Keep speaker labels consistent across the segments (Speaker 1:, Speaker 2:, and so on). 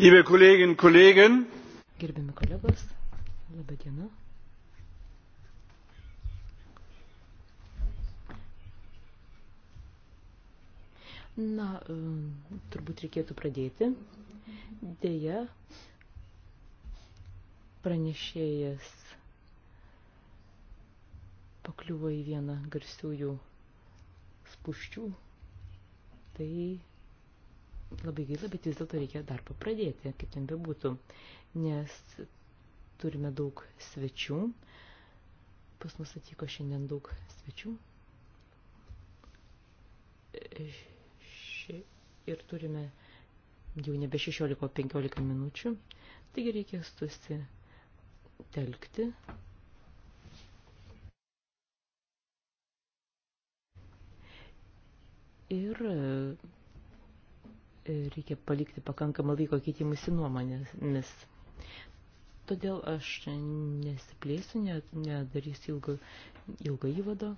Speaker 1: Liebe Kolleginnen und Kollegen.
Speaker 2: Gerbiami kolegos, laba diena. Na, e, turbūt reikėtų pradėti. Deja, pranešėjas pakliuvo į vieną garsiųjų spuščių. Tai labai gaila, bet vis dėlto reikia darbą pradėti, kaip ten bebūtų, nes turime daug svečių, pas mus atvyko šiandien daug svečių ši, ir turime jau nebe 16-15 minučių, taigi reikės susitelkti. Ir reikia palikti pakankamą laiko keitimusi nuomonėmis. Todėl aš nesiplėsiu, nedarysiu ilgo, ilgo įvado.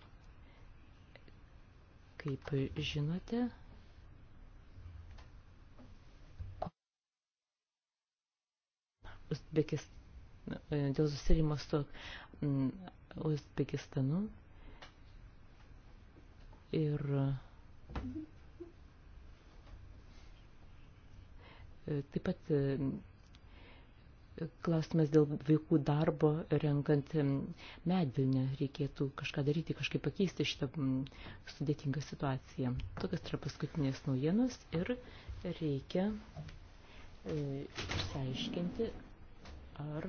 Speaker 2: Kaip žinote, Uzbekistan, dėl susirimo su mm, Uzbekistanu ir E, taip pat e, klausimas dėl vaikų darbo renkant e, medvilnę. Reikėtų kažką daryti, kažkaip pakeisti šitą sudėtingą situaciją. Tokios yra paskutinės naujienos ir reikia išsiaiškinti, ar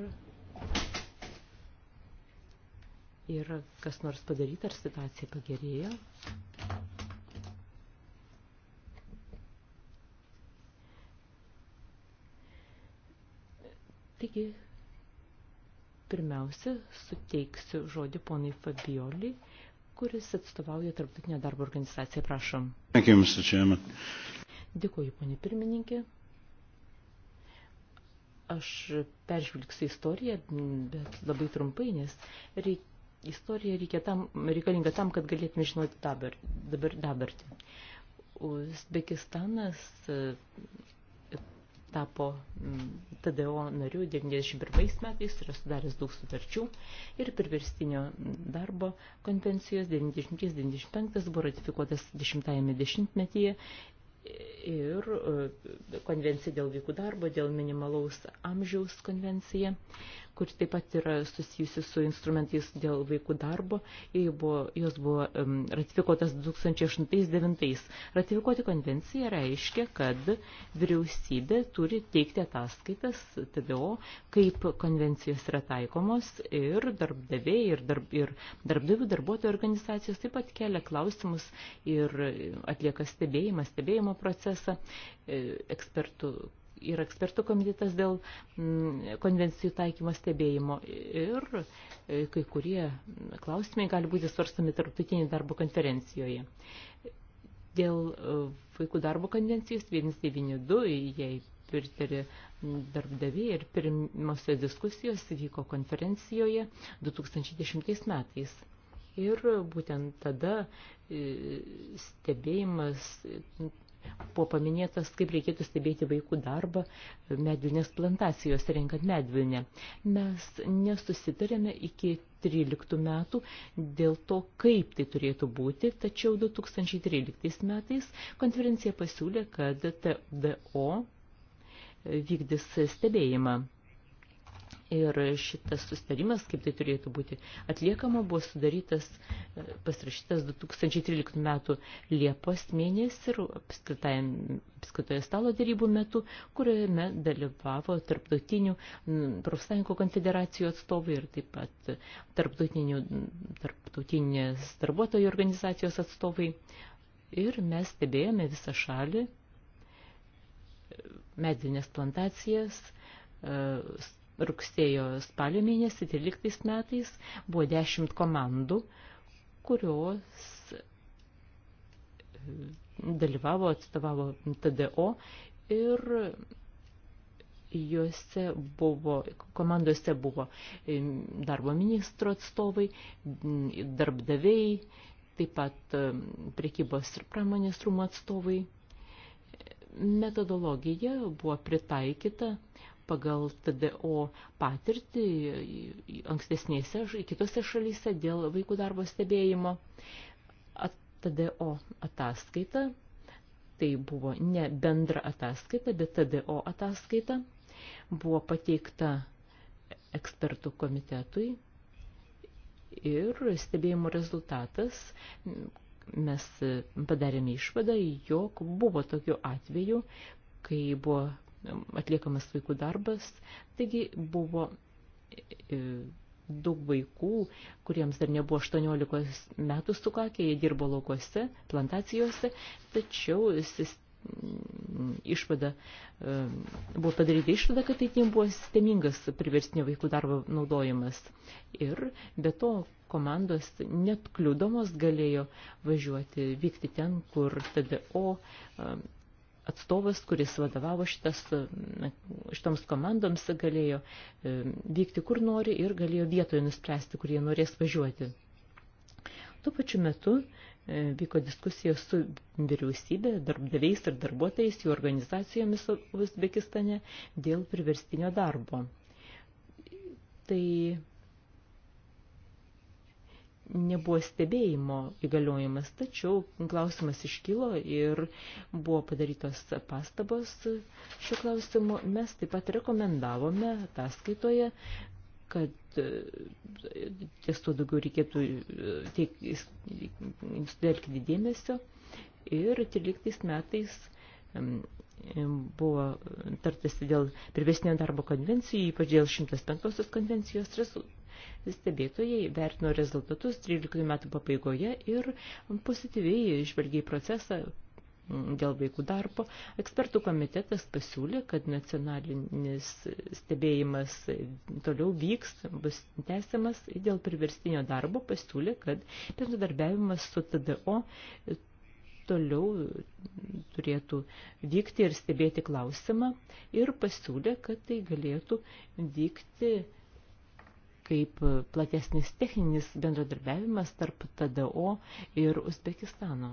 Speaker 2: yra kas nors padaryta, ar situacija pagerėjo. Taigi, pirmiausia, suteiksiu žodį ponai Fabioli, kuris atstovauja Tarptautinę darbo organizaciją. Prašom.
Speaker 1: Thank you, Mr. Chairman.
Speaker 2: Dėkuoju, ponė pirmininkė. Aš peržvilgsiu istoriją, bet labai trumpai, nes reik, istorija reikia tam, reikalinga tam, kad galėtume žinoti dabar, dabar, dabartį. Uzbekistanas tapo mm, TDO nariu 91 metais, yra sudaręs daug sutarčių ir priverstinio darbo konvencijos 90-95 buvo ratifikuotas 10-ame dešimtmetyje ir e, konvencija dėl vaikų darbo, dėl minimalaus amžiaus konvencija kur taip pat yra susijusi su instrumentais dėl vaikų darbo, buvo, jos buvo um, ratifikuotas 2008-2009. Ratifikuoti konvenciją reiškia, kad vyriausybė turi teikti ataskaitas TVO, kaip konvencijos yra taikomos ir darbdaviai, ir, darb, ir darbdavių darbuotojų organizacijos taip pat kelia klausimus ir atlieka stebėjimą, stebėjimo procesą, e, ekspertų ir ekspertų komitetas dėl mm, konvencijų taikymo stebėjimo. Ir e, kai kurie klausimai gali būti svarstami tarptautinėje darbo konferencijoje. Dėl e, vaikų darbo konvencijos 192, jei pritarė darbdaviai ir pirmosios diskusijos vyko konferencijoje 2010 metais. Ir būtent tada e, stebėjimas Buvo paminėtas, kaip reikėtų stebėti vaikų darbą medvilnės plantacijos renkant medvilnę. Mes nesusitarėme iki 2013 metų dėl to, kaip tai turėtų būti, tačiau 2013 metais konferencija pasiūlė, kad TDO vykdys stebėjimą Ir šitas sustarimas, kaip tai turėtų būti atliekama, buvo sudarytas, e, pasirašytas 2013 metų Liepos mėnesį ir apskritoje stalo darybų metu, kuriame dalyvavo tarptautinių profsąjungų konfederacijų atstovai ir taip pat tarptautinės darbuotojų organizacijos atstovai. Ir mes stebėjome visą šalį, e, medinės plantacijas, e, rugsėjo spalio mėnesį 13 metais buvo 10 komandų, kurios e, dalyvavo, atstovavo TDO ir juose buvo, komandose buvo e, darbo ministro atstovai, darbdaviai, taip pat e, prekybos ir pramonės rūmų atstovai metodologija buvo pritaikyta pagal TDO patirtį ankstesnėse, kitose šalyse dėl vaikų darbo stebėjimo. At, TDO ataskaita, tai buvo ne bendra ataskaita, bet TDO ataskaita, buvo pateikta ekspertų komitetui ir stebėjimo rezultatas, mes padarėme išvadą, jog buvo tokių atvejų, kai buvo atliekamas vaikų darbas. Taigi buvo e, daug vaikų, kuriems dar nebuvo 18 metų sukakė, jie dirbo laukose, plantacijose, tačiau mm, išvada, e, buvo padaryta išvada, kad tai tiem buvo sistemingas priverstinio vaikų darbo naudojimas. Ir be to komandos net kliudomos galėjo važiuoti, vykti ten, kur TDO e, atstovas, kuris vadovavo šitas, šitoms komandoms, galėjo e, vykti kur nori ir galėjo vietoje nuspręsti, kur jie norės važiuoti. Tuo pačiu metu e, vyko diskusijos su vyriausybė, darbdaviais ir darbuotojais, jų organizacijomis Uzbekistane dėl priverstinio darbo. Tai nebuvo stebėjimo įgaliojimas, tačiau klausimas iškilo ir buvo padarytos pastabos šiuo klausimu. Mes taip pat rekomendavome ataskaitoje, kad e, ties to daugiau reikėtų e, sudelkti dėmesio ir 13 metais buvo tartasi dėl privesnio darbo konvencijų, ypač dėl 105 konvencijos, Stebėtojai vertino rezultatus 13 metų pabaigoje ir pozityviai žvelgiai procesą dėl vaikų darbo. Ekspertų komitetas pasiūlė, kad nacionalinis stebėjimas toliau vyks, bus tęsiamas dėl priverstinio darbo, pasiūlė, kad bendradarbiavimas su TDO toliau turėtų vykti ir stebėti klausimą ir pasiūlė, kad tai galėtų vykti kaip platesnis techninis bendradarbiavimas tarp TDO ir Uzbekistano.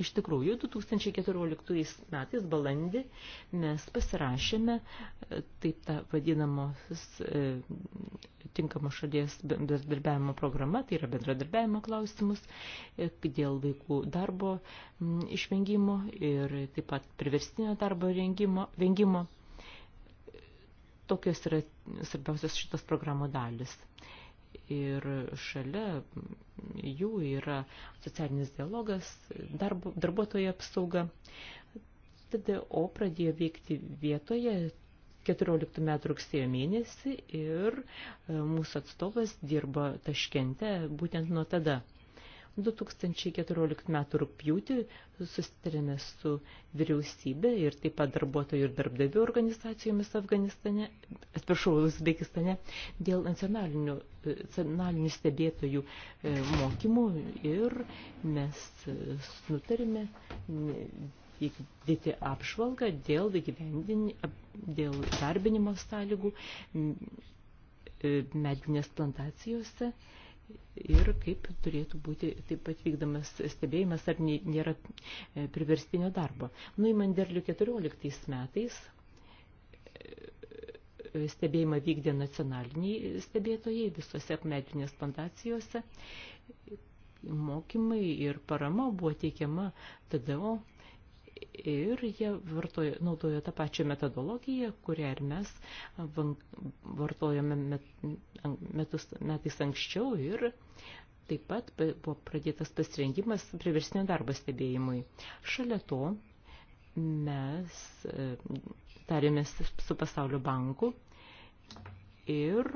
Speaker 2: Iš tikrųjų, 2014 metais balandį mes pasirašėme e, taip tą vadinamos e, tinkamo šalies bendradarbiavimo programą, tai yra bendradarbiavimo klausimus e, dėl vaikų darbo m, išvengimo ir taip pat priverstinio darbo rengimo, vengimo tokios yra svarbiausios šitos programų dalis. Ir šalia jų yra socialinis dialogas, darbo, darbuotojo apsauga. TDO pradėjo veikti vietoje 14 metų rugsėjo mėnesį ir e, mūsų atstovas dirba taškente būtent nuo tada. 2014 m. rūpjūtį susitarėme su vyriausybė ir taip pat darbuotojų ir darbdavių organizacijomis Afganistane, atsiprašau, Uzbekistane, dėl nacionalinių, nacionalinių stebėtojų e, mokymų ir mes nutarėme vykdyti apžvalgą dėl, dėl darbinimo sąlygų e, medinės plantacijose ir kaip turėtų būti taip pat vykdamas stebėjimas, ar nėra e, priverstinio darbo. Nu, į Manderlių 14 metais e, e, stebėjimą vykdė nacionaliniai stebėtojai visose medinės plantacijose. Mokymai ir parama buvo teikiama TDO ir jie vartojo, naudojo tą pačią metodologiją, kurią ir mes vartojome met, metus, metais anksčiau ir taip pat buvo pradėtas pasirengimas priversinio darbo stebėjimui. Šalia to mes e, tarėmės su pasaulio banku ir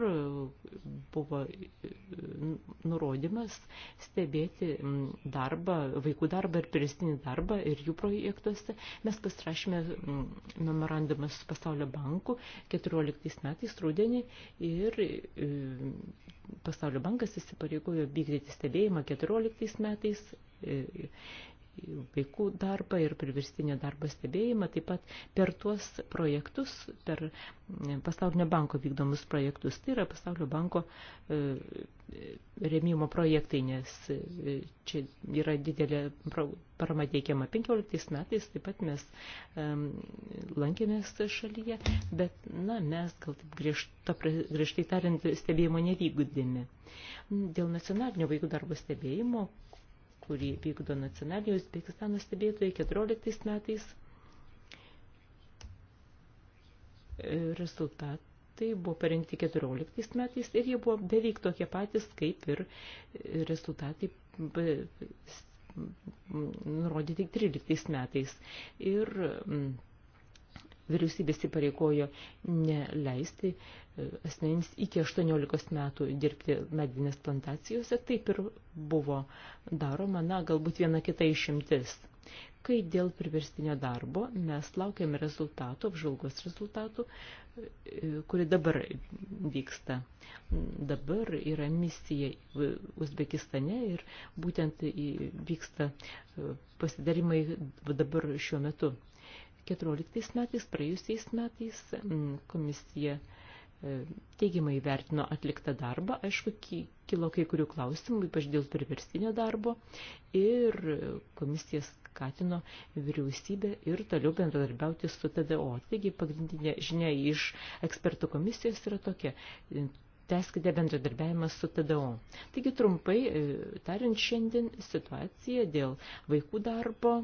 Speaker 2: buvo nurodymas stebėti darbą, vaikų darbą ir priestinį darbą ir jų projektuose. Mes pasirašėme memorandumą su Pasaulio banku 14 metais rudenį ir e, Pasaulio bankas įsipareigojo vykdyti stebėjimą 14 metais e, vaikų darbą ir priverstinio darbo stebėjimą, taip pat per tuos projektus, per e, Pasaulio banko vykdomus projektus. Tai yra Pasaulio banko e, e, remimo projektai, nes čia yra didelė parama teikiama 15 metais, taip pat mes um, lankėmės šalyje, bet, na, mes gal taip griežta, griežtai tariant stebėjimo nevykdėme. Dėl nacionalinio vaikų darbo stebėjimo kurį vykdo nacionaliniai Uzbekistano stebėtojai 14 metais. Rezultatai buvo parengti 14 metais ir jie buvo beveik tokie patys, kaip ir rezultatai nurodyti 13 metais. Ir mm, vyriausybės įpareigojo neleisti e, asmenims iki 18 metų dirbti medinės plantacijose, taip ir buvo daroma, na, galbūt viena kita išimtis. Kai dėl priverstinio darbo mes laukiame rezultatų, apžvalgos rezultatų, e, kuri dabar vyksta. Dabar yra misija Uzbekistane ir būtent vyksta e, pasidarimai dabar šiuo metu. 14 metais, praėjusiais metais mm, komisija e, teigiamai vertino atliktą darbą, aišku, kilo kai kurių klausimų, ypač dėl priverstinio darbo, ir komisija skatino vyriausybę ir toliau bendradarbiauti su TDO. Taigi pagrindinė žinia iš ekspertų komisijos yra tokia. Teskite bendradarbiavimą su TDO. Taigi trumpai e, tariant šiandien situacija dėl vaikų darbo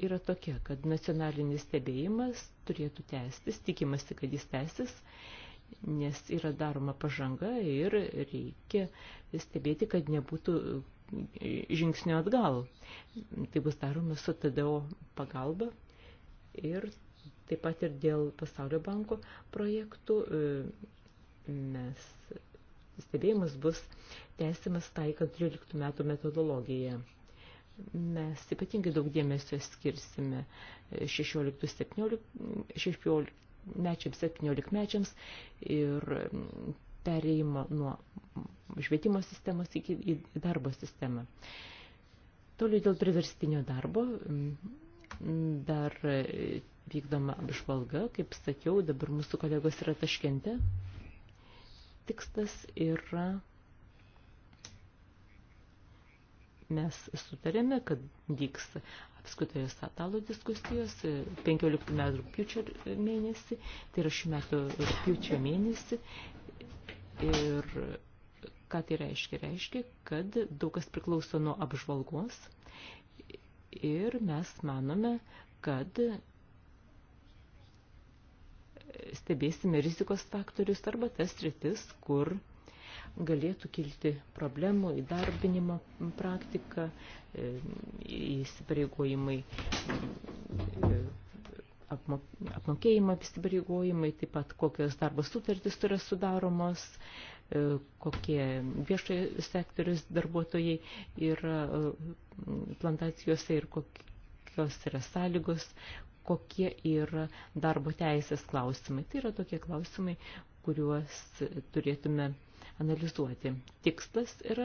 Speaker 2: yra tokia, kad nacionalinis stebėjimas turėtų tęstis, tikimasi, kad jis tęstis, nes yra daroma pažanga ir reikia stebėti, kad nebūtų žingsnio atgal. Tai bus daroma su TDO pagalba ir taip pat ir dėl Pasaulio banko projektų e, mes stebėjimas bus tęsimas taikant 13 metų metodologiją mes ypatingai daug dėmesio skirsime 16-17 mečiams, 17 mečiams ir pereimą nuo švietimo sistemos iki į darbo sistemą. Toliau dėl priverstinio darbo dar vykdoma apžvalga, kaip sakiau, dabar mūsų kolegos yra taškente. Tikslas yra mes sutarėme, kad vyks apskutoje statalo diskusijos 15 metų rūpiučio mėnesį, tai yra šių metų rūpiučio mėnesį. Ir ką tai reiškia? Reiškia, kad daug kas priklauso nuo apžvalgos ir mes manome, kad stebėsime rizikos faktorius arba tas rytis, kur galėtų kilti problemų įdarbinimo praktika, e, įsipareigojimai e, apmokėjimo įsipareigojimai, taip pat kokios darbo sutartys yra sudaromos, e, kokie viešojo sektorius darbuotojai yra plantacijose ir kokios yra sąlygos, kokie yra darbo teisės klausimai. Tai yra tokie klausimai, kuriuos turėtume analizuoti. Tikslas yra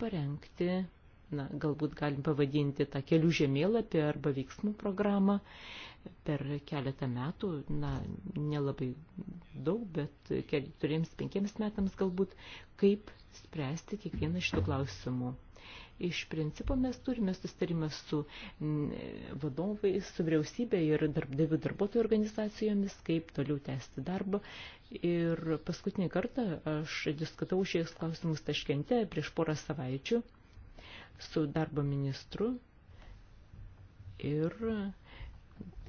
Speaker 2: parengti, na, galbūt galim pavadinti tą kelių žemėlapį arba veiksmų programą per keletą metų, na, nelabai daug, bet keturiems penkiems metams galbūt, kaip spręsti kiekvieną šitų klausimų. Iš principo mes turime sustarimą su vadovais, su vyriausybė ir darbdavių darbuotojų organizacijomis, kaip toliau tęsti darbą. Ir paskutinį kartą aš diskutavau šiais klausimus taškente prieš porą savaičių su darbo ministru ir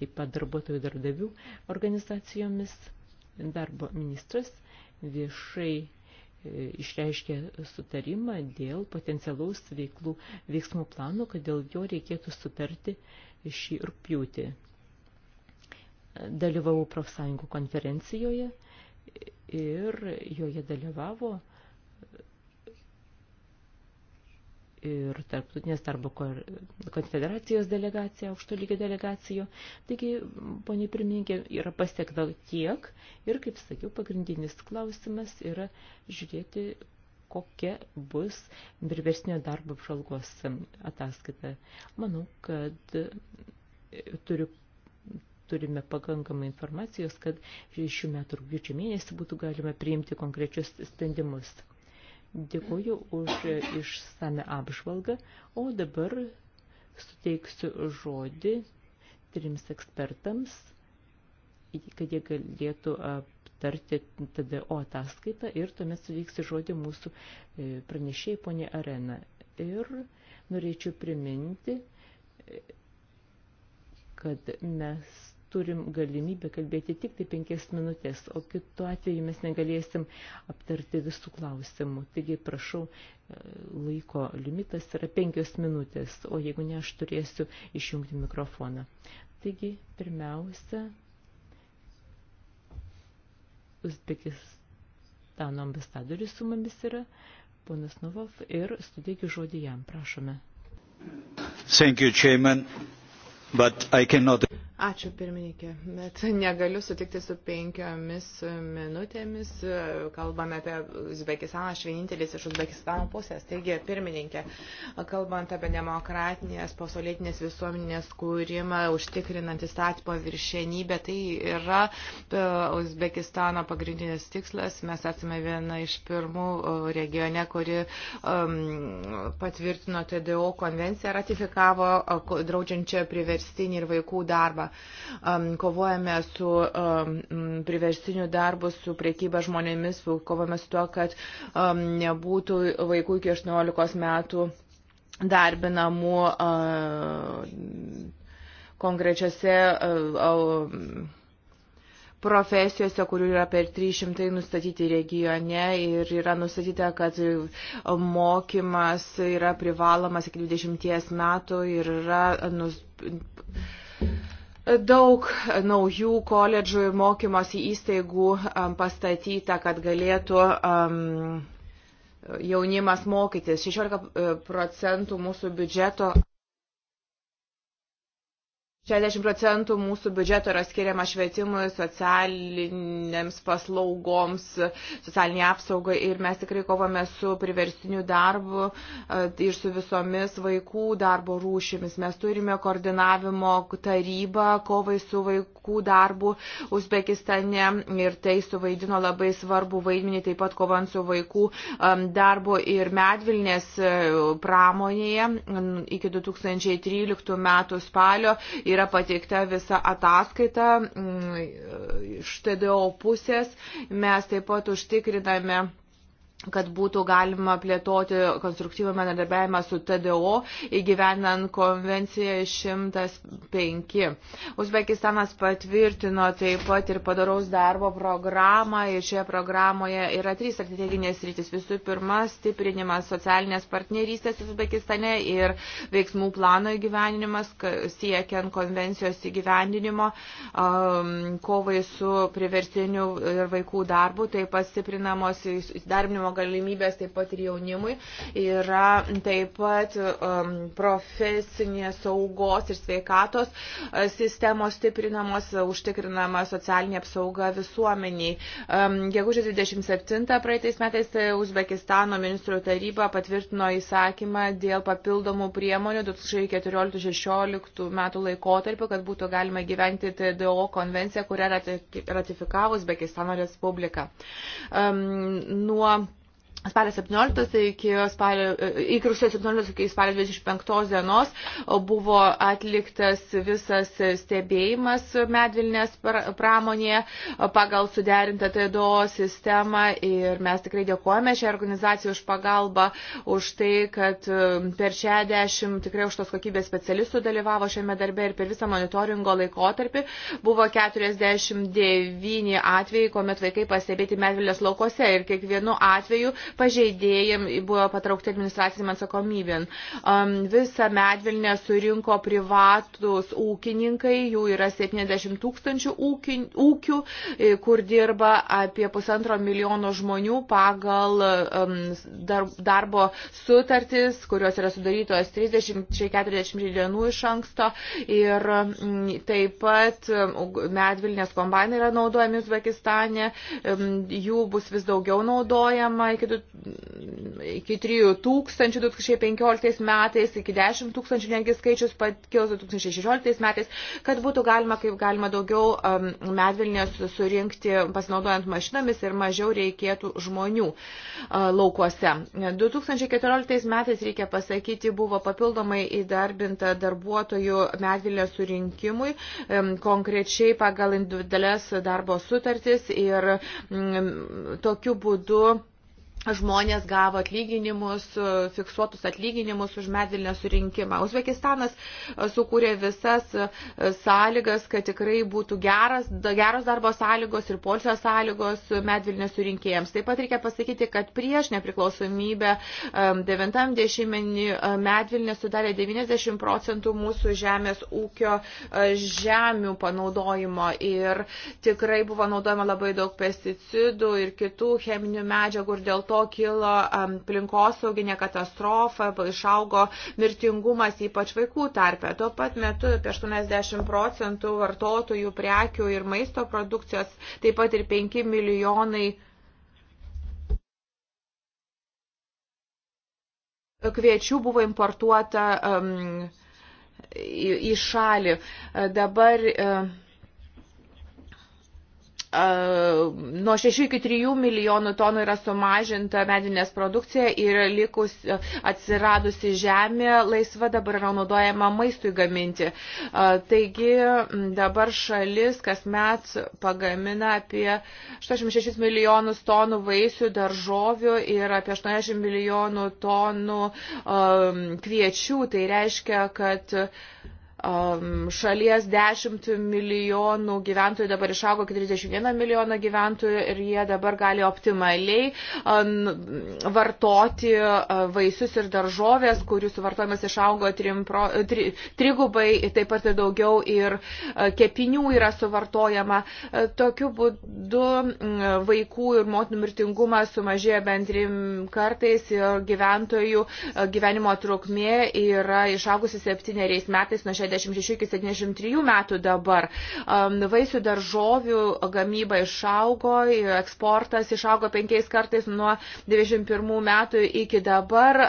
Speaker 2: taip pat darbuotojų darbdavių organizacijomis. Darbo ministras viešai išreiškė sutarimą dėl potencialaus veiklų veiksmų plano, kad dėl jo reikėtų sutarti šį rūpjūtį. Dalyvau profsąjungų konferencijoje ir joje dalyvavo ir tarptautinės darbo konfederacijos delegacija, aukšto lygio delegacijų. Taigi, ponė pirmininkė, yra pasiekta tiek ir, kaip sakiau, pagrindinis klausimas yra žiūrėti, kokia bus priversnio darbo apžalgos ataskaita. Manau, kad turiu turime pakankamai informacijos, kad šių metų rūpiučio mėnesį būtų galima priimti konkrečius sprendimus. Dėkuoju už išsame apžvalgą, o dabar suteiksiu žodį trims ekspertams, kad jie galėtų aptarti TDO ataskaitą ir tuomet suteiksiu žodį mūsų e, pranešėjai ponė Arena. Ir norėčiau priminti, e, kad mes turim galimybę kalbėti tik tai penkias minutės, o kitu atveju mes negalėsim aptarti visų klausimų. Taigi, prašau, e, laiko limitas yra penkios minutės, o jeigu ne, aš turėsiu išjungti mikrofoną. Taigi, pirmiausia, Uzbekistano ambasadoris su mumis yra, ponas Novov, ir suteikiu žodį jam, prašome.
Speaker 1: Thank you, Chairman, but I cannot...
Speaker 3: Ačiū pirmininkė, bet negaliu sutikti su penkiomis minutėmis. Kalbame apie Uzbekistaną, aš vienintelis iš Uzbekistano pusės. Taigi, pirmininkė, kalbant apie demokratinės, pasolietinės visuomenės kūrimą, užtikrinant įstatymo viršenybę, tai yra e, Uzbekistano pagrindinis tikslas. Mes esame viena iš pirmų e, regione, kuri um, patvirtino TDO konvenciją, ratifikavo e, draudžiančią priverstinį ir vaikų darbą kovojame su priverstiniu darbu, su priekyba žmonėmis, kovojame su tuo, kad nebūtų vaikų iki 18 metų darbinamų konkrečiose profesijose, kurių yra per 300 nustatyti regione ir yra nustatyta, kad mokymas yra privalomas iki 20 metų ir yra nus daug naujų koledžų ir mokymosi įstaigų um, pastatyta, kad galėtų um, jaunimas mokytis. 16 uh, procentų mūsų biudžeto 60 procentų mūsų biudžeto yra skiriama švietimui, socialinėms paslaugoms, socialiniai apsaugai ir mes tikrai kovome su priverstiniu darbu e, ir su visomis vaikų darbo rūšimis. Mes turime koordinavimo tarybą kovai su vaikų darbu Uzbekistane ir tai suvaidino labai svarbu vaidmenį taip pat kovant su vaikų darbo ir medvilnės e, pramonėje iki 2013 metų spalio yra pateikta visa ataskaita mm, iš TDO pusės. Mes taip pat užtikriname kad būtų galima plėtoti konstruktyvų bendradarbiavimą su TDO įgyvenant konvenciją 105. Uzbekistanas patvirtino taip pat ir padaraus darbo programą ir šioje programoje yra trys strateginės rytis. Visų pirma, stiprinimas socialinės partnerystės Uzbekistane ir veiksmų plano įgyveninimas siekiant konvencijos įgyvendinimo um, kovai su priverstiniu ir vaikų darbu, taip pat stiprinamos įdarbinimo mokymo galimybės taip pat ir jaunimui. Yra taip pat um, profesinės saugos ir sveikatos uh, sistemos stiprinamos, užtikrinama socialinė apsauga visuomeniai. Um, Gegužės 27 praeitais metais tai Uzbekistano ministrų taryba patvirtino įsakymą dėl papildomų priemonių 2014-2016 metų laikotarpiu, kad būtų galima gyventi TDO konvenciją, kurią ratifikavo Uzbekistano Respublika. Um, nuo spalio 17 iki, spalio, e, iki rugsėjo 17 iki spalio 25 dienos buvo atliktas visas stebėjimas medvilnės pramonėje pagal suderintą TDO sistemą ir mes tikrai dėkojame šią organizaciją už pagalbą, už tai, kad e, per šią dešimt tikrai už tos kokybės specialistų dalyvavo šiame darbe ir per visą monitoringo laikotarpį buvo 49 atvejai, kuomet vaikai pastebėti medvilnės laukose ir kiekvienu atveju pažeidėjim buvo patraukti administracinėm atsakomybėm. Um, visą medvilnę surinko privatus ūkininkai, jų yra 70 tūkstančių ūkių, e, kur dirba apie pusantro milijono žmonių pagal um, darbo sutartis, kurios yra sudarytos 30-40 dienų iš anksto. Ir mm, taip pat um, medvilnės kombainai yra naudojami Uzbekistane, jų bus vis daugiau naudojama iki iki 3 tūkstančių 2015 metais, iki 10 tūkstančių netgi skaičius pakils 2016 metais, kad būtų galima kaip galima daugiau um, medvilnės surinkti pasinaudojant mašinomis ir mažiau reikėtų žmonių uh, laukuose. 2014 metais, reikia pasakyti, buvo papildomai įdarbinta darbuotojų medvilnės surinkimui, um, konkrečiai pagal individualias darbo sutartis ir um, tokiu būdu žmonės gavo atlyginimus, e, fiksuotus atlyginimus už medvilnę surinkimą. Uzbekistanas e, sukūrė visas e, sąlygas, kad tikrai būtų geras, geros darbo sąlygos ir polsio sąlygos medvilnės surinkėjams. Taip pat reikia pasakyti, kad prieš nepriklausomybę 90-menį medvilnė sudarė 90 procentų mūsų žemės ūkio žemių panaudojimo ir tikrai buvo naudojama labai daug pesticidų ir kitų cheminių medžiagų ir dėl to to kilo aplinkosauginė katastrofa, išaugo mirtingumas ypač vaikų tarpe. Tuo pat metu apie 80 procentų vartotojų prekių ir maisto produkcijos, taip pat ir 5 milijonai kviečių buvo importuota um, į, į šalį. Dabar uh, nuo 6 iki 3 milijonų tonų yra sumažinta medinės produkcija ir likus e, atsiradusi žemė laisva dabar yra naudojama maistui gaminti. E, taigi dabar šalis kasmet pagamina apie 86 milijonus tonų vaisių, daržovių ir apie 80 milijonų tonų e, kviečių. Tai reiškia, kad Šalies 10 milijonų gyventojų dabar išaugo iki 31 milijono gyventojų ir jie dabar gali optimaliai vartoti vaisius ir daržovės, kurių suvartojimas išaugo trimpro, tri, trigubai, taip pat ir daugiau ir kepinių yra suvartojama. Tokiu būdu vaikų ir motinų mirtingumas sumažėjo bent trim kartais ir gyventojų gyvenimo trukmė yra išaugusi septyneriais metais nuo 60 56 iki 73 metų dabar. Vaisių daržovių gamyba išaugo, eksportas išaugo penkiais kartais nuo 91 metų iki dabar.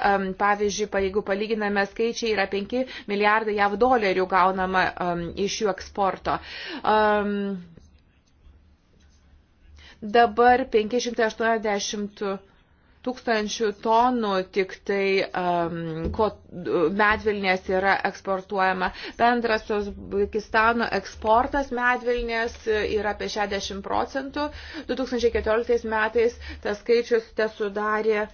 Speaker 3: Pavyzdžiui, jeigu palyginame skaičiai, yra 5 milijardai jav dolerių gaunama iš jų eksporto. Dabar 580 tūkstančių tonų tik tai um, ko, medvilnės yra eksportuojama. Bendras Uzbekistano eksportas medvilnės yra apie 60 procentų. 2014 metais tas skaičius te sudarė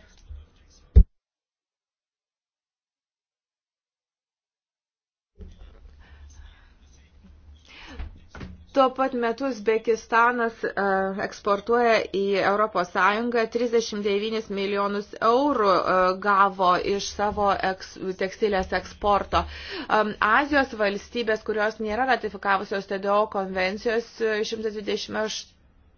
Speaker 3: Tuo pat metu Uzbekistanas e, eksportuoja į ES 39 milijonus eurų e, gavo iš savo eks, tekstilės eksporto. E, Azijos valstybės, kurios nėra ratifikavusios TDO konvencijos 128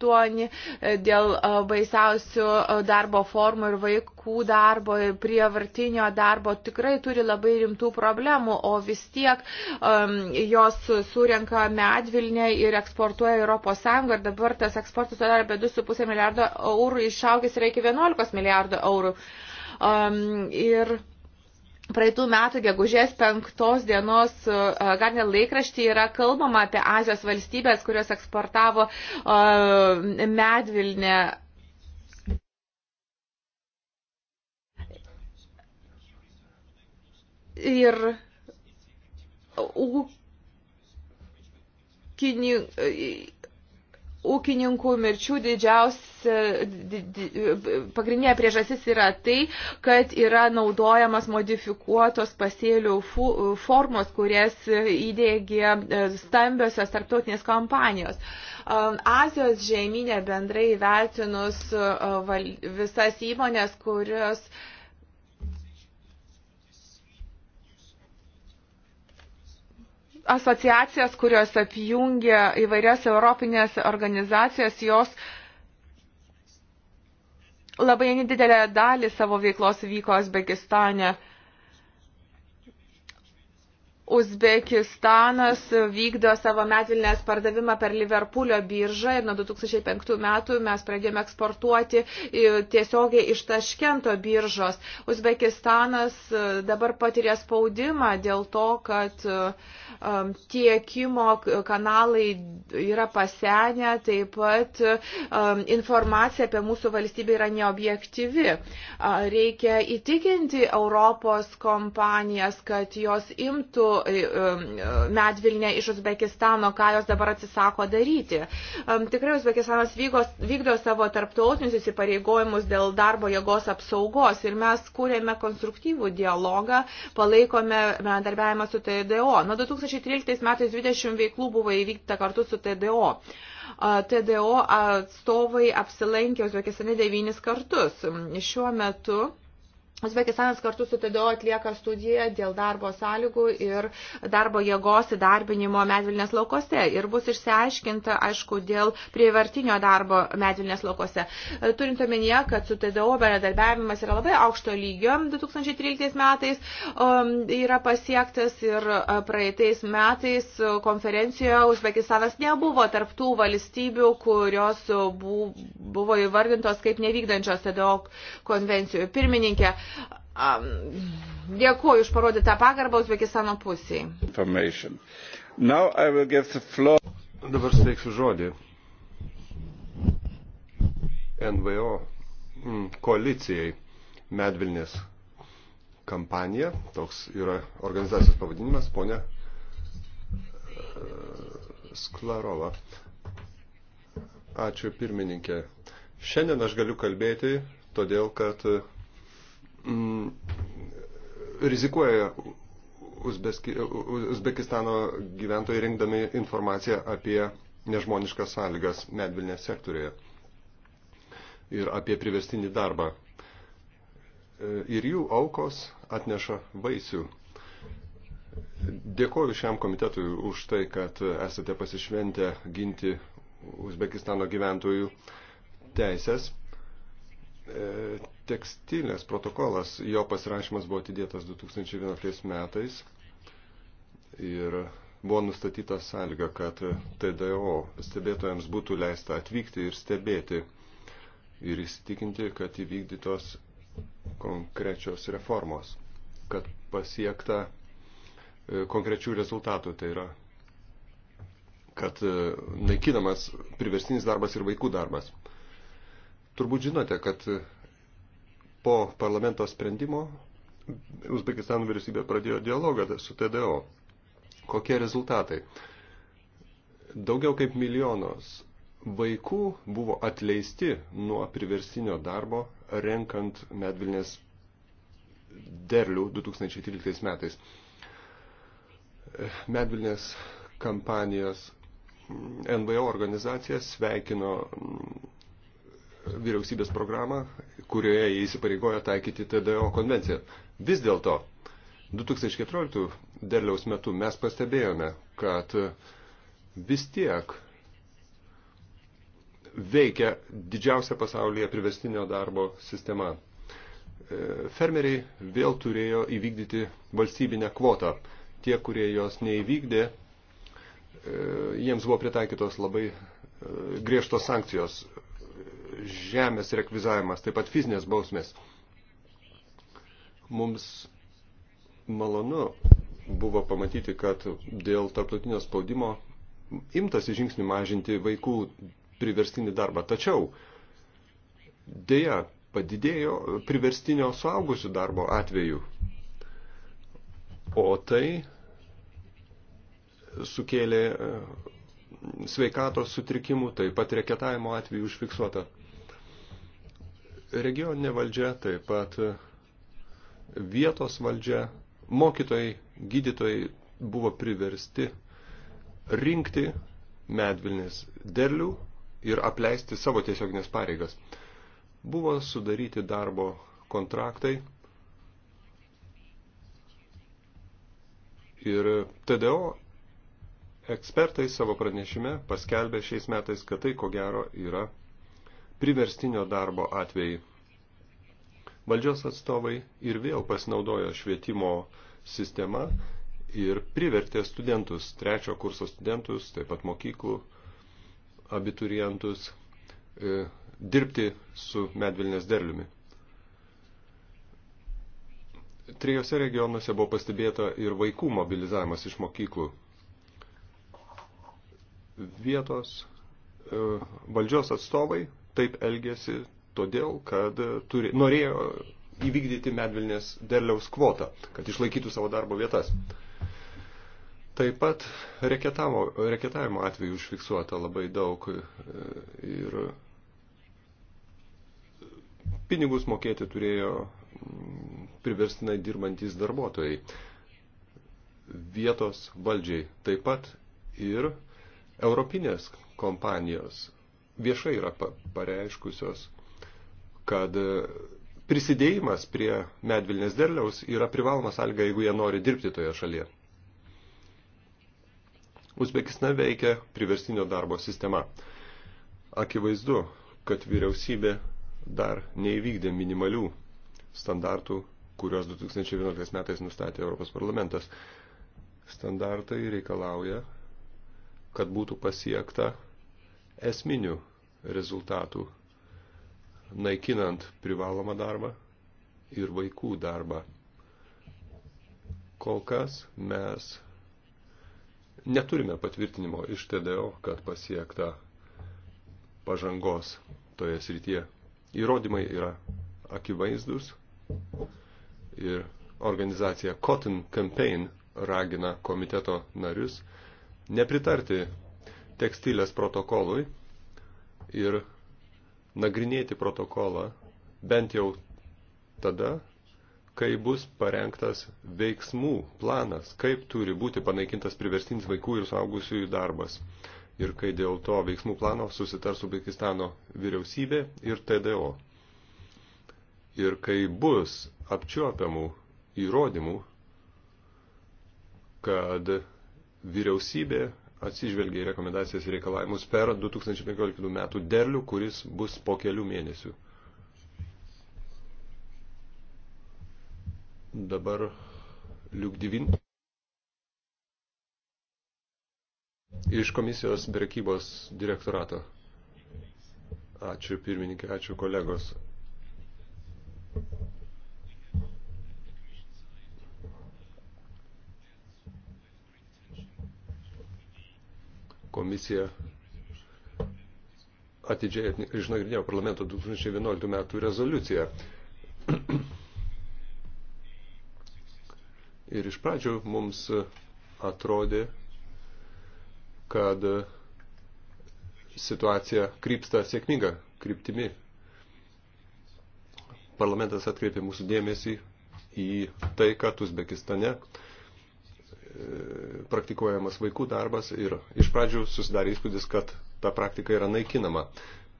Speaker 3: aštuoni e, dėl e, baisiausių e, darbo formų ir vaikų darbo, prievartinio darbo, tikrai turi labai rimtų problemų, o vis tiek um, jos surenka medvilnę ir eksportuoja Europos Sąjungą ir dabar tas eksportas sudaro apie 2,5 milijardo eurų, išaugęs yra iki 11 milijardo eurų. Um, ir praeitų metų gegužės penktos dienos e, Garner laikraštį yra kalbama apie Azijos valstybės, kurios eksportavo e, medvilnę. Ir ūkininkų ūkininkų mirčių didžiausia, di, di, pagrindinė priežasis yra tai, kad yra naudojamas modifikuotos pasėlių fu, formos, kurias įdėgė e, stambiosios tarptautinės kompanijos. E, Azijos žemynė bendrai vertinus e, visas įmonės, kurios uh, asociacijas, kurios apjungia įvairias europinės organizacijas, jos labai nedidelę dalį savo veiklos vyko Uzbekistane. Uzbekistanas vykdo savo medvilnės pardavimą per Liverpoolio biržą ir nuo 2005 metų mes pradėjome eksportuoti e, tiesiogiai iš Taškento biržos. Uzbekistanas e, dabar patiria spaudimą dėl to, kad e, tiekimo kanalai yra pasenę, taip pat informacija apie mūsų valstybę yra neobjektyvi. Reikia įtikinti Europos kompanijas, kad jos imtų Um, medvilnę iš Uzbekistano, ką jos dabar atsisako daryti. Um, tikrai Uzbekistanas vykdo savo tarptautinius įsipareigojimus dėl darbo jėgos apsaugos ir mes kūrėme konstruktyvų dialogą, palaikome bendarbiavimą su TDO. Nuo 2013 metais 20 veiklų buvo įvykdyta kartu su TDO. TDO atstovai apsilankė Uzbekistane devynis kartus. Šiuo metu Uzbekistanas kartu su TDO atlieka studiją dėl darbo sąlygų ir darbo jėgos įdarbinimo medvilnės laukose ir bus išsiaiškinta, aišku, dėl prievartinio darbo medvilnės laukose. E, turint omenyje, kad su TDO bendradarbiavimas yra labai aukšto lygio, 2013 metais yra pasiektas ir e, praeitais metais konferencijoje Uzbekistanas nebuvo tarptų valstybių, kurios buvo įvardintos kaip nevykdančios TDO konvencijų. Pirmininkė, Dėkuoju už parodytą pagarbą Uzbekistano pusiai.
Speaker 1: Dabar steiksiu
Speaker 4: žodį. NVO mm, koalicijai Medvilnės kampanija, toks yra organizacijos pavadinimas, ponia e, Sklarova. Ačiū pirmininkė. Šiandien aš galiu kalbėti, todėl kad m, mm, rizikuoja Uzbeski, Uzbekistano gyventojai rinkdami informaciją apie nežmoniškas sąlygas medvilnės sektorėje ir apie privestinį darbą. E, ir jų aukos atneša vaisių. Dėkoju šiam komitetui už tai, kad esate pasišventę ginti Uzbekistano gyventojų teisės. E, tekstilės protokolas, jo pasirašymas buvo atidėtas 2011 metais ir buvo nustatyta sąlyga, kad TDO stebėtojams būtų leista atvykti ir stebėti ir įsitikinti, kad įvykdytos konkrečios reformos, kad pasiekta e, konkrečių rezultatų, tai yra, kad e, naikinamas priverstinis darbas ir vaikų darbas. Turbūt žinote, kad po parlamento sprendimo Uzbekistano vyriausybė pradėjo dialogą su TDO. Kokie rezultatai? Daugiau kaip milijonos vaikų buvo atleisti nuo priversinio darbo renkant medvilnės derlių 2013 metais. Medvilnės kampanijos NVO organizacija sveikino vyriausybės programą, kurioje jie įsipareigojo taikyti TDO konvenciją. Vis dėlto, 2014 derliaus metu mes pastebėjome, kad vis tiek veikia didžiausia pasaulyje privestinio darbo sistema. E, fermeriai vėl turėjo įvykdyti valstybinę kvotą. Tie, kurie jos neįvykdė, e, jiems buvo pritaikytos labai e, griežtos sankcijos žemės rekvizavimas, taip pat fizinės bausmės. Mums malonu buvo pamatyti, kad dėl tarptautinio spaudimo imtasi žingsnių mažinti vaikų priverstinį darbą. Tačiau dėja padidėjo priverstinio suaugusių darbo atveju. O tai sukėlė sveikatos sutrikimų, taip pat reketavimo atveju užfiksuota. Regioninė valdžia, taip pat vietos valdžia, mokytojai, gydytojai buvo priversti rinkti medvilnės derlių ir apleisti savo tiesioginės pareigas. Buvo sudaryti darbo kontraktai ir TDO ekspertai savo pranešime paskelbė šiais metais, kad tai ko gero yra priverstinio darbo atvejai. Valdžios atstovai ir vėl pasinaudojo švietimo sistema ir privertė studentus, trečio kurso studentus, taip pat mokyklų abiturientus, e, dirbti su medvilnės derliumi. Trijose regionuose buvo pastebėta ir vaikų mobilizavimas iš mokyklų. Vietos e, valdžios atstovai taip elgėsi todėl, kad turi, norėjo įvykdyti medvilnės derliaus kvotą, kad išlaikytų savo darbo vietas. Taip pat reketavimo atveju užfiksuota labai daug e, ir pinigus mokėti turėjo priverstinai dirbantis darbuotojai vietos valdžiai, taip pat ir europinės kompanijos viešai yra pareiškusios, kad e, prisidėjimas prie medvilnės derliaus yra privaloma sąlyga, jeigu jie nori dirbti toje šalyje. Uzbekistane veikia priverstinio darbo sistema. Akivaizdu, kad vyriausybė dar neįvykdė minimalių standartų, kuriuos 2011 metais nustatė Europos parlamentas. Standartai reikalauja, kad būtų pasiekta esminių rezultatų, naikinant privalomą darbą ir vaikų darbą. Kol kas mes neturime patvirtinimo iš TDO, kad pasiekta pažangos toje srityje. Įrodymai yra akivaizdus ir organizacija Cotton Campaign ragina komiteto narius nepritarti tekstilės protokolui ir nagrinėti protokolą bent jau tada, kai bus parengtas veiksmų planas, kaip turi būti panaikintas priverstinis vaikų ir saugusiųjų darbas. Ir kai dėl to veiksmų plano susitars Uzbekistano vyriausybė ir TDO. Ir kai bus apčiuopiamų įrodymų, kad vyriausybė atsižvelgia į rekomendacijas ir reikalavimus per 2015 metų derlių, kuris bus po kelių mėnesių. Dabar Liuk Divin iš Komisijos prekybos direktorato. Ačiū pirmininkė, ačiū kolegos. komisija atidžiai išnagrinėjo parlamento 2011 metų rezoliuciją. Ir iš pradžių mums atrodė, kad situacija krypsta sėkminga kryptimi. Parlamentas atkreipė mūsų dėmesį į tai, kad Uzbekistane uh, praktikuojamas vaikų darbas ir iš pradžių susidarė įspūdis, kad ta praktika yra naikinama.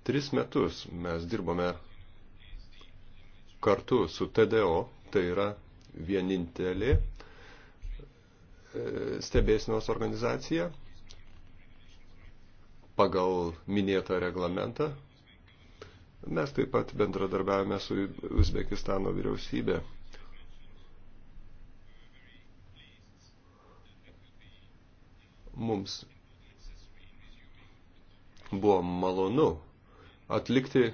Speaker 4: Tris metus mes dirbome kartu su TDO, tai yra vienintelė e, stebėsinos organizacija pagal minėtą reglamentą. Mes taip pat bendradarbiavome su Uzbekistano vyriausybė mums buvo malonu atlikti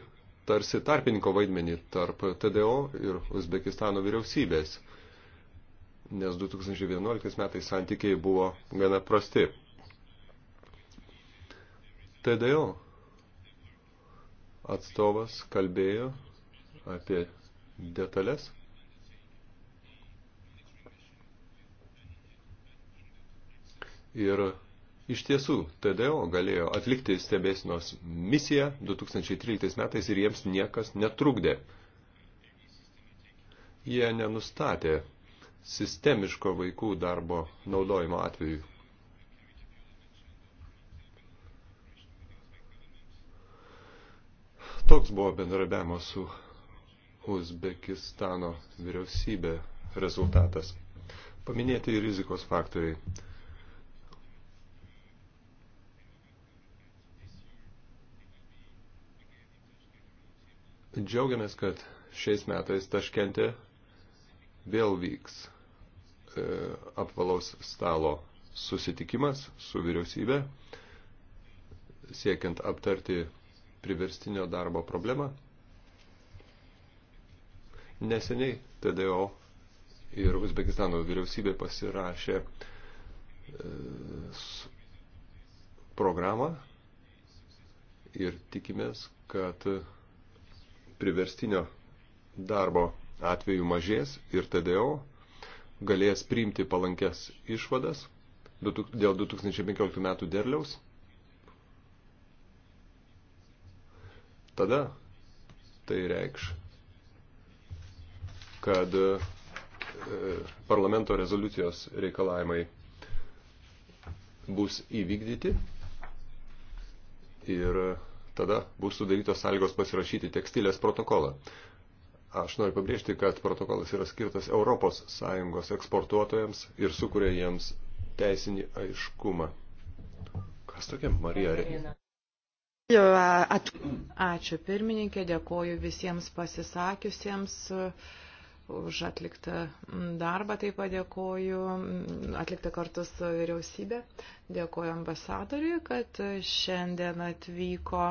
Speaker 4: tarsi tarpininko vaidmenį tarp TDO ir Uzbekistano vyriausybės, nes 2011 metais santykiai buvo gana prasti. TDO atstovas kalbėjo apie detalės Ir iš tiesų, TDO galėjo atlikti stebėsinos misiją 2013 metais ir jiems niekas netrukdė. Jie nenustatė sistemiško vaikų darbo naudojimo atveju. Toks buvo bendrabiamo su Uzbekistano vyriausybė rezultatas. Paminėti rizikos faktoriai. Džiaugiamės, kad šiais metais Taškente vėl vyks e, apvalaus stalo susitikimas su vyriausybė, siekiant aptarti priverstinio darbo problemą. Neseniai TDO ir Uzbekistano vyriausybė pasirašė e, programą ir tikimės, kad priverstinio darbo atveju mažės ir TDO galės priimti palankes išvadas dėl 2015 metų derliaus. Tada tai reikš, kad e, parlamento rezoliucijos reikalavimai bus įvykdyti ir tada bus sudarytos sąlygos pasirašyti tekstilės protokolą. Aš noriu pabrėžti, kad protokolas yra skirtas ES eksportuotojams ir sukuria jiems teisinį aiškumą. Kas tokia Marija Reina?
Speaker 3: Ačiū pirmininkė, dėkoju visiems pasisakiusiems už atliktą darbą, taip pat dėkoju, atliktą kartu su vyriausybė, dėkoju ambasadoriui, kad šiandien atvyko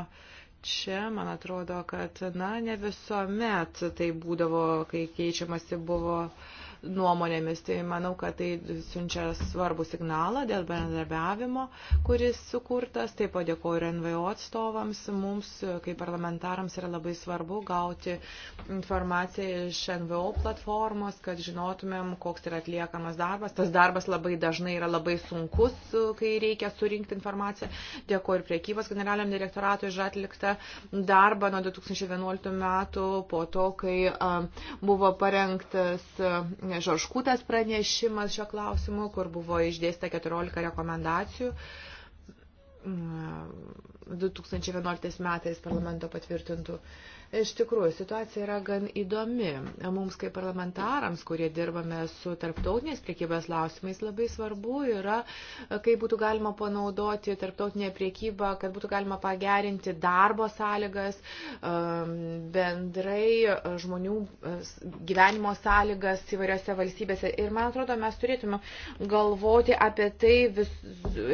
Speaker 3: čia, man atrodo, kad, na, ne visuomet tai būdavo, kai keičiamasi buvo uh, nuomonėmis. Tai manau, kad tai siunčia svarbų signalą dėl bendradarbiavimo, kuris sukurtas. Taip pat dėkoju ir NVO atstovams. Mums, kaip parlamentarams, yra labai svarbu gauti informaciją iš NVO platformos, kad žinotumėm, koks yra atliekamas darbas. Tas darbas labai dažnai yra labai sunkus, kai reikia surinkti informaciją. Dėkoju ir priekybos generaliniam direktoratui už atliktą darbą nuo 2011 metų po to, kai buvo parengtas ponės Žorškutės pranešimas šio klausimu, kur buvo išdėsta 14 rekomendacijų. 2011 mm, metais parlamento patvirtintų. Uh, Iš tikrųjų, situacija yra gan įdomi. Mums kaip parlamentarams, kurie dirbame su tarptautinės priekybės lausimais, labai svarbu yra, kaip būtų galima panaudoti tarptautinę priekybą, kad būtų galima pagerinti darbo sąlygas, um, bendrai uh, žmonių uh, gyvenimo sąlygas įvairiose valstybėse. Ir man atrodo, mes turėtume galvoti apie tai, vis,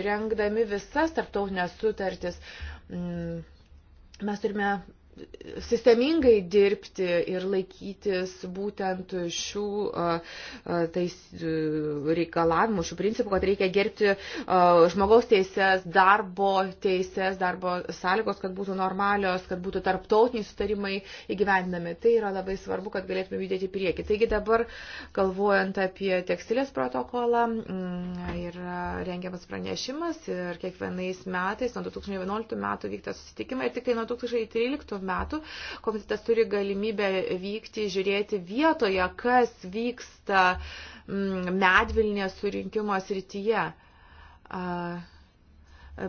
Speaker 3: rengdami visas tarptautinės sutartis. Mm, mes turime sistemingai dirbti ir laikytis būtent šių tais, reikalavimų, šių principų, kad reikia gerbti žmogaus teises, darbo teises, darbo sąlygos, kad būtų normalios, kad būtų tarptautiniai sutarimai įgyvendinami. Tai yra labai svarbu, kad galėtume judėti į priekį. Taigi dabar, galvojant apie tekstilės protokolą, mm, yra rengiamas pranešimas ir kiekvienais metais, nuo 2011 metų vyksta susitikimai ir tik tai nuo 2013 metų komitetas turi galimybę vykti, žiūrėti vietoje, kas vyksta mm, medvilnės surinkimo srityje. Uh,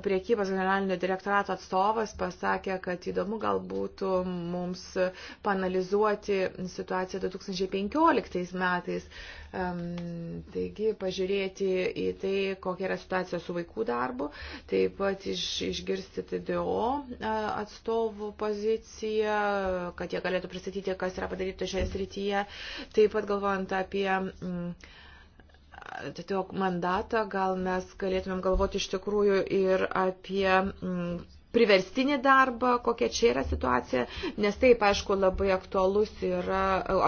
Speaker 3: priekybos generalinio direktorato atstovas pasakė, kad įdomu gal būtų mums panalizuoti situaciją 2015 metais. Taigi, pažiūrėti į tai, kokia yra situacija su vaikų darbu, taip pat iš, išgirsti TDO e, atstovų poziciją, kad jie galėtų pristatyti, kas yra padaryta šioje srityje, taip pat galvojant apie mm, tiesiog mandatą, gal mes galėtumėm galvoti iš tikrųjų ir apie mm, priverstinį darbą, kokia čia yra situacija, nes taip, aišku, labai aktualus yra,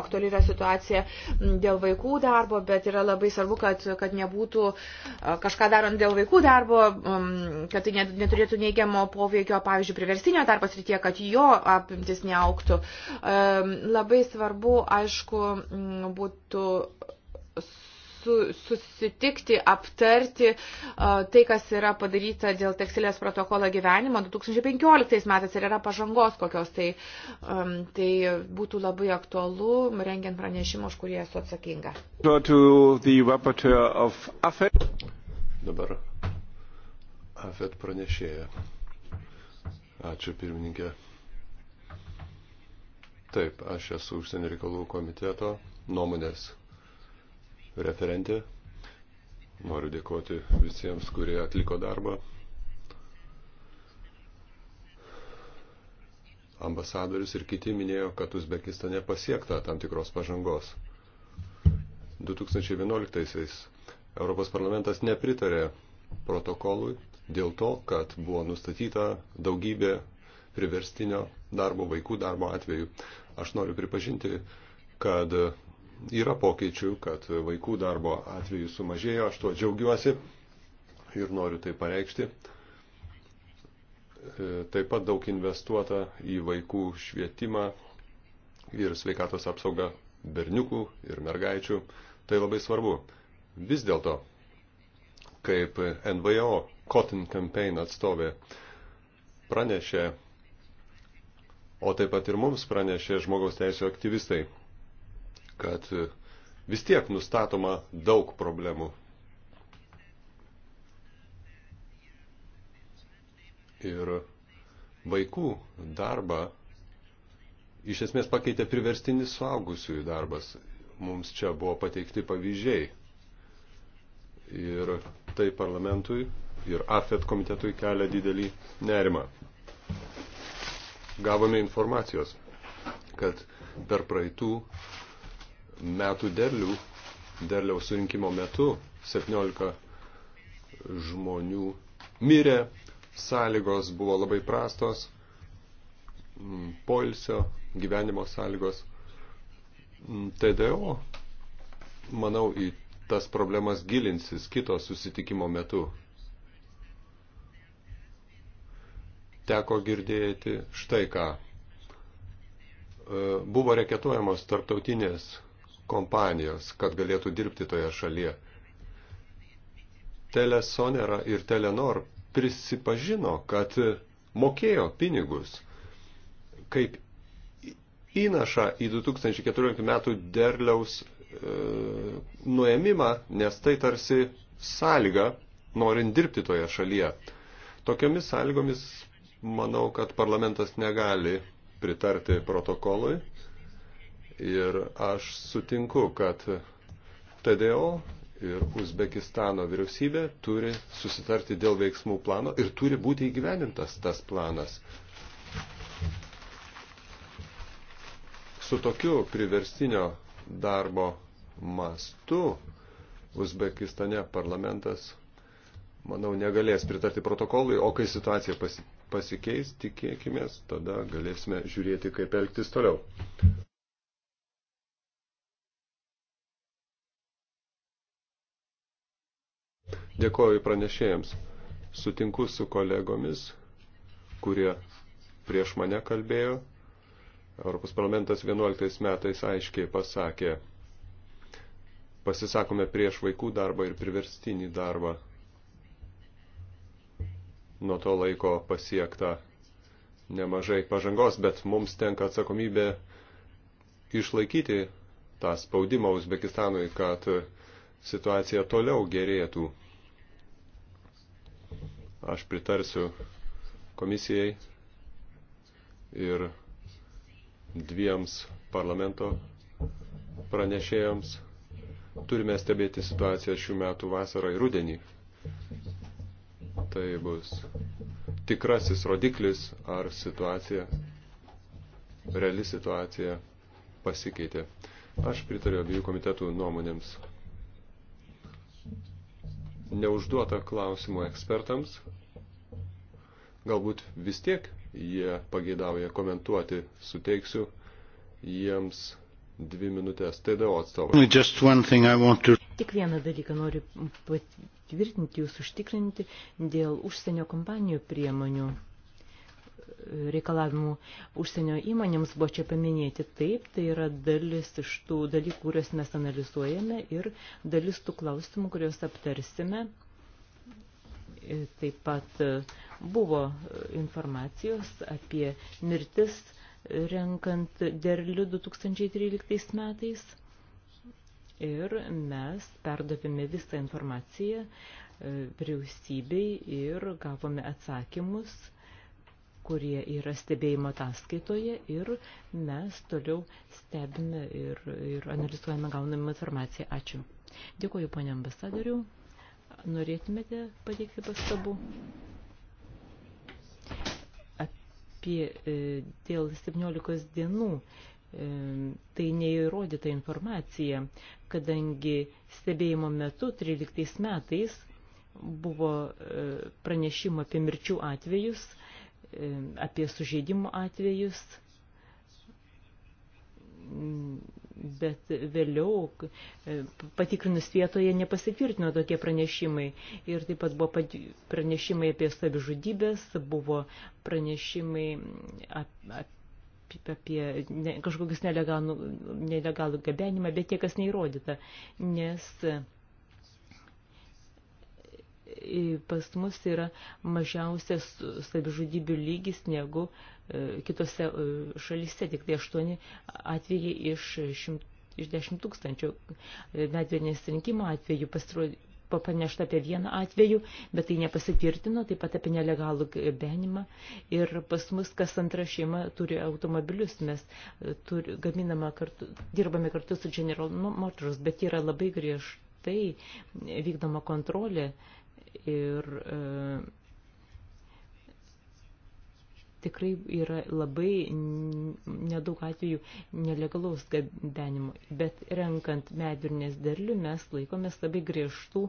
Speaker 3: aktuali yra situacija mm, dėl vaikų darbo, bet yra labai svarbu, kad, kad nebūtų kažką darant dėl vaikų darbo, mm, kad tai neturėtų neigiamo poveikio, pavyzdžiui, priverstinio darbo srityje, kad jo apimtis neauktų. Labai svarbu, aišku, būtų su, susitikti, aptarti uh, tai, kas yra padaryta dėl tekstilės protokolo gyvenimo 2015 metais ir yra pažangos kokios, tai, um, tai būtų labai aktualu, rengiant pranešimą, už kurį esu atsakinga.
Speaker 4: Dabar AFET pranešėja. Ačiū pirmininkė. Taip, aš esu užsienio reikalų komiteto nuomonės referentė. Noriu dėkoti visiems, kurie atliko darbą. Ambasadorius ir kiti minėjo, kad Uzbekistane pasiekta tam tikros pažangos. 2011-aisiais Europos parlamentas nepritarė protokolui dėl to, kad buvo nustatyta daugybė priverstinio darbo, vaikų darbo atvejų. Aš noriu pripažinti, kad Yra pokyčių, kad vaikų darbo atveju sumažėjo, aš tuo džiaugiuosi ir noriu tai pareikšti. E, taip pat daug investuota į vaikų švietimą ir sveikatos apsaugą berniukų ir mergaičių. Tai labai svarbu. Vis dėlto, kaip NVO Cotton Campaign atstovė pranešė, o taip pat ir mums pranešė žmogaus teisų aktyvistai, kad e, vis tiek nustatoma daug problemų. Ir vaikų darbą iš esmės pakeitė priverstinis suaugusiųjų darbas. Mums čia buvo pateikti pavyzdžiai. Ir tai parlamentui ir AFET komitetui kelia didelį nerimą. Gavome informacijos, kad per praeitų metų derlių, derliaus surinkimo metu 17 žmonių mirė, sąlygos buvo labai prastos, mm, poilsio, gyvenimo sąlygos. Mm, TDO, manau, į tas problemas gilinsis kito susitikimo metu. Teko girdėti štai ką. E, buvo reketuojamos tarptautinės kompanijos, kad galėtų dirbti toje šalyje. Telesonera ir Telenor prisipažino, kad mokėjo pinigus kaip įnašą į 2014 metų derliaus e, nuėmimą, nes tai tarsi sąlyga norint dirbti toje šalyje. Tokiomis sąlygomis manau, kad parlamentas negali pritarti protokolui Ir aš sutinku, kad TDO ir Uzbekistano vyriausybė turi susitarti dėl veiksmų plano ir turi būti įgyvenintas tas planas. Su tokiu priverstinio darbo mastu Uzbekistane parlamentas, manau, negalės pritarti protokolui, o kai situacija pasikeis, tikėkime, tada galėsime žiūrėti, kaip elgtis toliau. Dėkoju pranešėjams. Sutinku su kolegomis, kurie prieš mane kalbėjo. Europos parlamentas 11 metais aiškiai pasakė, pasisakome prieš vaikų darbą ir priverstinį darbą. Nuo to laiko pasiekta nemažai pažangos, bet mums tenka atsakomybė išlaikyti tą spaudimą Uzbekistanui, kad situacija toliau gerėtų. Aš pritarsiu komisijai ir dviems parlamento pranešėjams. Turime stebėti situaciją šių metų vasarą ir rudenį. Tai bus tikrasis rodiklis, ar situacija, reali situacija pasikeitė. Aš pritariu abiejų komitetų nuomonėms neužduota klausimų ekspertams, galbūt vis tiek jie pageidauja komentuoti, suteiksiu jiems dvi minutės TDO atstovai. To...
Speaker 2: Tik vieną dalyką noriu patvirtinti, jūs užtikrinti dėl užsienio kompanijų priemonių reikalavimų užsienio įmonėms buvo čia paminėti. Taip, tai yra dalis iš tų dalykų, kuriuos mes analizuojame ir dalis tų klausimų, kuriuos aptarsime. E, taip pat e, buvo informacijos apie mirtis renkant derlių 2013 metais. Ir mes perdavėme visą informaciją e, vyriausybei ir gavome atsakymus kurie yra stebėjimo ataskaitoje ir mes toliau stebime ir, ir analizuojame gaunamą informaciją. Ačiū. Dėkuoju, ponė ambasadoriu. Norėtumėte pateikti pastabų? Apie e, dėl 17 dienų e, tai neįrodyta informacija, kadangi stebėjimo metu 13 metais buvo e, pranešimo apie mirčių atvejus apie sužeidimų atvejus, bet vėliau e, patikrinus vietoje nepasitvirtino tokie pranešimai. Ir taip pat buvo pranešimai apie savižudybės, buvo pranešimai apie apie ne, kažkokius nelegalų, nelegalų gabenimą, bet tie, kas neįrodyta, nes pas mus yra mažiausias savižudybių lygis negu e, kitose e, šalise, tik tai 8 atvejai iš, šimt, iš 10 tūkstančių medvienės rinkimo atvejų pasirodė panešta apie vieną atvejų, bet tai nepasitvirtino, taip pat apie nelegalų benimą. Ir pas mus kas antra šeima turi automobilius, mes e, turi, gaminame kartu, dirbame kartu su General Motors, bet yra labai griežtai vykdoma kontrolė ir e, tikrai yra labai nedaug atvejų nelegalaus gabenimo, bet renkant medvirnės derlių mes laikomės labai griežtų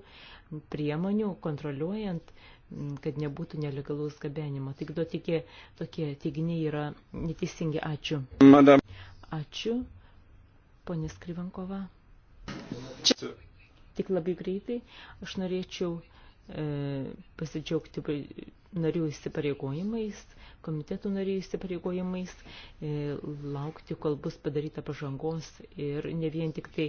Speaker 2: priemonių kontroliuojant, kad nebūtų nelegalaus gabenimo. Tik do tokie, tokie teiginiai yra neteisingi. Ačiū. Madam. Ačiū, ponė Skrivankova. Čia. Tik labai greitai aš norėčiau E, pasidžiaugti narių įsipareigojimais, komitetų narių įsipareigojimais, e, laukti, kol bus padaryta pažangos ir ne vien tik tai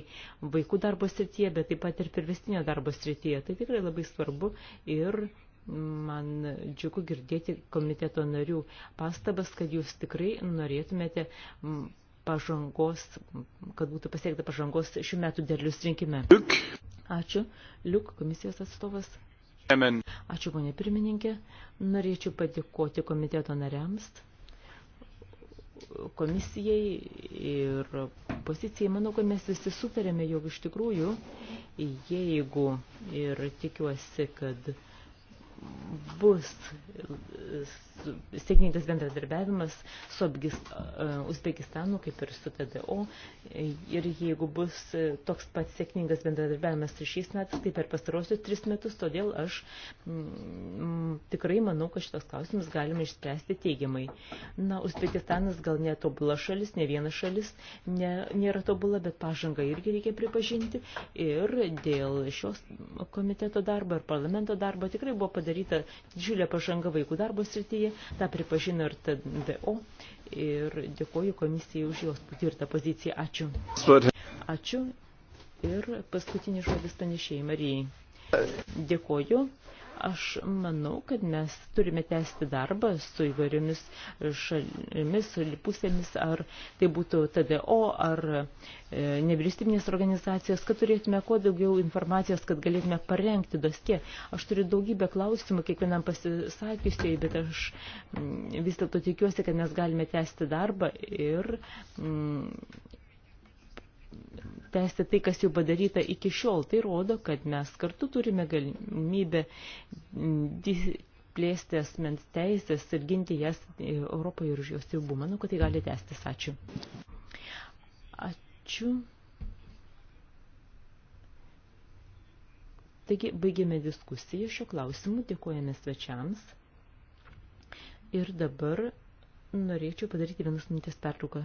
Speaker 2: vaikų darbo srityje, bet taip pat ir pervestinio darbo srityje. Tai tikrai labai svarbu ir man džiugu girdėti komiteto narių pastabas, kad jūs tikrai norėtumėte pažangos, kad būtų pasiekta pažangos šių metų derlius rinkime. Liuk. Ačiū. Liuk, komisijos atstovas.
Speaker 1: Ačiū,
Speaker 2: ponė pirmininkė. Norėčiau padėkoti komiteto nariams, komisijai ir pozicijai. Manau, kad mes visi sutarėme, jog iš tikrųjų, jeigu ir tikiuosi, kad bus sėkmingas bendradarbiavimas su Abgis, e, Uzbekistanu, kaip ir su TDO. Ir jeigu bus toks pat sėkmingas bendradarbiavimas ir šiais metais, tai per pastarosius tris metus, todėl aš m, mm, tikrai manau, kad šitos klausimus galime išspręsti teigiamai. Na, Uzbekistanas gal netobula šalis, ne viena šalis ne, nėra tobula, bet pažangą irgi reikia pripažinti. Ir dėl šios komiteto darbo ir parlamento darbo tikrai buvo padaryta padaryta didžiulė pažanga vaikų darbo srityje, tą pripažino ir TDO ir dėkoju komisijai už jos patirtą poziciją. Ačiū. Ačiū ir paskutinis žodis panešėjai Marijai. Dėkoju. Aš manau, kad mes turime tęsti darbą su įvairiomis šalimis, pusėmis, ar tai būtų TDO, ar e, nevyriausybinės organizacijos, kad turėtume kuo daugiau informacijos, kad galėtume parengti doskė. Aš turiu daugybę klausimų kiekvienam pasisakiusiai, bet aš m, mm, vis dėlto tikiuosi, kad mes galime tęsti darbą ir m, mm, tęsti tai, kas jau padaryta iki šiol. Tai rodo, kad mes kartu turime galimybę plėsti asmens teisės ir ginti jas Europoje ir už jos ribų. Manau, kad tai gali tęstis. Ačiū. Ačiū. Taigi, baigėme diskusiją šio klausimu, dėkojame svečiams. Ir dabar norėčiau padaryti vienas minutės pertrauką.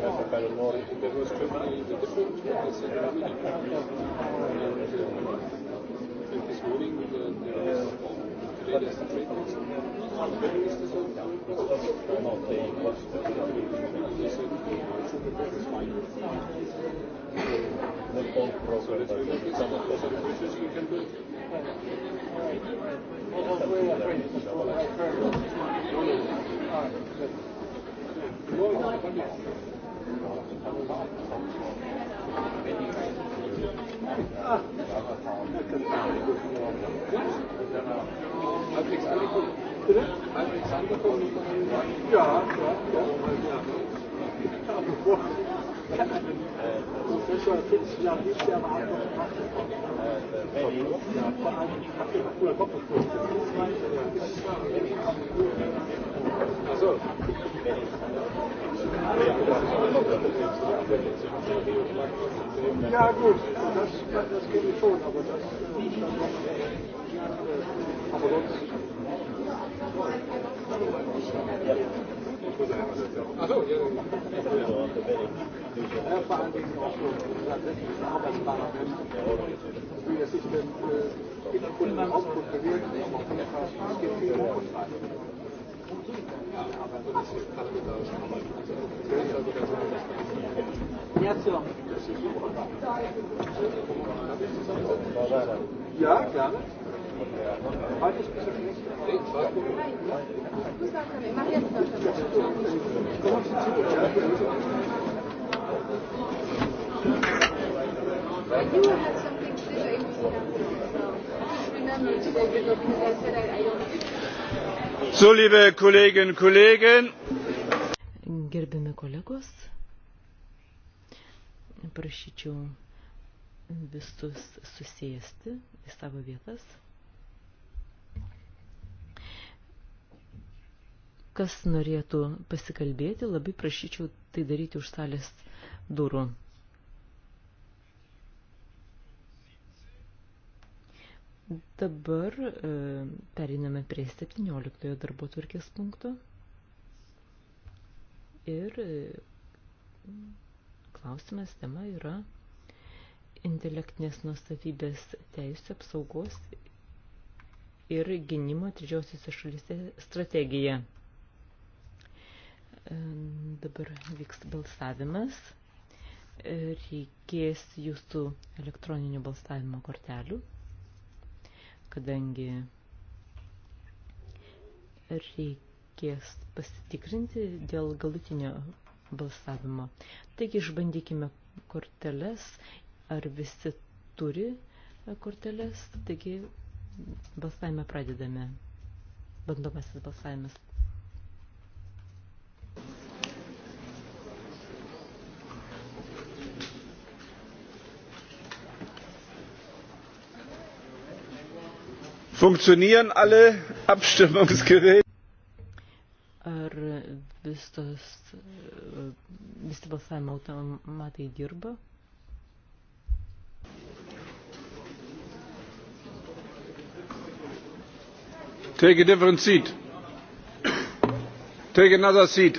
Speaker 5: arrivata a fare onore tutte e due stagioni di debutto, essendo la mia It is moving the trade as trade is not very necessary. Not the cost of the They said that is fine. Not all progress, so let's make some of those approaches we can do it. No, no, no. More halbwegs angeguckt. Bitte? Halbwegs angeguckt. Ja, ja, ja. ja. Professor Fitz ja nicht der Wahrheit vor allem früher Doppelkurs. Achso. Ja gut, das, das, das geht schon, aber das. Aber sonst. Achso, ja. Ja, vor allen Dingen auch so, wie gesagt, das ist ein Arbeitspartner. Wie er sich denn äh, in der Kunden
Speaker 3: Ausdruck bewegt, aber auf jeden Fall, es geht viel hoch und rein.
Speaker 5: Reaktion. Ja, gerne. Heute ist besser nicht. Ich mache jetzt das. Ich komme auf Sie zu. You
Speaker 1: had something to say. I remember today because I said I, I don't. So, liebe Kolleginnen und Kollegen. Gerbiami kolegos, prašyčiau
Speaker 2: visus susėsti į savo vietas. Kas norėtų pasikalbėti, labai prašyčiau tai daryti už salės durų. Dabar e, periname prie 17 darbo tvarkės punkto. Ir e, klausimas tema yra intelektinės nustatybės teisų apsaugos ir gynimo trečiosiuose šalyse strategija. E, dabar vyks balsavimas. Reikės jūsų elektroninių balsavimo kortelių kadangi reikės pasitikrinti dėl galutinio balsavimo. Taigi išbandykime korteles, ar visi turi e, korteles, taigi balsavimą pradedame. Bandomasis balsavimas
Speaker 1: Funktionieren alle Abstimmungsgeräte?
Speaker 2: Ar visos, visi balsavimo automatai dirba?
Speaker 1: Take a different seat. Take another seat.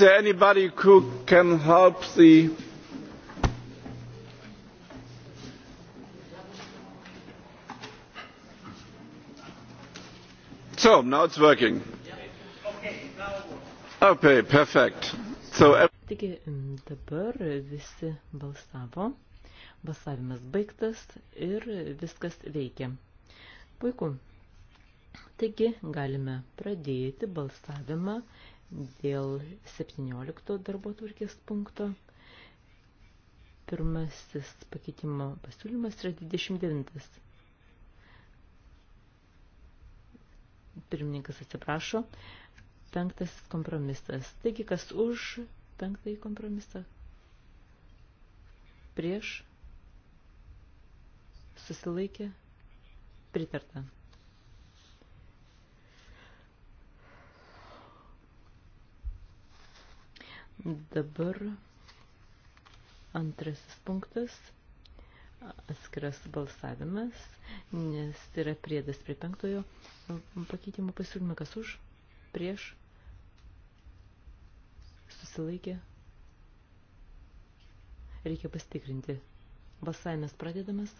Speaker 1: there anybody who can help the So now it's working. Okay, perfect. So
Speaker 2: Taigi dabar visi balsavo. Balsavimas baigtas ir viskas veikia. Puiku. Taigi galime pradėti balsavimą dėl 17 darbo turkės punkto. Pirmasis pakeitimo pasiūlymas yra 29. Pirmininkas atsiprašo. Penktasis kompromisas. Taigi, kas už penktąjį kompromisą? Prieš? Susilaikė? Pritarta. Dabar antrasis punktas atskiras balsavimas, nes tai yra priedas prie penktojo pakeitimo pasiūlymą, kas už, prieš, susilaikė. Reikia pastikrinti. Balsavimas pradedamas.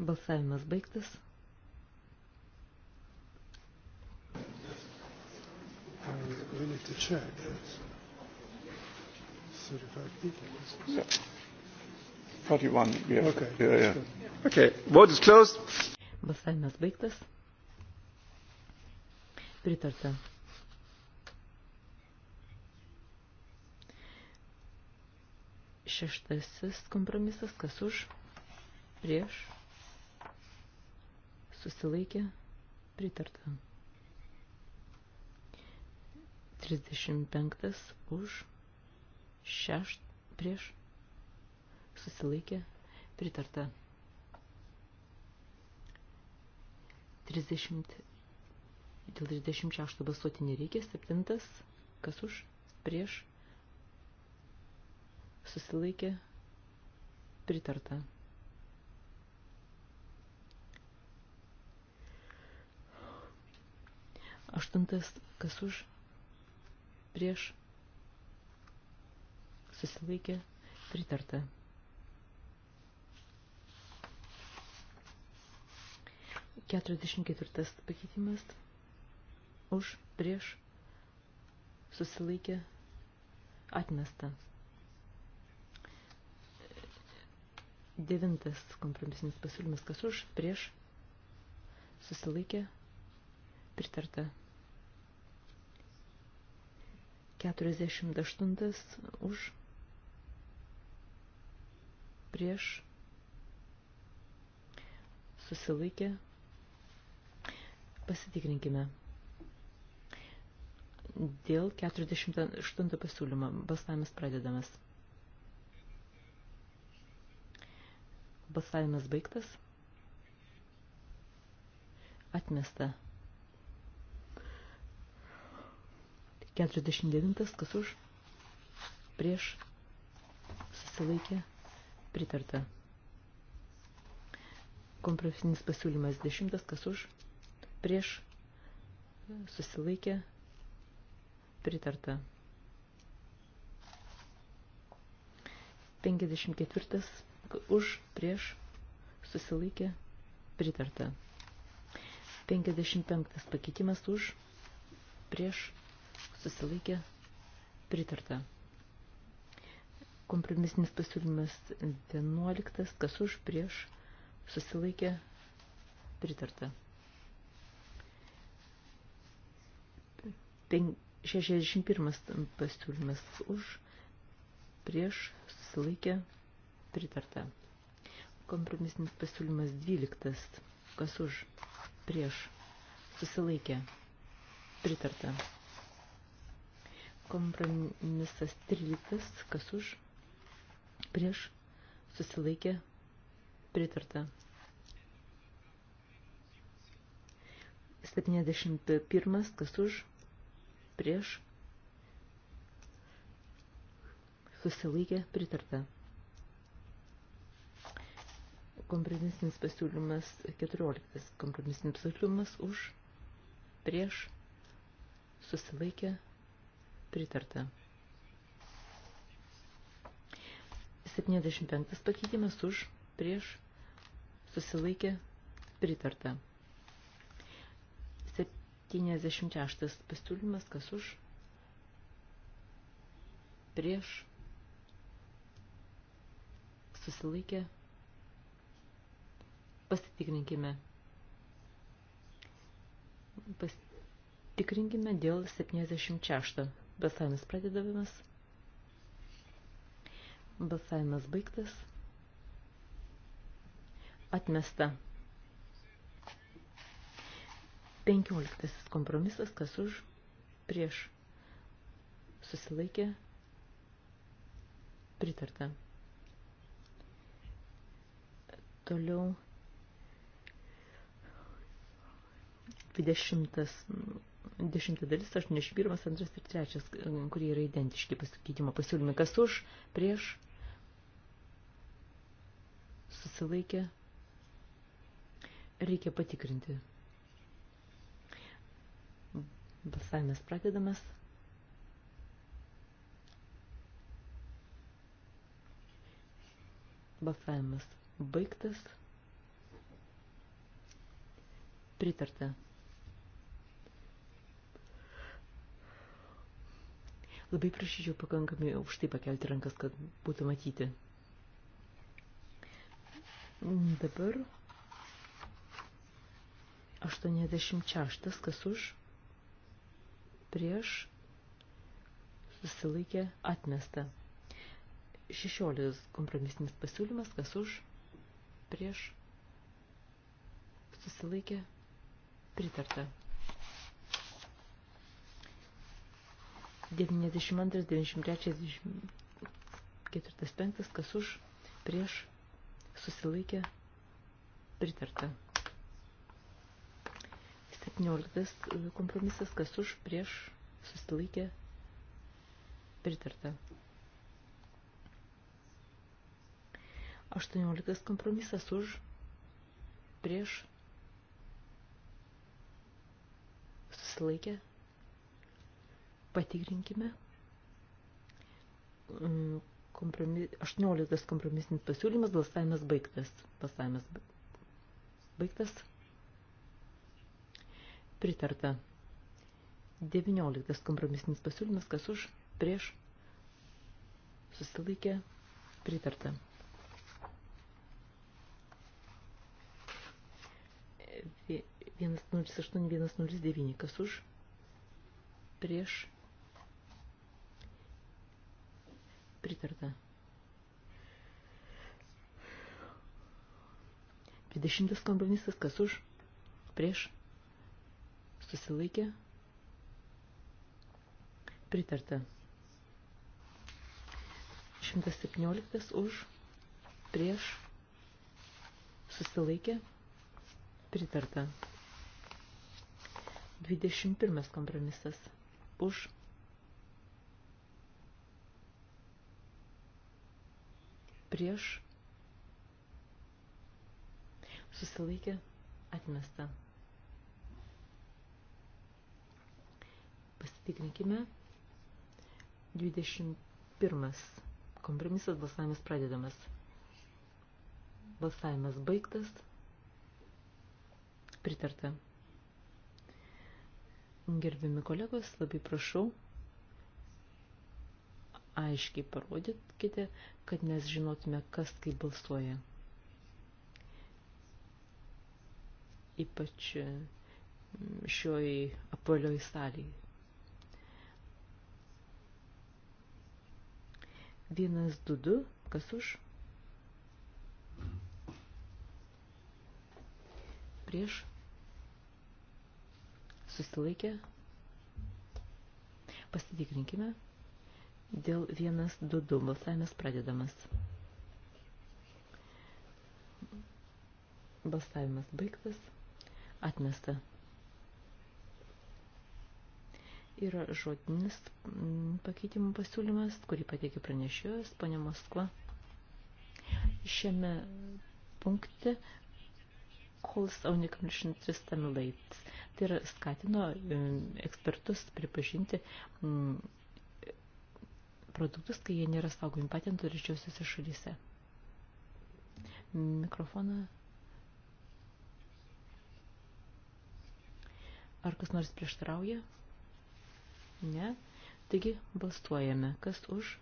Speaker 2: Balsavimas baigtas.
Speaker 5: we need to check. It's 35 people. Yeah.
Speaker 1: 41. Yeah. Okay. Yeah, yeah. Okay. Vote is
Speaker 2: closed. Balsavimas baigtas. Pritarta. Šeštasis kompromisas, kas už, prieš, susilaikė, pritarta. 35 už, 6 prieš, susilaikė, pritarta. 30, dėl 36 balsuoti nereikia, 7, kas už, prieš, susilaikė, pritarta. Aštuntas, kas už, prieš susilaikė pritarta. Keturiasdešimt ketvirtas pakeitimas už prieš susilaikė atmesta. Devintas kompromisinis pasiūlymas, kas už prieš susilaikė pritarta. 48 už prieš susilaikė. Pasitikrinkime. Dėl 48 pasiūlymą balsavimas pradedamas. Balsavimas baigtas. Atmesta. 49, kas už, prieš, susilaikė, pritarta. Kompromisinis pasiūlymas 10, kas už, prieš, susilaikė, pritarta. 54, už, prieš, susilaikė, pritarta. 55 pakeitimas už, prieš, susilaikė, pritarta. Kompromisinis pasiūlymas 11, kas už, prieš, susilaikė, pritarta. 61 pasiūlymas už, prieš, susilaikė, pritarta. Kompromisinis pasiūlymas 12, kas už, prieš, susilaikė, pritarta. Kompromisas 13, kas už, prieš, susilaikė, pritarta. 71, kas už, prieš, susilaikė, pritarta. Kompromisinis pasiūlymas 14. Kompromisinis pasiūlymas už, prieš, susilaikė, pritarta pritarta. 75 pakeitimas už, prieš, susilaikė, pritarta. 76 pasiūlymas, kas už, prieš, susilaikė, pasitikrinkime. Pasitikrinkime dėl 76. Balsavimas pradedamas. Balsavimas baigtas. Atmesta. 15 kompromisas, kas už, prieš, susilaikė, pritarta. Toliau 20 10 dalis, 81, 2 ir 3, kurie yra identiški pasikeitimo pasiūlymai. Kas už, prieš, susilaikė, reikia patikrinti. Balsavimas pradedamas. Balsavimas baigtas. Pritarta. Labai prašyčiau pakankamai aukštai pakelti rankas, kad būtų matyti. Mm, dabar 86, kas už, prieš, susilaikė, atmesta. 16 kompromisinis pasiūlymas, kas už, prieš, susilaikė, pritarta. 92, 93, 94, 5, kas už, prieš, susilaikė, pritarta. 17 kompromisas, kas už, prieš, susilaikė, pritarta. 18 kompromisas už, prieš, susilaikė, pritarta patikrinkime. Mm, Kompromis, 18 kompromisinis pasiūlymas, balsavimas baigtas. Balsavimas baigtas. Pritarta. 19 kompromisinis pasiūlymas, kas už, prieš, susilaikė, pritarta. Vienas nulis aštuoni, vienas nulis devyni, kas už, prieš, prieš pritarta. 20 kompromisas, kas už, prieš, susilaikė, pritarta. 117 už, prieš, susilaikė, pritarta. 21 kompromisas, už, prieš prieš, susilaikė, atmesta. Pasitikrinkime. 21. Kompromisas balsavimas pradedamas. Balsavimas baigtas. Pritarta. Gerbimi kolegos, labai prašau aiškiai parodykite, kad mes žinotume, kas kaip balsuoja. Ypač mm, šioj apolioj salėje. Vienas, du, du, kas už? Prieš? Susilaikė? Pasitikrinkime. Dėl 122 balsavimas pradedamas. Balsavimas baigtas. Atmesta. Yra žodinis mm, pakeitimų pasiūlymas, kurį pateikė pranešėjas, ponė Moskva. Šiame punkte calls only commission tristam late. Tai yra skatino mm, ekspertus pripažinti mm, produktus, kai jie nėra saugomi patentų ryčiausiuose šalyse. Mikrofoną. Ar kas nors prieštarauja? Ne. Taigi balstuojame. Kas už?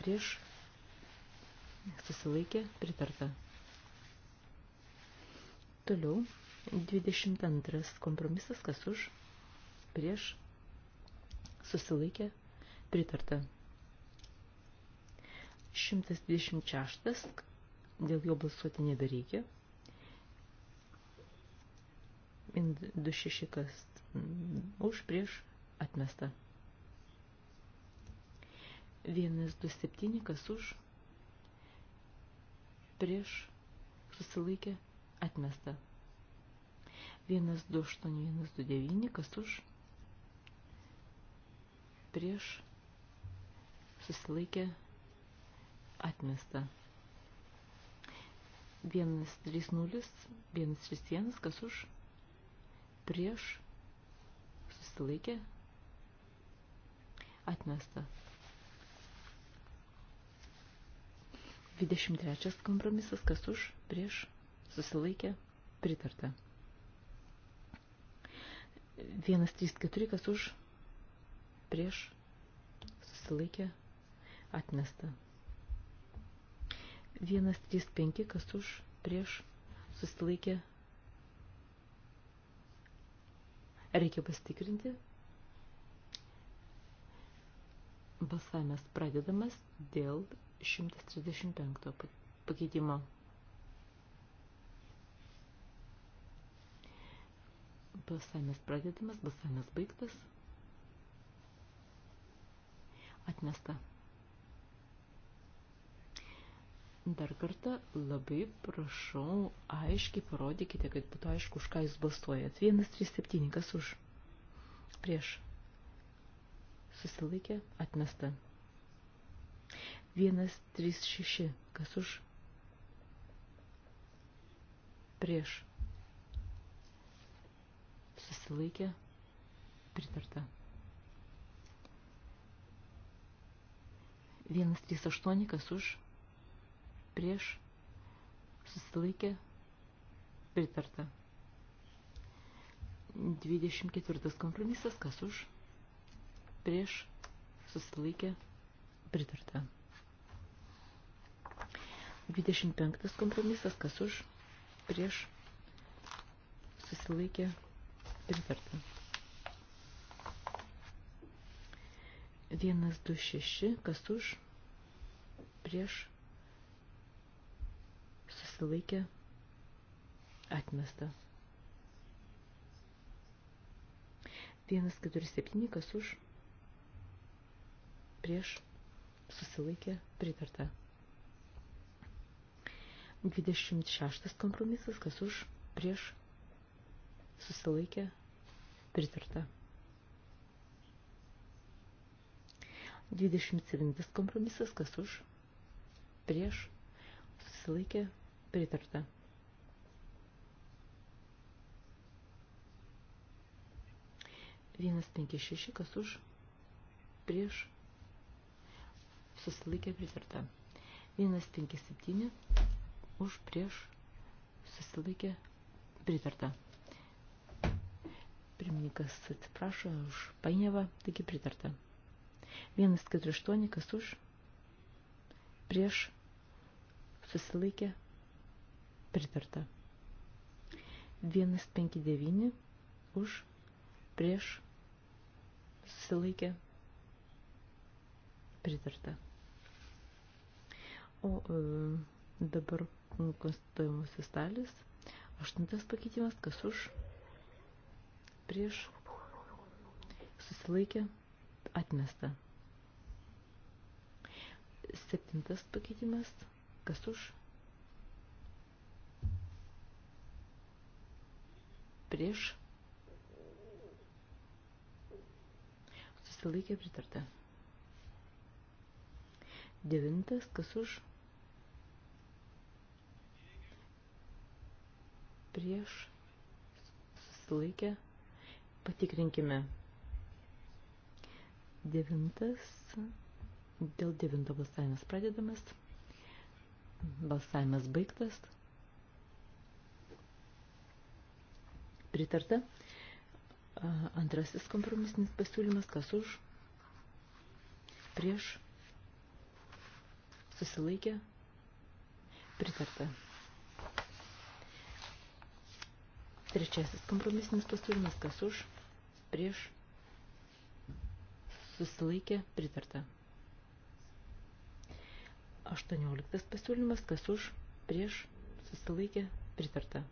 Speaker 2: Prieš? Susilaikė? Pritarta. Toliau. 22 kompromisas. Kas už? Prieš? Susilaikė? pritarta. 126, dėl jo balsuoti nebereikia. 26 kas už prieš atmesta. 127 kas už prieš susilaikė atmesta. 128, 129 kas už prieš susilaikė, atmesta. 130, 131, kas už, prieš, susilaikė, atmesta. 23 kompromisas, kas už, prieš, susilaikė, pritarta. 1, 3, 4, kas už, prieš, susilaikė, pritarta atmesta. 1, 3, 5, kas už, prieš, susilaikė. Reikia pasitikrinti. Balsavimas pradedamas dėl 135 pakeitimo. Balsavimas pradedamas, balsavimas baigtas. Atmesta. Dar kartą labai prašau, aiškiai parodykite, kad būtų aišku, už ką jūs balsuojat. 137, kas už? Prieš. Susilaikė, atmesta. 136, kas už? Prieš. Susilaikė, pritarta. 138, kas už? prieš, susilaikė, pritarta. 24 kompromisas, kas už, prieš, susilaikė, pritarta. 25 kompromisas, kas už, prieš, susilaikė, pritarta. 1, 2, 6, kas už, prieš, susilaikė, atmesta. 147, kas už, prieš, susilaikė, pritarta. 26 kompromisas, kas už, prieš, susilaikė, pritarta. 27 kompromisas, kas už, prieš, susilaikė, Pritarta. Vienas penki šeši, kas už, prieš, susilaikė pritarta. Vienas penki septyni, už, prieš, susilaikė pritarta. Pirmininkas atsiprašo už painiavą, taigi pritarta. Vienas keturi aštuoni, kas už, prieš, susilaikė pritarta pritarta. 159 už prieš susilaikė pritarta. O e, dabar konstatuojamusis talis. Aštuntas pakeitimas, kas už prieš susilaikė atmesta. Septintas pakeitimas, kas už prieš, susilaikė pritarta. Devintas, kas už, prieš, susilaikė, patikrinkime. Devintas, dėl devinto balsavimas pradedamas, balsavimas baigtas. pritarta. Antrasis kompromisinis pasiūlymas, kas už, prieš, susilaikė, pritarta. Trečiasis kompromisinis pasiūlymas, kas už, prieš, susilaikė, pritarta. Aštuonioliktas pasiūlymas, kas už, prieš, susilaikė, pritarta.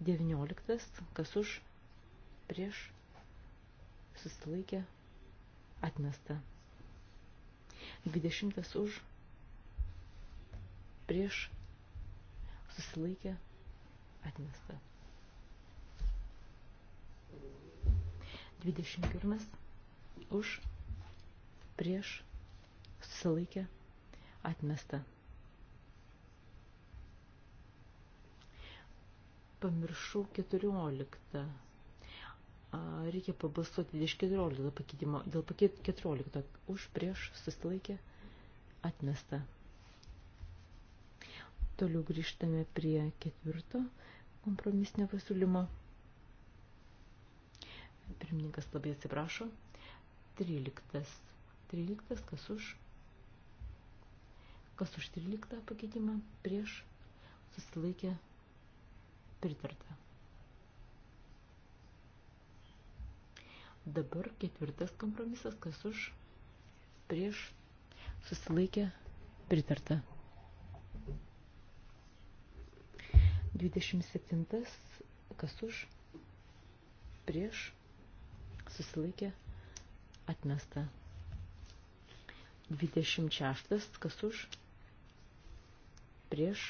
Speaker 2: 19. Kas už, prieš, susilaikė, atmesta. 20. Už, prieš, susilaikė, atmesta. 21. Už, prieš, susilaikė, atmesta. pamiršau 14. Reikia pabalsuoti 14 pakeitimo. Dėl pakeit 14. Už prieš susilaikė atmesta. Toliau grįžtame prie ketvirto kompromisinio pasiūlymo. Pirmininkas labai atsiprašo. 13. 13. Kas už? Kas už 13 pakeitimą? Prieš susilaikė atmesta Pritarta. Dabar ketvirtas kompromisas, kas už, prieš, susilaikė, pritarta. 27, kas už, prieš, susilaikė, atmesta. 26, kas už, prieš,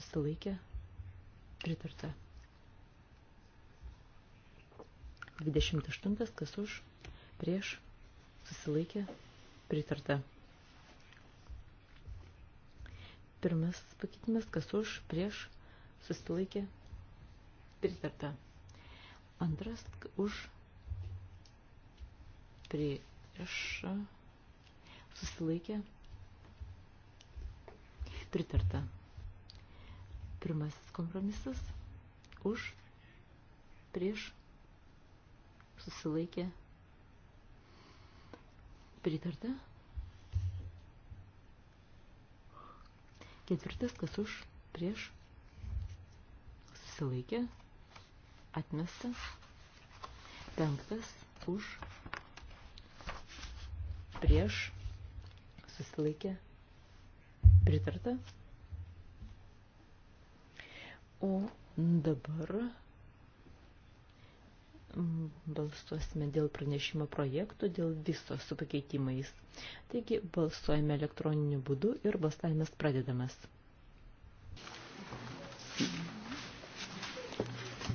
Speaker 2: susilaikė, atmesta Pritarta. 28. Kas už? Prieš? Susilaikė? Pritarta. Pirmas pakeitimas. Kas už? Prieš? Susilaikė? Pritarta. Antras už? Prieš? Susilaikė? Pritarta. Pirmasis kompromisas už, prieš, susilaikė, pritarta. Ketvirtas, kas už, prieš, susilaikė, atmesta. Penktas, už, prieš, susilaikė, pritarta. O dabar balsuosime dėl pranešimo projektų, dėl viso su pakeitimais. Taigi balsuojame elektroniniu būdu ir balsavimas pradedamas.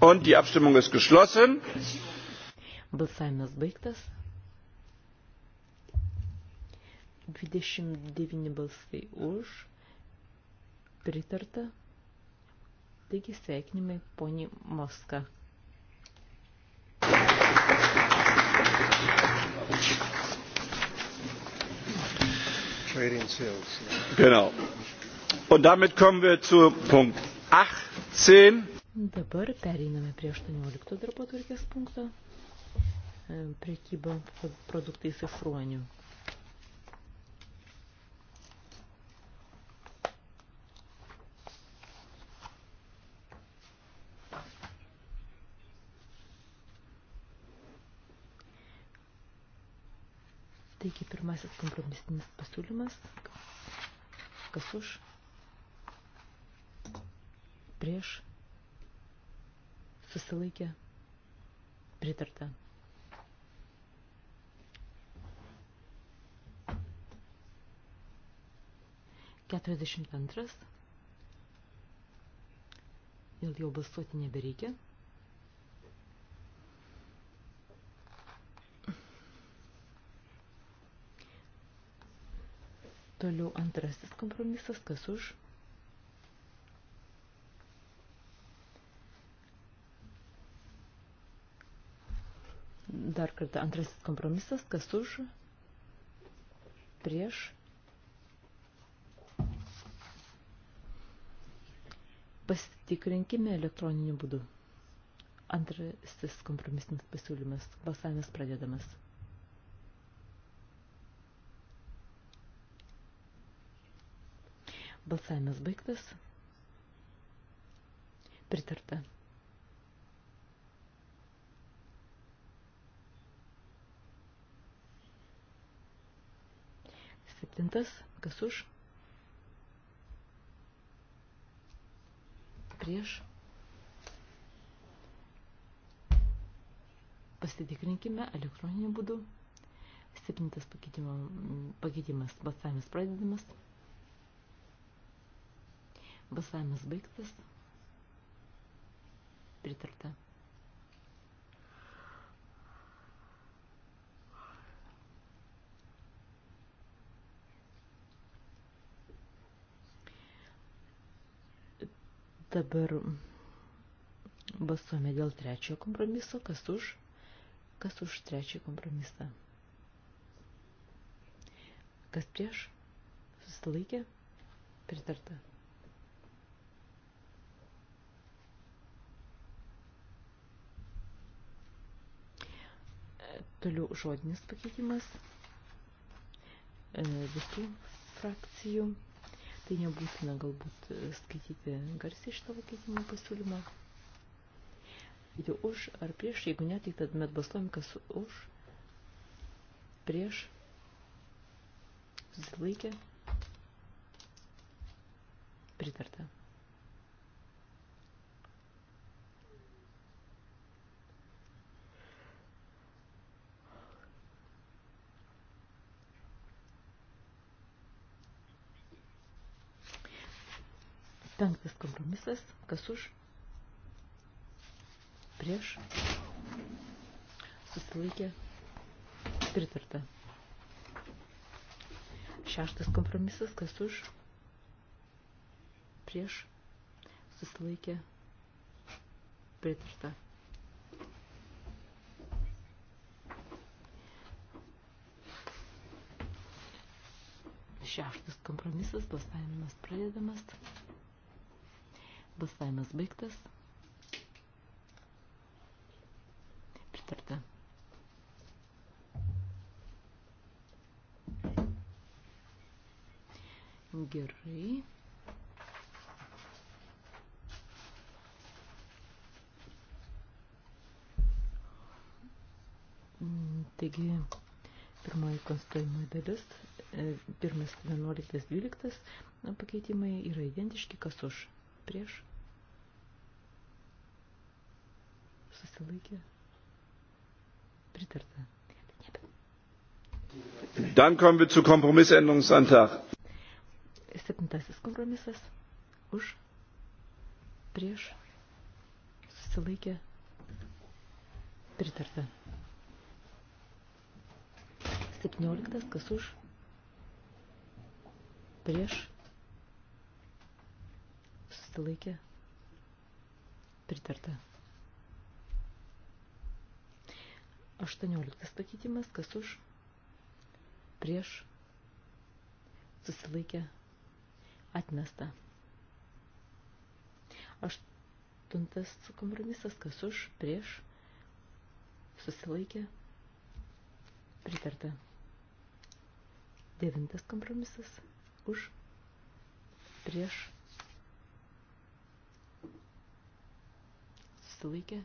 Speaker 1: Und die Abstimmung ist geschlossen.
Speaker 2: Balsavimas baigtas. 29 balsai už. Pritarta. Taigi sveikinimai poni Moska.
Speaker 1: Genau. Und damit kommen wir zu Punkt 18.
Speaker 2: Dabar pereiname prie 18 darbo turkės punkto. E, prekyba produktais iš ruonių. Taigi pirmasis kompromisinis pasiūlymas. Kas už? Prieš. Susilaikė. Pritarta. Keturiasdešimt antras. Dėl jo balsuoti nebereikia. Toliau antrasis kompromisas, kas už? Dar kartą antrasis kompromisas, kas už? Prieš? Pasitikrinkime elektroniniu būdu. Antrasis kompromisinis pasiūlymas. Balsavimas pradedamas. Balsavimas baigtas. Pritarta. Septintas. Kas už? Prieš. Pasitikrinkime elektroniniu būdu. Septintas pakeitimas balsavimas pradedamas. Balsavimas baigtas. Pritarta. Dabar balsuojame dėl trečiojo kompromiso, kas už, kas už trečiojo kompromisą. Kas prieš? Susilaikė? Pritarta. Toliau žodinis pakeitimas e, visų frakcijų. Tai nebūtina galbūt skaityti garsiai šitą pakeitimą pasiūlymą. Jau už ar prieš, jeigu ne, tai tad met bastomikas už, prieš, susilaikė, pritarta. Penktas kompromisas. Kas už? Prieš. Susilaikė. Pritarta. Šeštas kompromisas. Kas už? Prieš. Susilaikė. Pritarta. Šeštas kompromisas. Balsavimas pradedamas. Pradedamas. Balsavimas baigtas. Pritarta. Gerai. Taigi, pirmoji konstatuojama dalis, e, pirmas 11-12 pakeitimai yra identiški, kas už prieš susilaikė
Speaker 1: pritarta. Dann kommen wir zu Kompromissänderungsantrag.
Speaker 2: Septintasis kompromisas už prieš susilaikė pritarta. 17. Kas už? Prieš susilaikė, pritarta. 18 pakeitimas, kas už, prieš, susilaikė, atmesta. 8 kompromisas, kas už, prieš, susilaikė, pritarta. 9 kompromisas, už, prieš, susilaikė.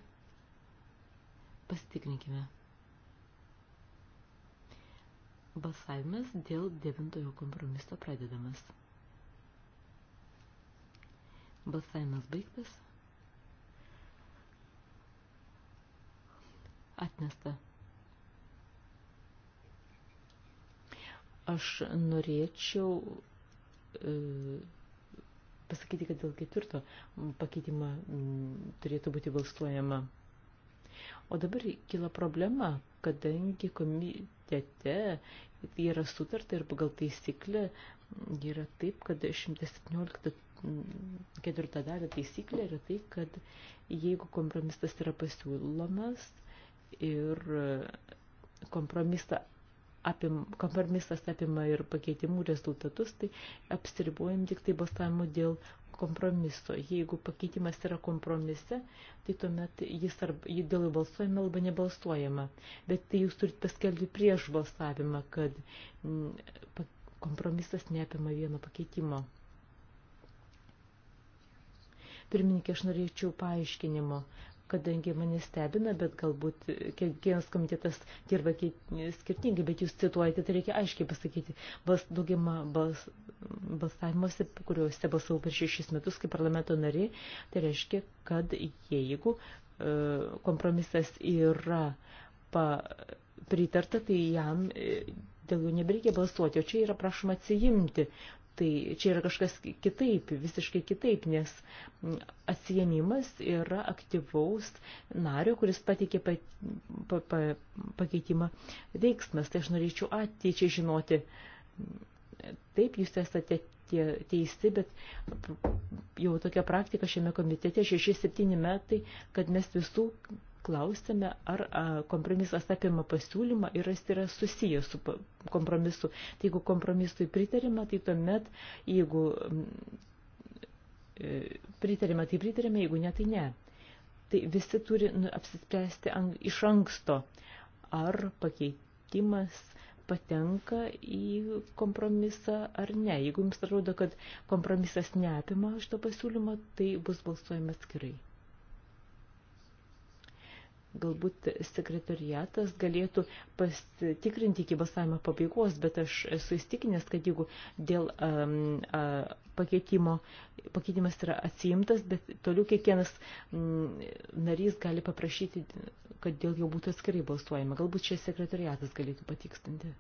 Speaker 2: Pasitikrinkime. Balsavimas dėl devintojo kompromiso pradedamas. Balsavimas baigtas. Atmesta. Aš norėčiau e, pasakyti, kad dėl ketvirto pakeitimo turėtų būti balsuojama. O dabar kila problema, kadangi komitete yra sutarta ir pagal taisyklę yra taip, kad 117 ketvirtą dalį taisyklė yra tai, kad jeigu kompromisas yra pasiūlomas ir kompromisą apim, kompromisas apima ir pakeitimų rezultatus, tai apsiribuojam tik tai balsavimu dėl kompromiso. Jeigu pakeitimas yra kompromise, tai tuomet jis arba jį dėl balsuojama arba nebalsuojama. Bet tai jūs turite paskelbti prieš balsavimą, kad m, mm, kompromisas neapima vieno pakeitimo. Pirmininkė, aš norėčiau paaiškinimo kadangi mane stebina, bet galbūt e, kiekvienas komitetas dirba skirtingai, bet jūs cituojate, tai reikia aiškiai pasakyti, bas, daugima bas, balsavimuose, kuriuose balsavau per šešis metus kaip parlamento nariai, tai reiškia, kad jeigu e, kompromisas yra pa, pritarta, tai jam e, dėl jų nebereikia balsuoti, o čia yra prašoma atsijimti Tai čia yra kažkas kitaip, visiškai kitaip, nes atsiemimas yra aktyvaus nario, kuris pateikė pa, pa, pa, pakeitimą veiksmas. Tai aš norėčiau ateičiai žinoti, taip jūs esate tie, teisti, bet jau tokia praktika šiame komitete 6-7 metai, kad mes visų klausėme, ar a, kompromisas apima pasiūlymą ir jis yra susijęs su kompromisu. Tai jeigu kompromisui pritarime, tai tuomet, jeigu e, pritarime, tai pritarime, jeigu ne, tai ne. Tai visi turi nu, apsispręsti an, iš anksto, ar pakeitimas patenka į kompromisą ar ne. Jeigu jums atrodo, kad kompromisas neapima šito pasiūlymo, tai bus balsuojama skirai. Galbūt sekretariatas galėtų pasitikrinti iki balsavimo pabaigos, bet aš esu įstikinęs, kad jeigu dėl um, uh, pakeitimo, pakeitimas yra atsiimtas, bet toliau kiekvienas um, narys gali paprašyti, kad dėl jo būtų atskirai balsuojama. Galbūt čia sekretariatas galėtų patikstinti.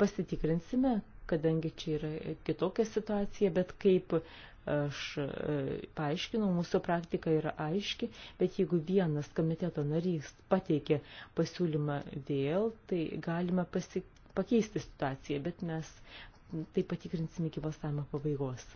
Speaker 2: pasitikrinsime, kadangi čia yra kitokia situacija, bet kaip aš e, paaiškinau, mūsų praktika yra aiški, bet jeigu vienas komiteto narys pateikė pasiūlymą vėl, tai galime pasi, pakeisti situaciją, bet mes tai patikrinsime iki balsavimo pabaigos.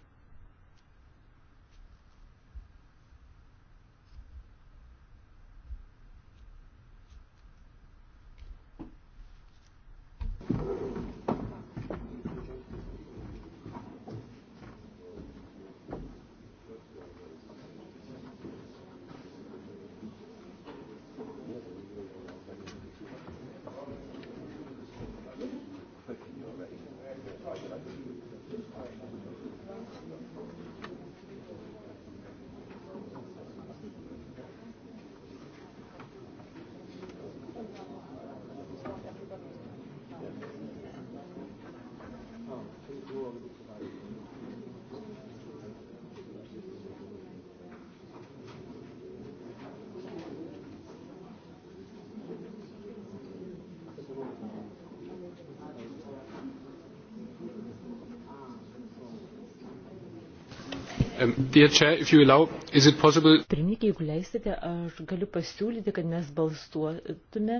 Speaker 5: Pirmininkė,
Speaker 2: jeigu leisite, aš galiu pasiūlyti, kad mes balsuotume,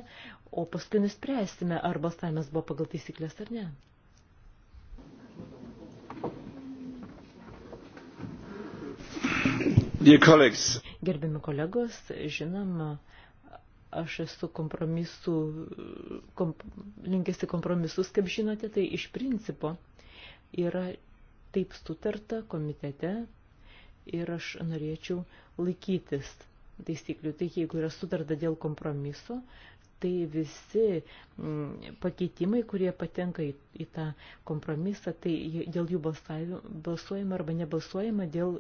Speaker 2: o paskui nuspręsime, ar balsavimas buvo pagal taisyklės ar ne. Gerbiami kolegos, žinoma, aš esu kompromisų, komp, linkęs į kompromisus, kaip žinote, tai iš principo yra taip sutarta komitete ir aš norėčiau laikytis taisyklių. Tai jeigu yra sutarta dėl kompromiso, tai visi mm, pakeitimai, kurie patenka į, į tą kompromisą, tai dėl jų balsuojama arba nebalsuojama dėl,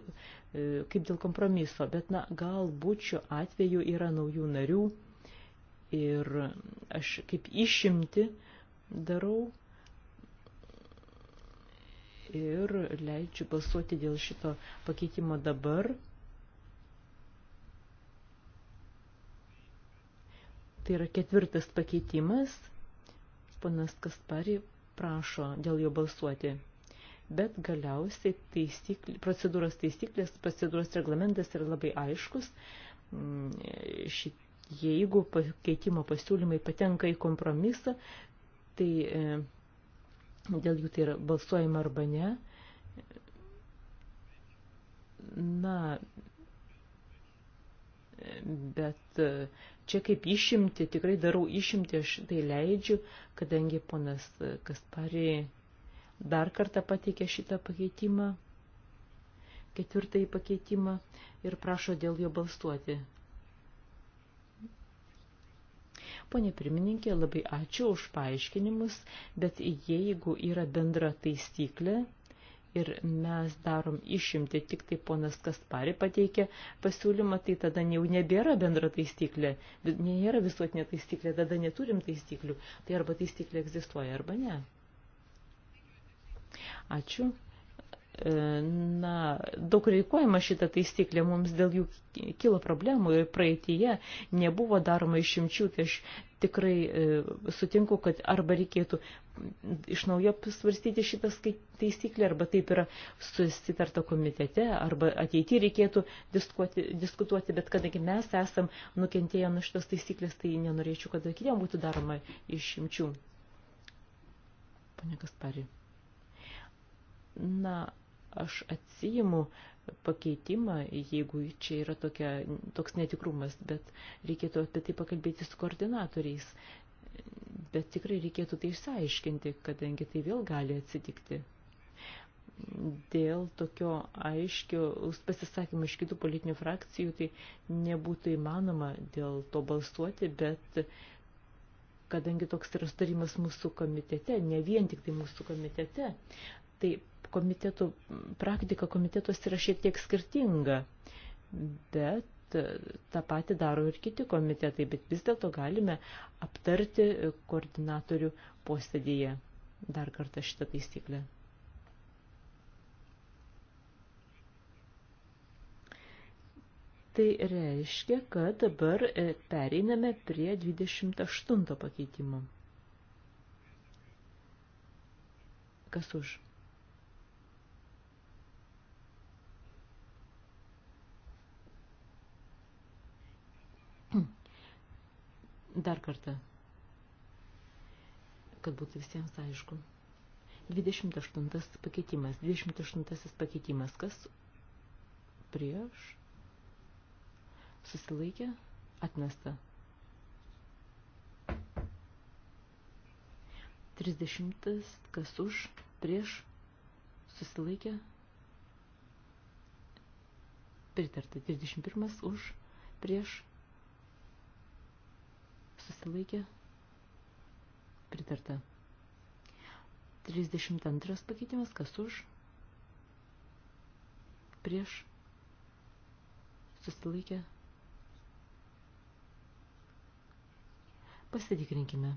Speaker 2: e, kaip dėl kompromiso. Bet na, galbūt šiuo atveju yra naujų narių ir aš kaip išimti darau ir leidžiu balsuoti dėl šito pakeitimo dabar. Tai yra ketvirtas pakeitimas. Ponas Kaspari prašo dėl jo balsuoti. Bet galiausiai taisykl, procedūros taisyklės, procedūros reglamentas yra labai aiškus. Mm, Šit, jeigu pakeitimo pasiūlymai patenka į kompromisą, tai e, dėl jų tai yra balsuojama arba ne. Na, bet čia kaip išimti, tikrai darau išimti, aš tai leidžiu, kadangi ponas Kaspari dar kartą pateikė šitą pakeitimą, ketvirtąjį pakeitimą ir prašo dėl jo balsuoti. Pone pirmininkė, labai ačiū už paaiškinimus, bet jeigu yra bendra taisyklė ir mes darom išimti, tik tai ponas Kaspari pateikė pasiūlymą, tai tada jau nebėra bendra taisyklė, nėra visuotinė taisyklė, tada neturim taisyklių, tai arba taisyklė egzistuoja, arba ne. Ačiū na, daug reikuojama šitą taisyklę, mums dėl jų kilo problemų ir praeitie nebuvo daroma išimčių, tai aš tikrai e, sutinku, kad arba reikėtų iš naujo svarstyti šitą taisyklę, arba taip yra susitarta komitete, arba ateityje reikėtų diskutuoti, diskutuoti, bet kadangi mes esam nukentėję nuo šitos taisyklės, tai nenorėčiau, kad kitiem būtų daroma išimčių. Pane Kaspari. Na, aš atsijimu pakeitimą, jeigu čia yra tokia, toks netikrumas, bet reikėtų apie tai pakalbėti su koordinatoriais. Bet tikrai reikėtų tai išsiaiškinti, kadangi tai vėl gali atsitikti. Dėl tokio aiškio pasisakymų iš kitų politinių frakcijų tai nebūtų įmanoma dėl to balsuoti, bet kadangi toks yra starimas mūsų komitete, ne vien tik tai mūsų komitete, tai komitetų, praktika komitetos yra šiek tiek skirtinga, bet e, tą patį daro ir kiti komitetai, bet vis dėlto galime aptarti koordinatorių posėdėje dar kartą šitą taisyklę. Tai reiškia, kad dabar e, pereiname prie 28 pakeitimo. Kas už? Dar kartą, kad būtų visiems aišku. 28 pakeitimas, 28 pakeitimas, kas prieš, susilaikė, atmesta. 30, kas už, prieš, susilaikė, pritarta. 31 už, prieš, susilaikė, pritarta. 32 pakeitimas, kas už, prieš, susilaikė. Pasitikrinkime.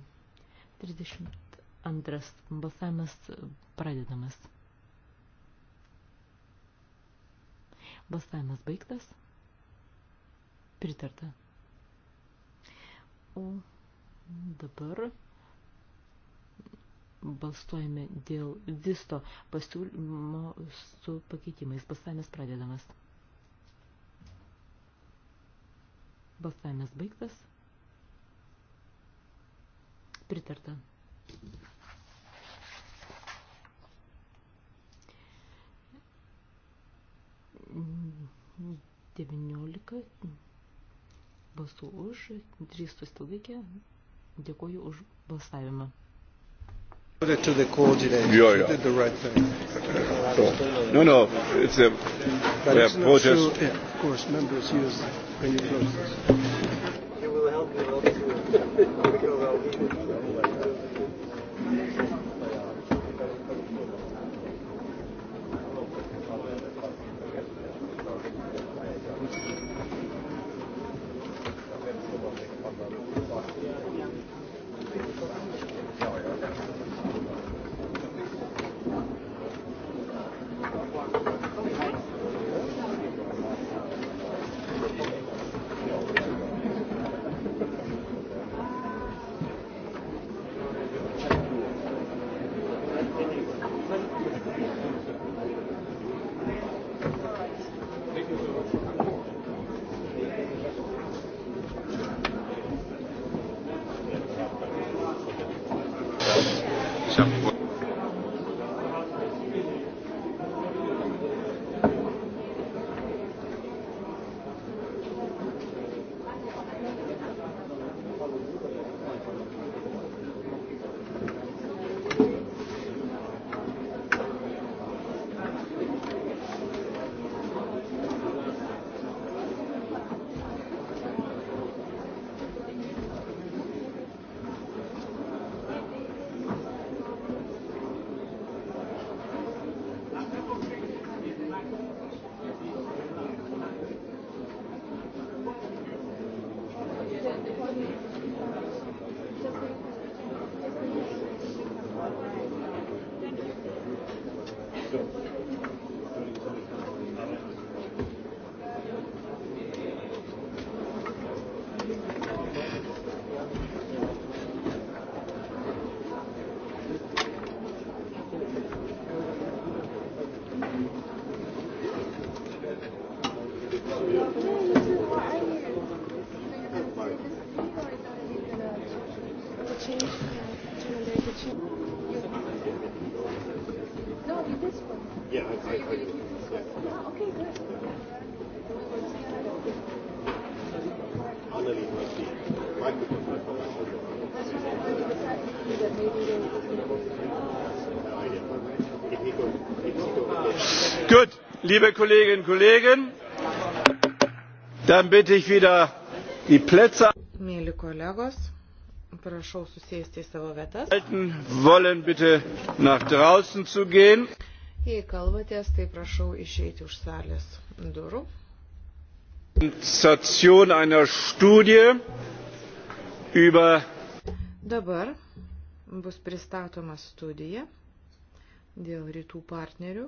Speaker 2: 32 balsavimas pradedamas. Balsavimas baigtas. Pritarta. O dabar balsuojame dėl viso pasiūlymo su pakeitimais. Balsavimas pradedamas. Balsavimas baigtas. Pritarta. Devyniolika. 19 balsų už, 3 susilaikė. Dėkuoju už balsavimą.
Speaker 1: To the coordinator, yeah, yeah. did the right thing. So, no, no, it's a, but yeah, it's protest. Sure, yeah, of course, members use when you close this. liebe kolleginnen und kollegen dann bitte ich wieder die plätze
Speaker 3: mieli kolegos prašau susėsti į savo vietas
Speaker 1: wollen bitte nach draußen zu gehen
Speaker 3: jei kalbatės tai prašau išeiti už salės durų
Speaker 1: präsentation einer studie über dabar
Speaker 3: bus pristatoma studija dėl rytų partnerių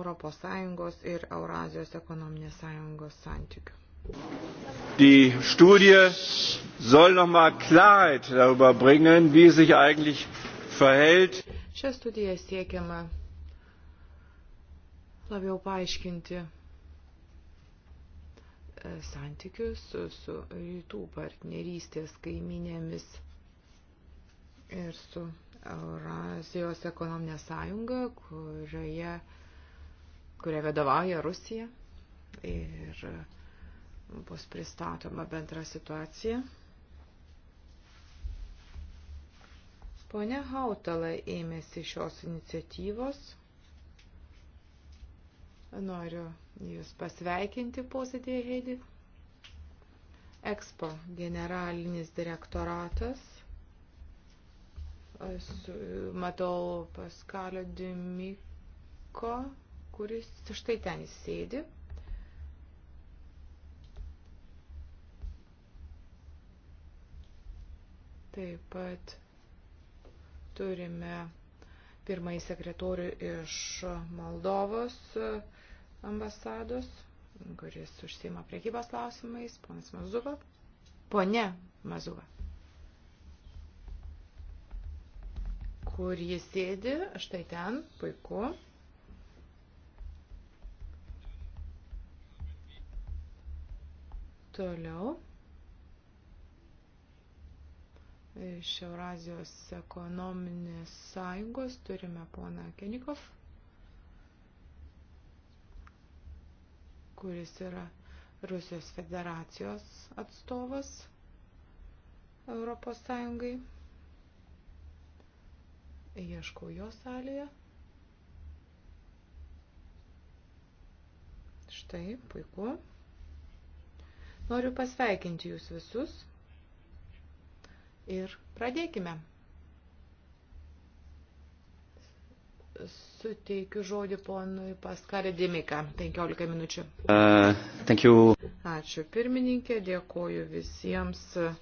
Speaker 3: ES ir Eurazijos ekonominės sąjungos santykių.
Speaker 1: Die Studie soll nochmal Klarheit darüber bringen, wie sich eigentlich
Speaker 3: verhält. Šią studiją siekiama labiau paaiškinti e, santykius su, su rytų partnerystės kaiminėmis ir su Eurazijos ekonominė sąjunga, kurioje kurie vadovauja Rusija ir bus pristatoma bendra situacija. Pone Hautala ėmėsi šios iniciatyvos. Noriu Jūs pasveikinti posėdėje, Heidi. Expo generalinis direktoratas. Matau Paskalio Dimiko kuris štai ten jis sėdi. Taip pat turime pirmąjį sekretorių iš Moldovos ambasados, kuris užsima priekybos klausimais, ponas Mazuva. Pone Mazuva. Kur jis sėdi, štai ten, puiku. Toliau. Iš Eurazijos ekonominės sąjungos turime poną Kenikov, kuris yra Rusijos federacijos atstovas Europos sąjungai. Ieškau jo salėje. Štai, puiku. Noriu pasveikinti jūs visus ir pradėkime. Suteikiu žodį ponui Paskarė Dimika, 15 minučių. Uh, Ačiū pirmininkė, dėkoju visiems. Uh,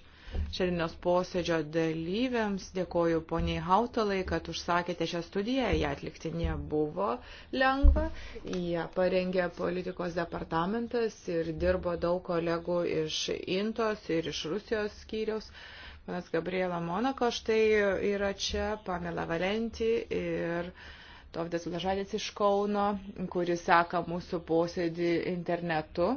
Speaker 3: šiandienos posėdžio dalyviams. Dėkoju poniai Hautalai, kad užsakėte šią studiją. Ja atlikti nebuvo lengva. Ja parengė politikos departamentas ir dirbo daug kolegų iš Intos ir iš Rusijos skyriaus. Panas Gabriela Monako štai yra čia, Pamela Valenti ir Tovdas Blažadės iš Kauno, kuris seka mūsų posėdį internetu.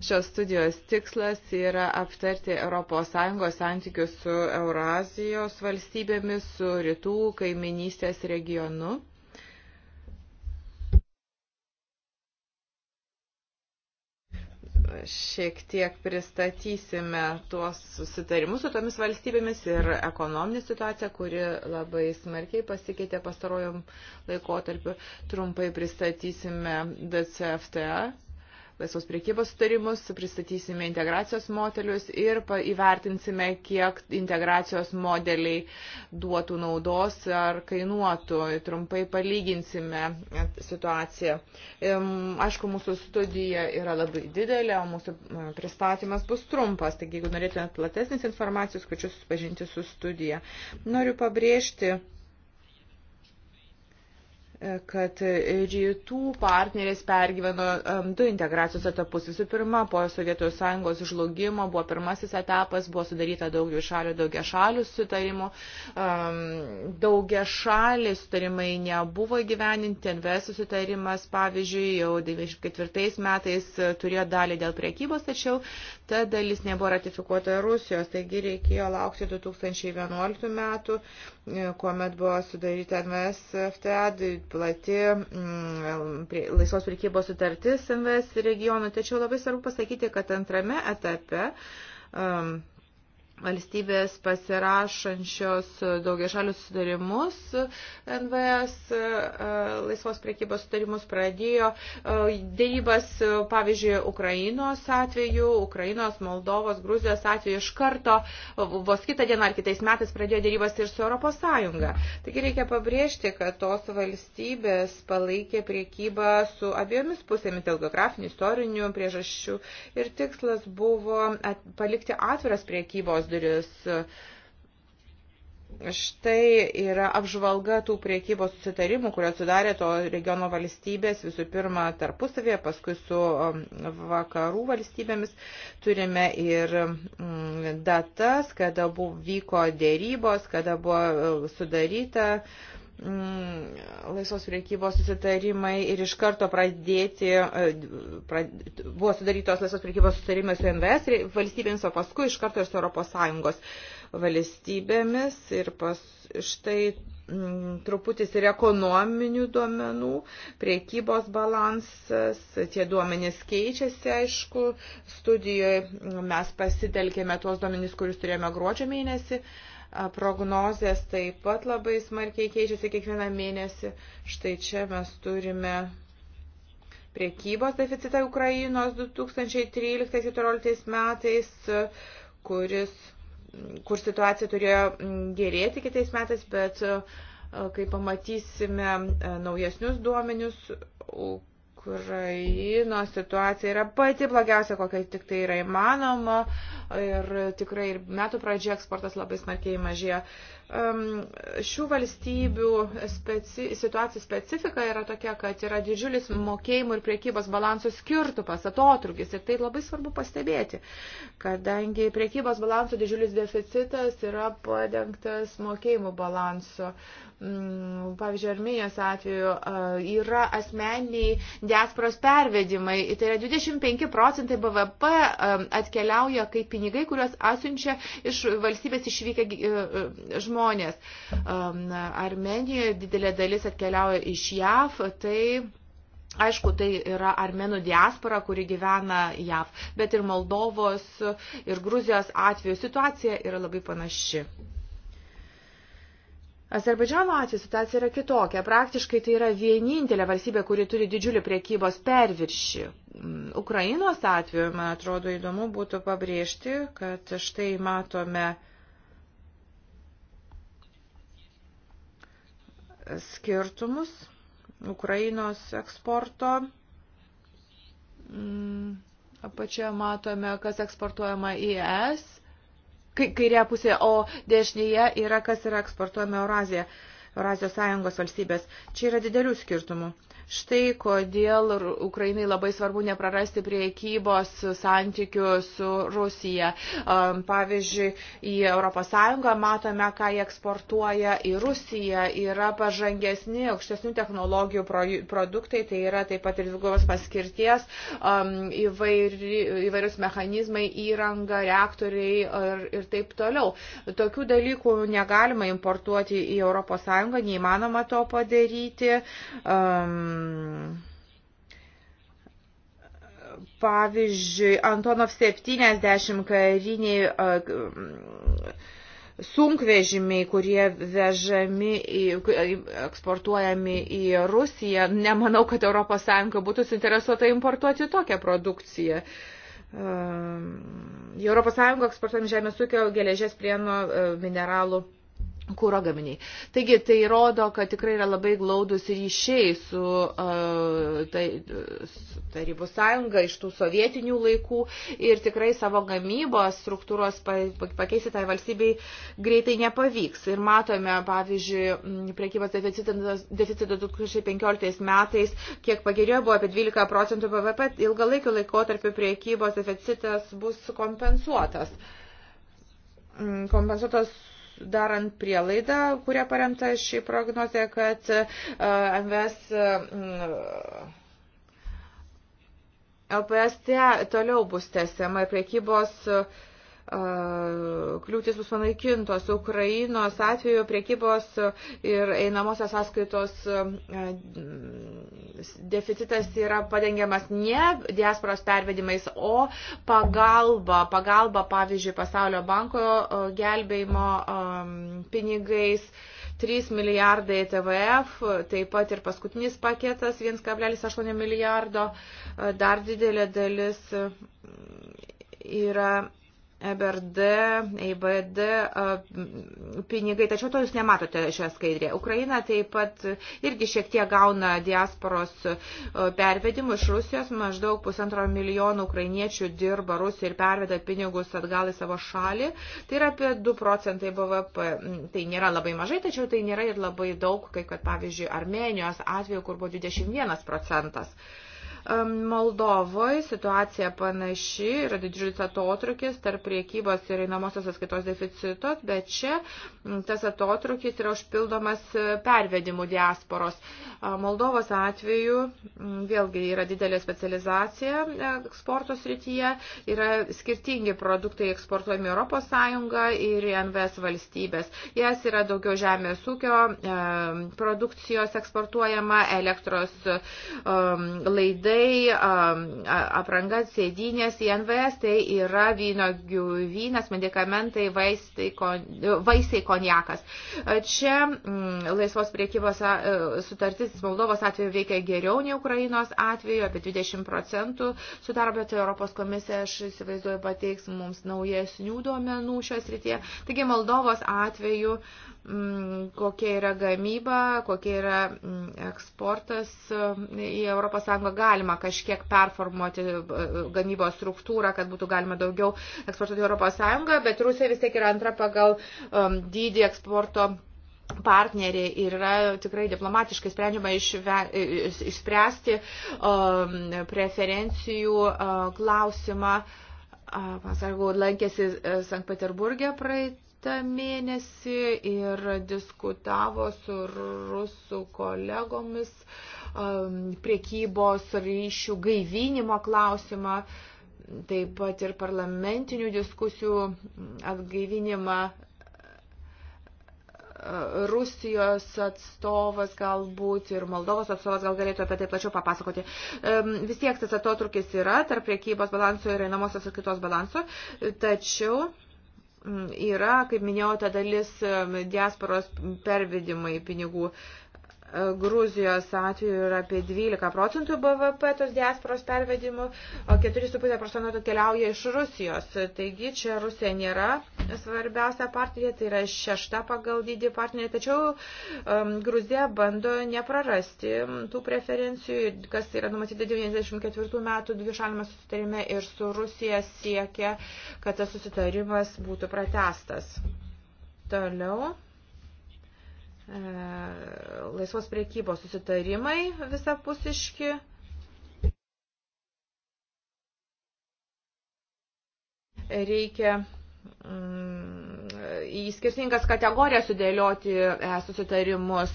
Speaker 3: Šios studijos tikslas yra aptarti ES santykius su Eurazijos valstybėmis, su rytų kaiminystės regionu. Šiek tiek pristatysime tuos susitarimus su tomis valstybėmis ir ekonominę situaciją, kuri labai smarkiai pasikeitė pastarojom laikotarpiu. Trumpai pristatysime DCFTA laisvos priekybos sutarimus, pristatysime integracijos modelius ir įvertinsime, kiek integracijos modeliai duotų naudos ar kainuotų. Trumpai palyginsime situaciją. Aišku, mūsų studija yra labai didelė, o mūsų e, pristatymas bus trumpas, taigi jeigu norėtumėt platesnės informacijos, kviečiu susipažinti su studija. Noriu pabrėžti, kad rytų partneris pergyveno du integracijos etapus. Visų pirma, po Sovietų sąjungos žlugimo buvo pirmasis etapas, buvo sudaryta daugiau šalių, daugia šalių sutarimų. Daugia šaliai sutarimai nebuvo įgyveninti, NVS sutarimas, pavyzdžiui, jau 94 metais turėjo dalį dėl priekybos, tačiau ta dalis nebuvo ratifikuota Rusijos, taigi reikėjo laukti 2011 metų, e, kuomet buvo sudaryta NVS FTA, plati m, mm, prie, laisvos prekybos sutartis NVS regionų. Tačiau labai svarbu pasakyti, kad antrame etape um, valstybės pasirašančios daugiašalius sutarimus NVS, e, laisvos priekybos sutarimus pradėjo e, dėrybas, e, pavyzdžiui, Ukrainos atveju, Ukrainos, Moldovos, Gruzijos atveju iš karto, vos kitą dieną ar kitais metais pradėjo dėrybas ir su Europos Sąjunga. Taigi reikia pabrėžti, kad tos valstybės palaikė priekybą su abiejomis pusėmis dėl geografinių, istorinių priežasčių ir tikslas buvo palikti atviras priekybos koridorius. Štai yra apžvalga tų priekybos susitarimų, kurios sudarė to regiono valstybės, visų pirma tarpusavėje, paskui su um, vakarų valstybėmis. Turime ir mm, datas, kada buvo, vyko dėrybos, kada buvo uh, sudaryta Mm, laisvos priekybos susitarimai ir iš karto pradėti, e, prad, buvo sudarytos laisvos priekybos susitarimai su NVS valstybėmis, o paskui iš karto ir su ES valstybėmis ir pas, štai m, mm, truputis ir ekonominių duomenų, priekybos balansas, tie duomenys keičiasi, aišku, studijoje mes pasitelkėme tuos duomenys, kurius turėjome gruodžio mėnesį. Uh, prognozės taip pat labai smarkiai keičiasi kiekvieną mėnesį. Štai čia mes turime priekybos deficitą Ukrainos 2013-2014 metais, kuris, kur situacija turėjo gerėti kitais metais, bet kai pamatysime naujesnius duomenius, Ukraino situacija yra pati blogiausia, kokia tik tai yra įmanoma. Ir tikrai ir metų pradžioje eksportas labai smarkiai mažėjo šių valstybių speci, situacija specifika yra tokia, kad yra didžiulis mokėjimų ir priekybos balansų skirtumas, atotrukis. Ir tai labai svarbu pastebėti, kadangi priekybos balansų didžiulis deficitas yra padengtas mokėjimų balansu. Mm, pavyzdžiui, Armijos atveju e, yra asmeniai diasporos pervedimai. Tai yra 25 procentai BVP e, atkeliauja kaip pinigai, kuriuos atsiunčia iš valstybės išvykę e, žmonės žmonės. Armenijoje didelė dalis atkeliauja iš JAV, tai Aišku, tai yra armenų diaspora, kuri gyvena JAV, bet ir Moldovos, ir Gruzijos atveju situacija yra labai panaši. Azerbaidžiano atveju situacija yra kitokia. Praktiškai tai yra vienintelė valstybė, kuri turi didžiulį priekybos perviršį. Mm, Ukrainos atveju, man atrodo, įdomu būtų pabrėžti, kad štai matome uh, skirtumus Ukrainos eksporto. Mm, apačioje matome, kas eksportuojama į ES, kairėje pusėje, o dešinėje yra, kas yra eksportuojama Eurazija, Eurazijos sąjungos valstybės. Čia yra didelių skirtumų. Štai kodėl Ukrainai labai svarbu neprarasti priekybos santykių su Rusija. Um, pavyzdžiui, į ES matome, ką jie eksportuoja į Rusiją. Yra pažangesni, aukštesnių technologijų produktai, tai yra taip pat ir dvigubos paskirties um, įvairi, įvairius mechanizmai, įranga, reaktoriai ir, ir taip toliau. Tokių dalykų negalima importuoti į ES, neįmanoma to padaryti. Um, pavyzdžiui, Antonov 70 kariniai sunkvežimiai, kurie vežami, į, eksportuojami į Rusiją. Nemanau, kad ES būtų suinteresuota importuoti tokią produkciją. Į ES eksportuojami žemės ūkio, geležės prieno mineralų kūro gaminiai. Taigi tai rodo, kad tikrai yra labai glaudus ryšiai su, uh, tai, su Tarybų sąjunga iš tų sovietinių laikų ir tikrai savo gamybos struktūros pakeisti tai valstybei greitai nepavyks. Ir matome, pavyzdžiui, priekybos deficitą 2015 metais, kiek pagerėjo buvo apie 12 procentų BVP, ilgalaikiu laikotarpiu priekybos deficitas bus kompensuotas. Kompensuotas darant prielaidą, kuria paremta šį prognozę, kad e, MVS e, LPS toliau bus tęsiama ir priekybos uh, kliūtis bus panaikintos. Ukrainos atveju priekybos ir einamosios sąskaitos deficitas yra padengiamas ne diasporos pervedimais, o pagalba, pagalba pavyzdžiui, pasaulio banko gelbėjimo pinigais. 3 milijardai e TVF, taip pat ir paskutinis paketas 1,8 milijardo, dar didelė dalis yra EBRD, EIBD pinigai, tačiau to jūs nematote šioje skaidrėje. Ukraina taip pat irgi šiek tiek gauna diasporos pervedimų iš Rusijos, maždaug pusantro milijono ukrainiečių dirba Rusijoje ir perveda pinigus atgal į savo šalį, tai yra apie 2 procentai BVP. Tai nėra labai mažai, tačiau tai nėra ir labai daug, kaip kad pavyzdžiui Armenijos atveju, kur buvo 21 procentas. Moldovoje situacija panaši, yra didžiulis atotrukis tarp priekybos ir einamosios atskaitos deficitos, bet čia tas atotrukis yra užpildomas e, pervedimų diasporos. Moldovos atveju vėlgi yra didelė specializacija eksporto srityje, yra skirtingi produktai eksportuojami Europos Sąjunga ir NVS valstybės. Jas yra daugiau žemės ūkio produkcijos eksportuojama, elektros laidai žiedai, um, aprangas, sėdinės į NVS, tai yra vynogių vynas, medikamentai, vaistai, kon, vaisiai, konjakas. Čia m, mm, laisvos priekybos e, sutartis Moldovos atveju veikia geriau nei Ukrainos atveju, apie 20 procentų sudaro, bet Europos komisija, aš įsivaizduoju, pateiks mums naujesnių duomenų šios rytie. Taigi Moldovos atveju m, Mm, kokia yra gamyba, kokia yra mm, eksportas mm, į ES, galima kažkiek performuoti e, gamybos struktūrą, kad būtų galima daugiau eksportuoti į ES, bet Rusija vis tiek yra antra pagal um, dydį eksporto partnerė ir yra tikrai diplomatiškai sprendžiama išve, išspręsti um, preferencijų uh, klausimą. Uh, Pasargu, lankėsi uh, Sankt Peterburgė praeit praeitą mėnesį ir diskutavo su rusų kolegomis um, priekybos ryšių gaivinimo klausimą, taip pat ir parlamentinių diskusijų atgaivinimą. Rusijos atstovas galbūt ir Moldovos atstovas gal galėtų apie tai plačiau papasakoti. Vis tiek tas atotrukis yra tarp priekybos balanso ir einamosios ir kitos balanso, tačiau yra, kaip minėjau, ta dalis diasporos pervedimai pinigų. Gruzijos atveju yra apie 12 procentų BVP tos diasporos pervedimų, o 4,5 procentų keliauja iš Rusijos. Taigi čia Rusija nėra svarbiausia partija, tai yra šešta pagal dydį partnerė, tačiau um, Gruzija bando neprarasti tų preferencijų, kas yra numatyta 94 metų dvišalime susitarime ir su Rusija siekia, kad tas susitarimas būtų pratestas. Toliau. E, laisvos priekybos susitarimai visapusiški. Reikia Mm, į skirtingas kategorijas sudėlioti e, susitarimus.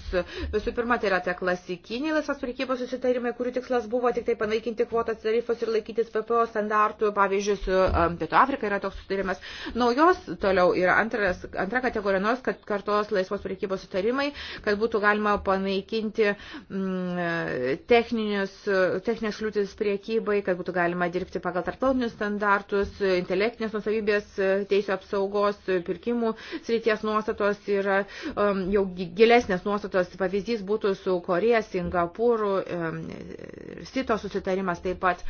Speaker 3: Visų pirma, tai yra tie klasikiniai laisvas prekybos susitarimai, kurių tikslas buvo tik tai panaikinti kvotas tarifus ir laikytis PPO standartų. Pavyzdžiui, su e, Pietų Afrika yra toks susitarimas. Naujos toliau yra antras, antra kategorija, nors kad kartos laisvos prekybos susitarimai, kad būtų galima panaikinti m, mm, techninius, techninės kliūtis priekybai, kad būtų galima dirbti pagal tarptautinius standartus, intelektinės nusavybės teisės teisų apsaugos, e, pirkimų srities nuostatos yra um, jau gilesnės nuostatos. Pavyzdys būtų su Koreja, Singapūru, um, Sito susitarimas taip pat.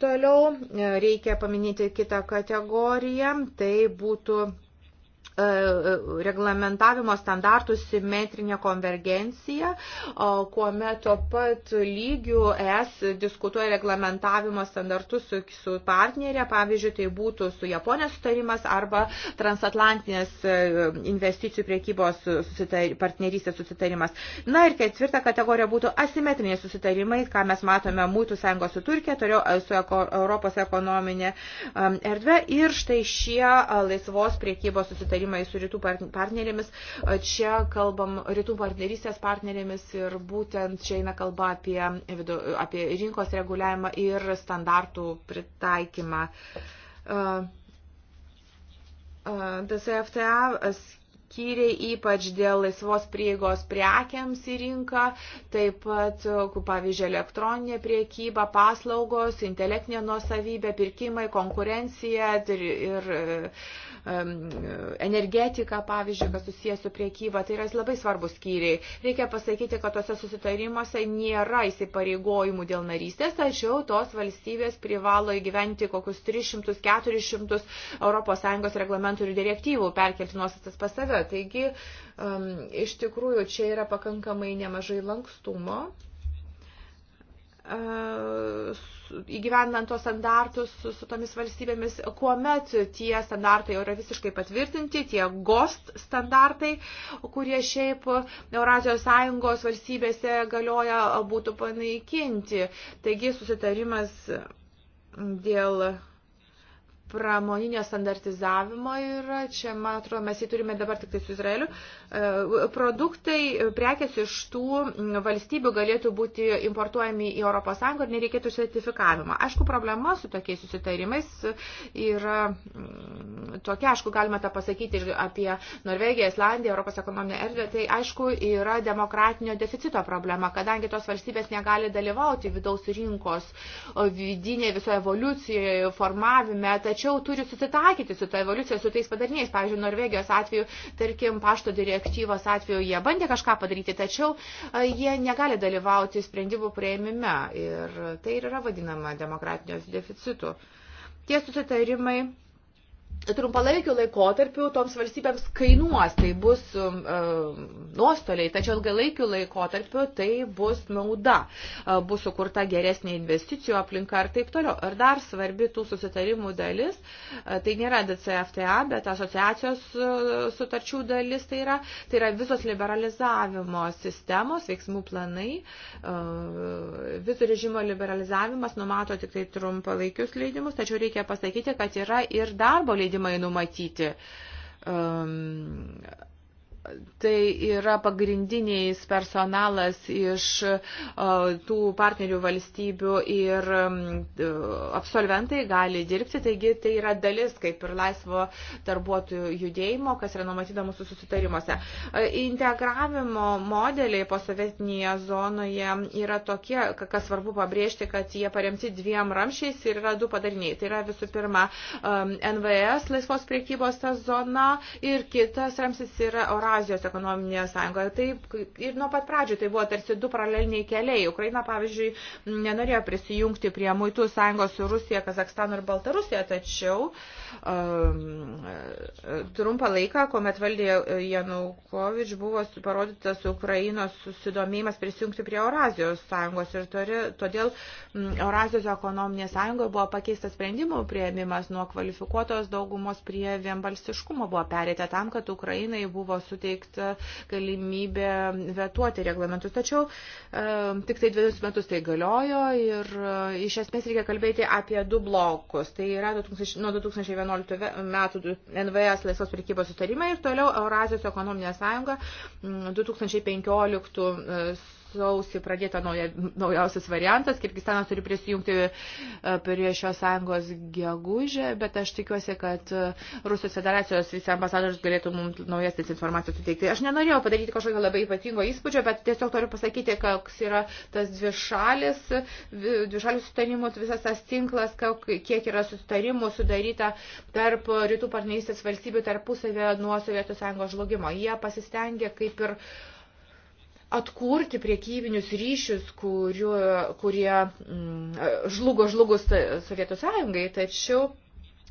Speaker 3: Toliau e, reikia paminėti kitą kategoriją, tai būtų E, reglamentavimo standartų simetrinė konvergencija, kuomet tuo pat lygiu es diskutuoja reglamentavimo standartus su, su partnerė, pavyzdžiui, tai būtų su Japonės sutarimas arba transatlantinės e, investicijų priekybos susitar, partnerystės susitarimas. Na ir ketvirta kategorija būtų asimetriniai susitarimai, ką mes matome Mūtų sąjungos su Turkija, toliau e, su eko, Europos ekonominė erdvė ir štai šie laisvos priekybos susitarimai susitarimai su rytų partnerėmis. Čia kalbam rytų partnerystės partnerėmis ir būtent čia eina kalba apie, apie rinkos reguliavimą ir standartų pritaikymą. DCFTA skyriai ypač dėl laisvos prieigos prekiams į rinką, taip pat, pavyzdžiui, elektroninė priekyba, paslaugos, intelektinė nuosavybė, pirkimai, konkurencija ir, ir energetika, pavyzdžiui, kas susijęs su priekyba, tai yra labai svarbus skyriai. Reikia pasakyti, kad tose susitarimuose nėra įsipareigojimų dėl narystės, tačiau tos valstybės privalo įgyventi kokius 300-400 ES reglamentų ir direktyvų perkelti nuostatas pas save. Taigi, um, iš tikrųjų, čia yra pakankamai nemažai lankstumo. E, įgyvendant tos standartus su, su tomis valstybėmis, kuomet tie standartai yra visiškai patvirtinti, tie GOST standartai, kurie šiaip Eurazijos Sąjungos valstybėse galioja, būtų panaikinti. Taigi susitarimas dėl pramoninio standartizavimo yra, čia, man atrodo, mes jį turime dabar tik tai su Izraeliu, e, produktai, e, prekės iš tų valstybių galėtų būti importuojami į ES ir nereikėtų sertifikavimą. Aišku, problema su tokiais susitarimais yra mm, tokia, aišku, galima tą pasakyti ir apie Norvegiją, Islandiją, Europos ekonominę erdvę, tai aišku, yra demokratinio deficito problema, kadangi tos valstybės negali dalyvauti vidaus rinkos vidinėje visoje evoliucijoje, formavime, tačiau tačiau turi susitaikyti su ta evoliucija, su tais padarniais. Pavyzdžiui, Norvegijos atveju, tarkim, pašto direktyvos atveju jie bandė kažką padaryti, tačiau jie negali dalyvauti sprendimų prieimime. Ir tai ir yra vadinama demokratinio deficitu. Tie susitarimai trumpalaikiu laikotarpiu toms valstybėms kainuos, tai bus um, um, nuostoliai, tačiau ilgalaikiu laikotarpiu tai bus nauda, uh, bus sukurta geresnė investicijų aplinka ir taip toliau. Ir dar svarbi tų susitarimų dalis, uh, tai nėra DCFTA, bet asociacijos uh, sutarčių dalis tai yra, tai yra visos liberalizavimo sistemos, veiksmų planai, uh, visų režimo liberalizavimas numato tik tai trumpalaikius leidimus, tačiau reikia pasakyti, kad yra ir darbo leidimus leidimai numatyti. Um, Tai yra pagrindiniais personalas iš tų partnerių valstybių ir absolventai gali dirbti, taigi tai yra dalis kaip ir laisvo darbuotojų judėjimo, kas yra numatyta mūsų susitarimuose. Integravimo modeliai posovietinėje zonoje yra tokie, kas svarbu pabrėžti, kad jie paremti dviem ramšiais ir yra du padariniai. Tai yra visų pirma NVS laisvos priekybos ta zona ir kitas ramsis yra Eurazijoje Eurazijos ekonominėje sąjungoje. Taip, tai ir nuo pat pradžių tai buvo tarsi du paraleliniai keliai. Ukraina, pavyzdžiui, nenorėjo prisijungti prie muitų sąjungos su Rusija, Kazakstanu ir Baltarusija, tačiau um, trumpą laiką, kuomet valdė Janukovič, buvo parodytas Ukrainos susidomėjimas prisijungti prie Eurazijos sąjungos ir turi, todėl mm, Eurazijos ekonominėje sąjungoje buvo pakeistas sprendimų prieimimas nuo kvalifikuotos daugumos prie vienbalsiškumo buvo perėta tam, kad Ukrainai buvo suteikta suteikta galimybė vetuoti reglamentus. Tačiau e, tik tai dviejus metus tai galiojo ir e, iš esmės reikia kalbėti apie du blokus. Tai yra 2000, nuo 2011 metų NVS laisvos prekybos sutarimai ir toliau Eurazijos ekonominė sąjunga 2015 sausį pradėta nauja, naujausias variantas, Kirgistanas turi prisijungti e, prie šios sąjungos gegužę, bet aš tikiuosi, kad e, Rusijos federacijos visi ambasadorius galėtų mums naujastis informacijos suteikti. Aš nenorėjau padaryti kažkokio labai ypatingo įspūdžio, bet tiesiog turiu pasakyti, koks yra tas dvišalis, dvišalių sutarimų, visas tas tinklas, kiek yra sutarimų sudaryta tarp rytų partnerystės valstybių tarpusavėje nuo Sovietų sąjungos žlugimo. Jie pasistengė kaip ir uh, atkurti priekybinius ryšius, kuriuo, kurie mm, žlugo žlugus Sovietų sąjungai, tačiau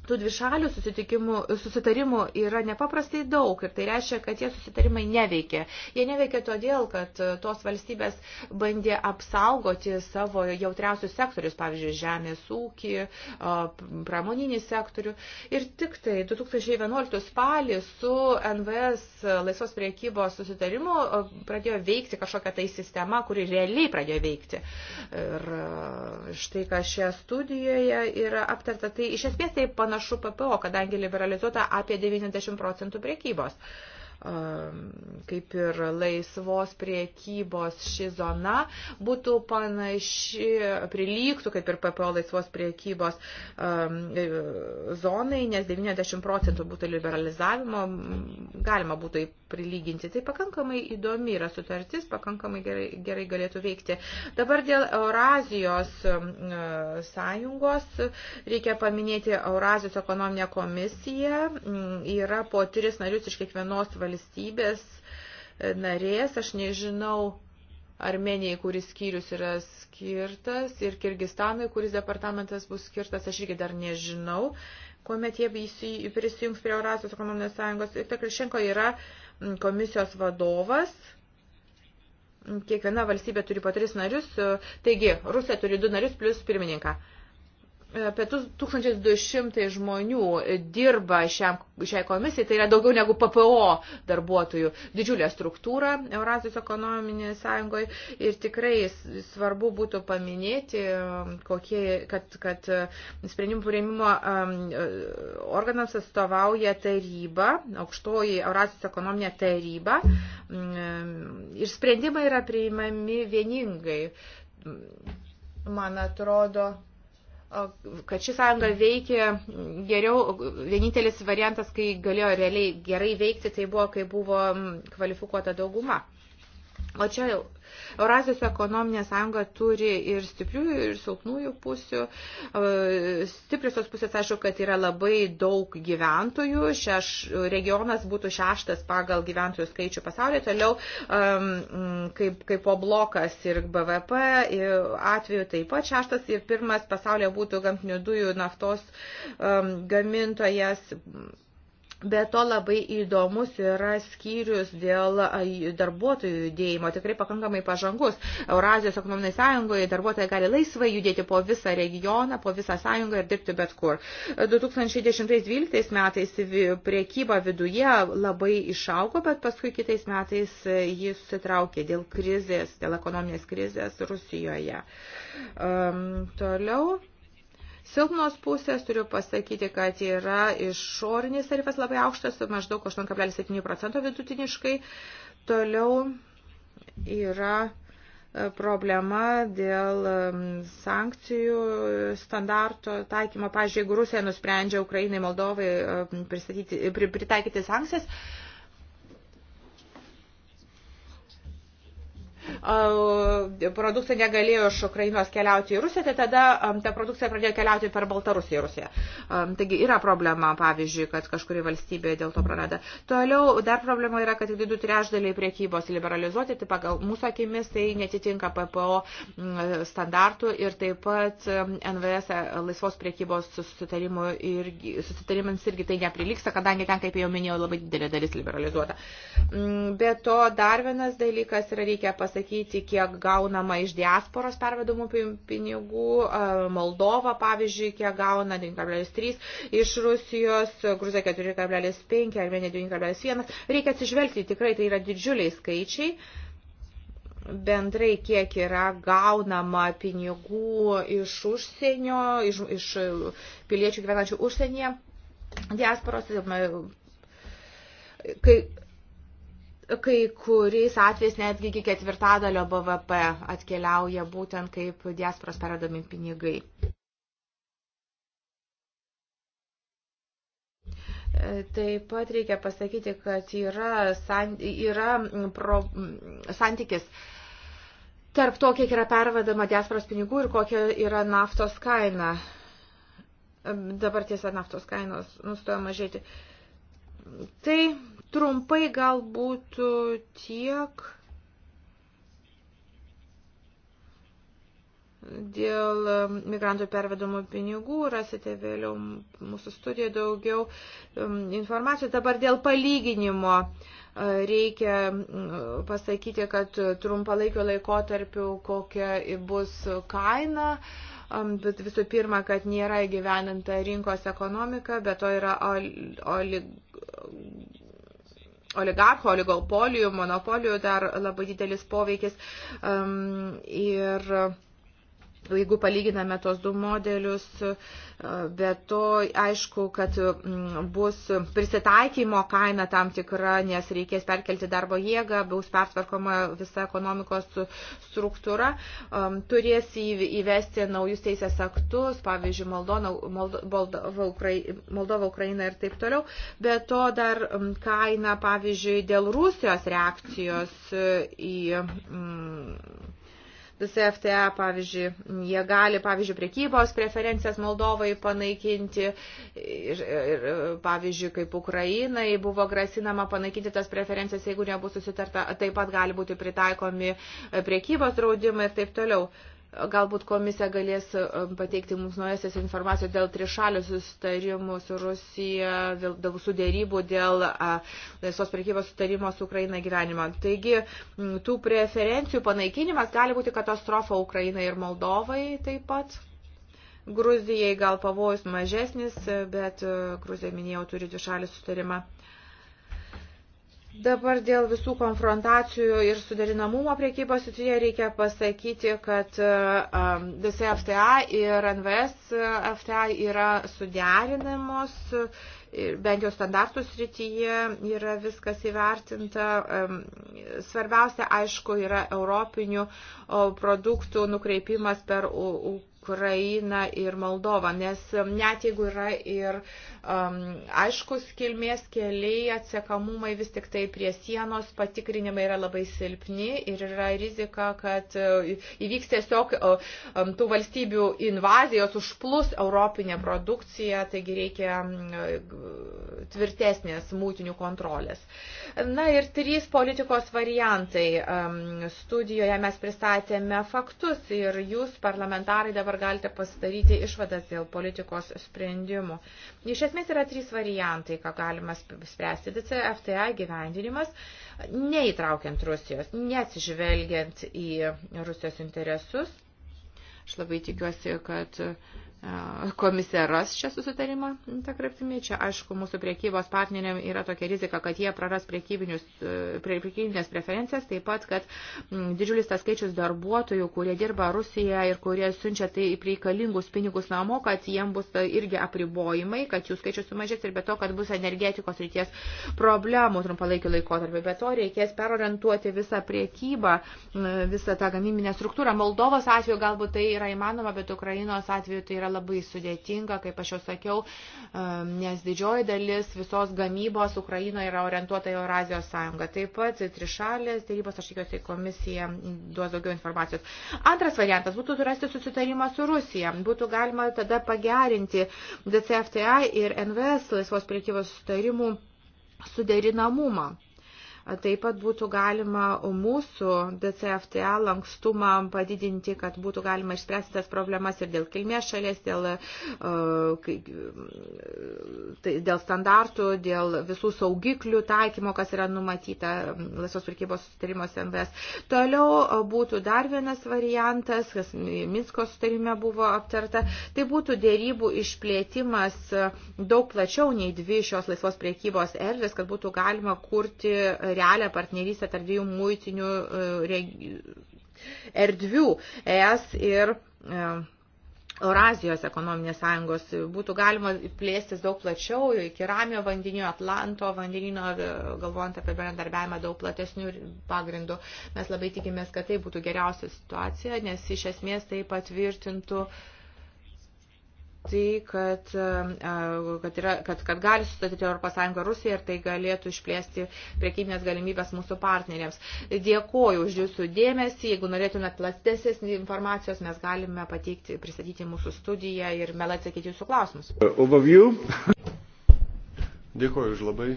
Speaker 3: tų dvišalių susitarimų yra nepaprastai daug ir tai reiškia, kad tie susitarimai neveikia. Jie neveikia todėl, kad e, tos valstybės bandė apsaugoti savo jautriausius sektorius, pavyzdžiui, žemės ūkį, e, pramoninį sektorių. Ir tik tai 2011 spalį su NVS laisvos priekybos susitarimu e, pradėjo veikti kažkokia tai sistema, kuri realiai pradėjo veikti. Ir štai, kas šioje studijoje yra aptarta, tai iš esmės tai panašu panašu PPO, kadangi liberalizuota apie 90 procentų priekybos. Uh, Ehm, kaip ir laisvos priekybos ši zona būtų panaši, prilygtų kaip ir PPO laisvos priekybos ehm, zonai, nes 90 procentų būtų liberalizavimo, galima būtų prilyginti. Tai pakankamai įdomi yra sutartis, pakankamai gerai, gerai galėtų veikti. Dabar dėl Eurazijos ehm, sąjungos reikia paminėti Eurazijos ekonominę komisiją. Mm, yra po tris narius iš kiekvienos valstybės valstybės e, narės, aš nežinau, Armenijai, kuris skyrius yra skirtas, ir Kirgistanui, kuris departamentas bus skirtas, aš irgi dar nežinau, kuomet jie prisijungs prie Eurazijos ekonominės sąjungos. Ir Tekrišenko yra komisijos vadovas. Kiekviena valstybė turi po tris narius, taigi Rusija turi du narius plus pirmininką. Uh, apie 1200 žmonių dirba šiam, šiai komisijai, tai yra daugiau negu PPO darbuotojų. Didžiulė struktūra Eurazijos ekonominėje sąjungoje ir tikrai svarbu būtų paminėti, um, kokie, kad, kad um, sprendimų prieimimo um, organams atstovauja taryba, aukštoji Eurazijos ekonominė taryba mm, ir sprendimai yra priimami vieningai. Mm, man atrodo, kad ši sąjunga veikė geriau, vienintelis variantas, kai galėjo realiai gerai veikti, tai buvo, kai buvo mm, kvalifikuota dauguma. O čia Eurazijos ekonominė sąjunga turi ir stipriųjų, ir silpnųjų pusių. Stipriosios pusės, aišku, kad yra labai daug gyventojų. Šeš, regionas būtų šeštas pagal gyventojų skaičių pasaulyje. Toliau, um, kaip, kaip po blokas ir BVP atveju taip pat šeštas ir pirmas pasaulyje būtų gamtinių dujų naftos um, gamintojas Be to labai įdomus yra skyrius dėl darbuotojų judėjimo, tikrai pakankamai pažangus. Eurazijos ekonominai sąjungoje darbuotojai gali laisvai judėti po visą regioną, po visą sąjungą ir dirbti bet kur. 2010-2012 metais priekyba viduje labai išaugo, bet paskui kitais metais e, jis susitraukė dėl krizės, dėl ekonominės krizės Rusijoje. Um, toliau. Silpnos pusės turiu pasakyti, kad yra išorinis tarifas labai aukštas, maždaug 8,7 procento vidutiniškai. Toliau yra e, problema dėl sankcijų standarto taikymo. Pavyzdžiui, jeigu Rusija nusprendžia Ukrainai, Moldovai e, pritaikyti sankcijas, produkcija negalėjo iš Ukrainos keliauti į Rusiją, tai tada ta produkcija pradėjo keliauti per Baltarusiją į Rusiją. Taigi yra problema, pavyzdžiui, kad kažkuri valstybė dėl to prarada. Toliau dar problema yra, kad tik du trešdaliai priekybos liberalizuoti, tai pagal mūsų akimis tai netitinka PPO standartų ir taip pat NVS laisvos priekybos irgi, susitarimams irgi tai neprilyksta, kadangi ten, kaip jau minėjau, labai didelė dalis liberalizuota. Be to dar vienas dalykas yra reikia pasakyti, pasakyti, kiek gaunama iš diasporos pervedamų pinigų, Moldova, pavyzdžiui, kiek gauna 9,3 iš Rusijos, Gruzija 4,5, Armenija 9,1. Reikia atsižvelgti, tikrai tai yra didžiuliai skaičiai bendrai kiek yra gaunama pinigų iš užsienio, iš, iš piliečių gyvenančių užsienyje diasporos, tai, kai kai kuriais atvejais netgi iki ketvirtadalio BVP atkeliauja būtent kaip diasporos perdodami pinigai. Taip pat reikia pasakyti, kad yra, san, yra pro, santykis tarp to, kiek yra pervedama diasporos pinigų ir kokia yra naftos kaina. Dabar tiesa, naftos kainos nustoja mažėti. Tai Trumpai galbūt tiek dėl um, migrantų pervedamų pinigų, rasite vėliau mūsų studijoje daugiau um, informacijos. Dabar dėl palyginimo uh, reikia pasakyti, kad trumpalaikio laikotarpiu kokia bus kaina um, bet visų pirma, kad nėra įgyveninta rinkos ekonomika, bet to yra olig oligarcho, oligopolijų, monopolijų dar labai didelis poveikis. Um, ir jeigu palyginame tos du modelius, bet to aišku, kad mm, bus prisitaikymo kaina tam tikra, nes reikės perkelti darbo jėgą, bus pertvarkoma visa ekonomikos struktūra, turės įvesti naujus teisės aktus, pavyzdžiui, Moldova, Ukraina ir taip toliau, bet to dar kaina, pavyzdžiui, dėl Rusijos reakcijos į. Mm, DCFTA, pavyzdžiui, jie gali, pavyzdžiui, priekybos preferencijas Moldovai panaikinti ir, ir pavyzdžiui, kaip Ukrainai buvo grasinama panaikinti tas preferencijas, jeigu nebus susitarta, taip pat gali būti pritaikomi priekybos draudimai ir taip toliau. Galbūt komisija galės um, pateikti mums naujasias informacijos dėl trišalių sustarimų su Rusija, dėl, dėl sudėrybų, dėl visos prekybos sutarimo su Ukraina gyvenimo. Taigi, tų preferencijų panaikinimas gali būti katastrofa Ukrainai ir Moldovai taip pat. Gruzijai gal pavojus mažesnis, bet Gruzija, minėjau, turi dvišalį sustarimą. Dabar dėl visų konfrontacijų ir suderinamumo priekybos srityje reikia pasakyti, kad DCFTA e, ir NVS e, FTA yra suderinamos, e, bent jau standartų srityje yra viskas įvertinta. Svarbiausia, aišku, yra europinių produktų nukreipimas per Ukrainą ir Moldovą, nes um, net jeigu yra ir um, aiškus kilmės keliai, atsekamumai vis tik tai prie sienos patikrinimai yra labai silpni ir yra rizika, kad uh, įvyks tiesiog um, tų valstybių invazijos užplus europinė produkcija, taigi reikia um, tvirtesnės mūtinių kontrolės. Na ir trys politikos variantai. Um, studijoje mes pristatėme faktus ir jūs parlamentarai dabar dabar galite pasidaryti išvadas dėl politikos sprendimų. Iš esmės yra trys variantai, ką galima spręsti. DCFTA gyvendinimas, neįtraukiant Rusijos, neatsižvelgiant į Rusijos interesus. Aš labai tikiuosi, kad uh, komisaras čia susitarimą tą kryptimį. Čia, aišku, mūsų priekybos partneriam yra tokia rizika, kad jie praras e, priekybinės preferencijas, taip pat, kad didžiulis tas skaičius darbuotojų, kurie dirba Rusijoje ir kurie siunčia tai reikalingus pinigus namo, kad jiems bus irgi apribojimai, kad jų skaičius sumažės ir be to, kad bus energetikos ryties problemų trumpalaikiu laikotarpiu. Be to, reikės perorientuoti visą priekybą, visą tą gamybinę struktūrą. Moldovos atveju galbūt tai yra įmanoma, bet Ukrainos atveju tai yra labai sudėtinga, kaip aš jau sakiau, nes didžioji dalis visos gamybos Ukrainoje yra orientuota į Eurazijos sąjungą. Taip pat trišalės dėrybos, aš tikiuosi, komisija duos daugiau informacijos. Antras variantas būtų surasti susitarimą su Rusija. Būtų galima tada pagerinti DCFTA ir NVS laisvos priekybos sutarimų suderinamumą. Taip pat būtų galima mūsų DCFTA lankstumą padidinti, kad būtų galima išspręsti tas problemas ir dėl kilmės šalies, dėl, e, tai, dėl standartų, dėl visų saugiklių taikymo, kas yra numatyta laisvos prekybos sustarimuose MBS. Toliau e, būtų dar vienas variantas, kas Minsko sustarime buvo aptarta, tai būtų dėrybų išplėtimas e, daug plačiau nei dvi šios laisvos prekybos erdvės, kad būtų galima kurti realią partnerystę tarp dviejų muitinių e, erdvių ES ir e, Eurazijos ekonominės sąjungos būtų galima plėstis daug plačiau iki Ramio vandenino, Atlanto vandenino, e, galvojant apie bendradarbiavimą daug platesnių pagrindų. Mes labai tikimės, kad tai būtų geriausia situacija, nes iš esmės tai patvirtintų uh, tai, kad, kad, yra, kad, kad gali sustatyti ES Rusija ir tai galėtų išplėsti priekybinės galimybės mūsų partneriams. Dėkuoju už jūsų dėmesį. Jeigu norėtumėt platesnės informacijos, mes galime pateikti, pristatyti mūsų studiją ir melą atsakyti jūsų klausimus.
Speaker 4: Uh, overview. Dėkuoju už labai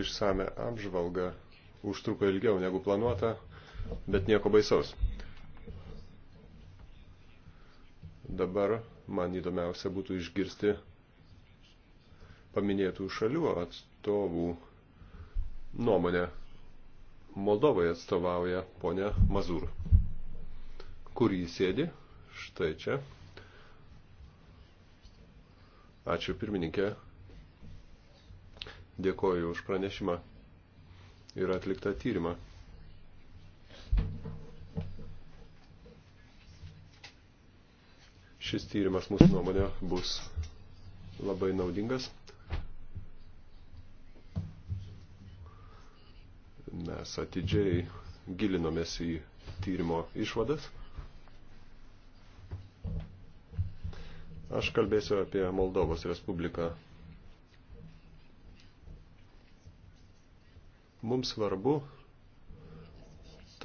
Speaker 4: išsame apžvalgą. Užtruko ilgiau negu planuota, bet nieko baisaus. Dabar Man įdomiausia būtų išgirsti paminėtų šalių atstovų nuomonę. Moldovai atstovauja ponia Mazur. Kur jis sėdi? Štai čia. Ačiū pirmininkė. Dėkoju už pranešimą ir atliktą tyrimą. Šis tyrimas mūsų nuomonė bus labai naudingas. Mes atidžiai gilinomės į tyrimo išvadas. Aš kalbėsiu apie Moldovos Respubliką. Mums svarbu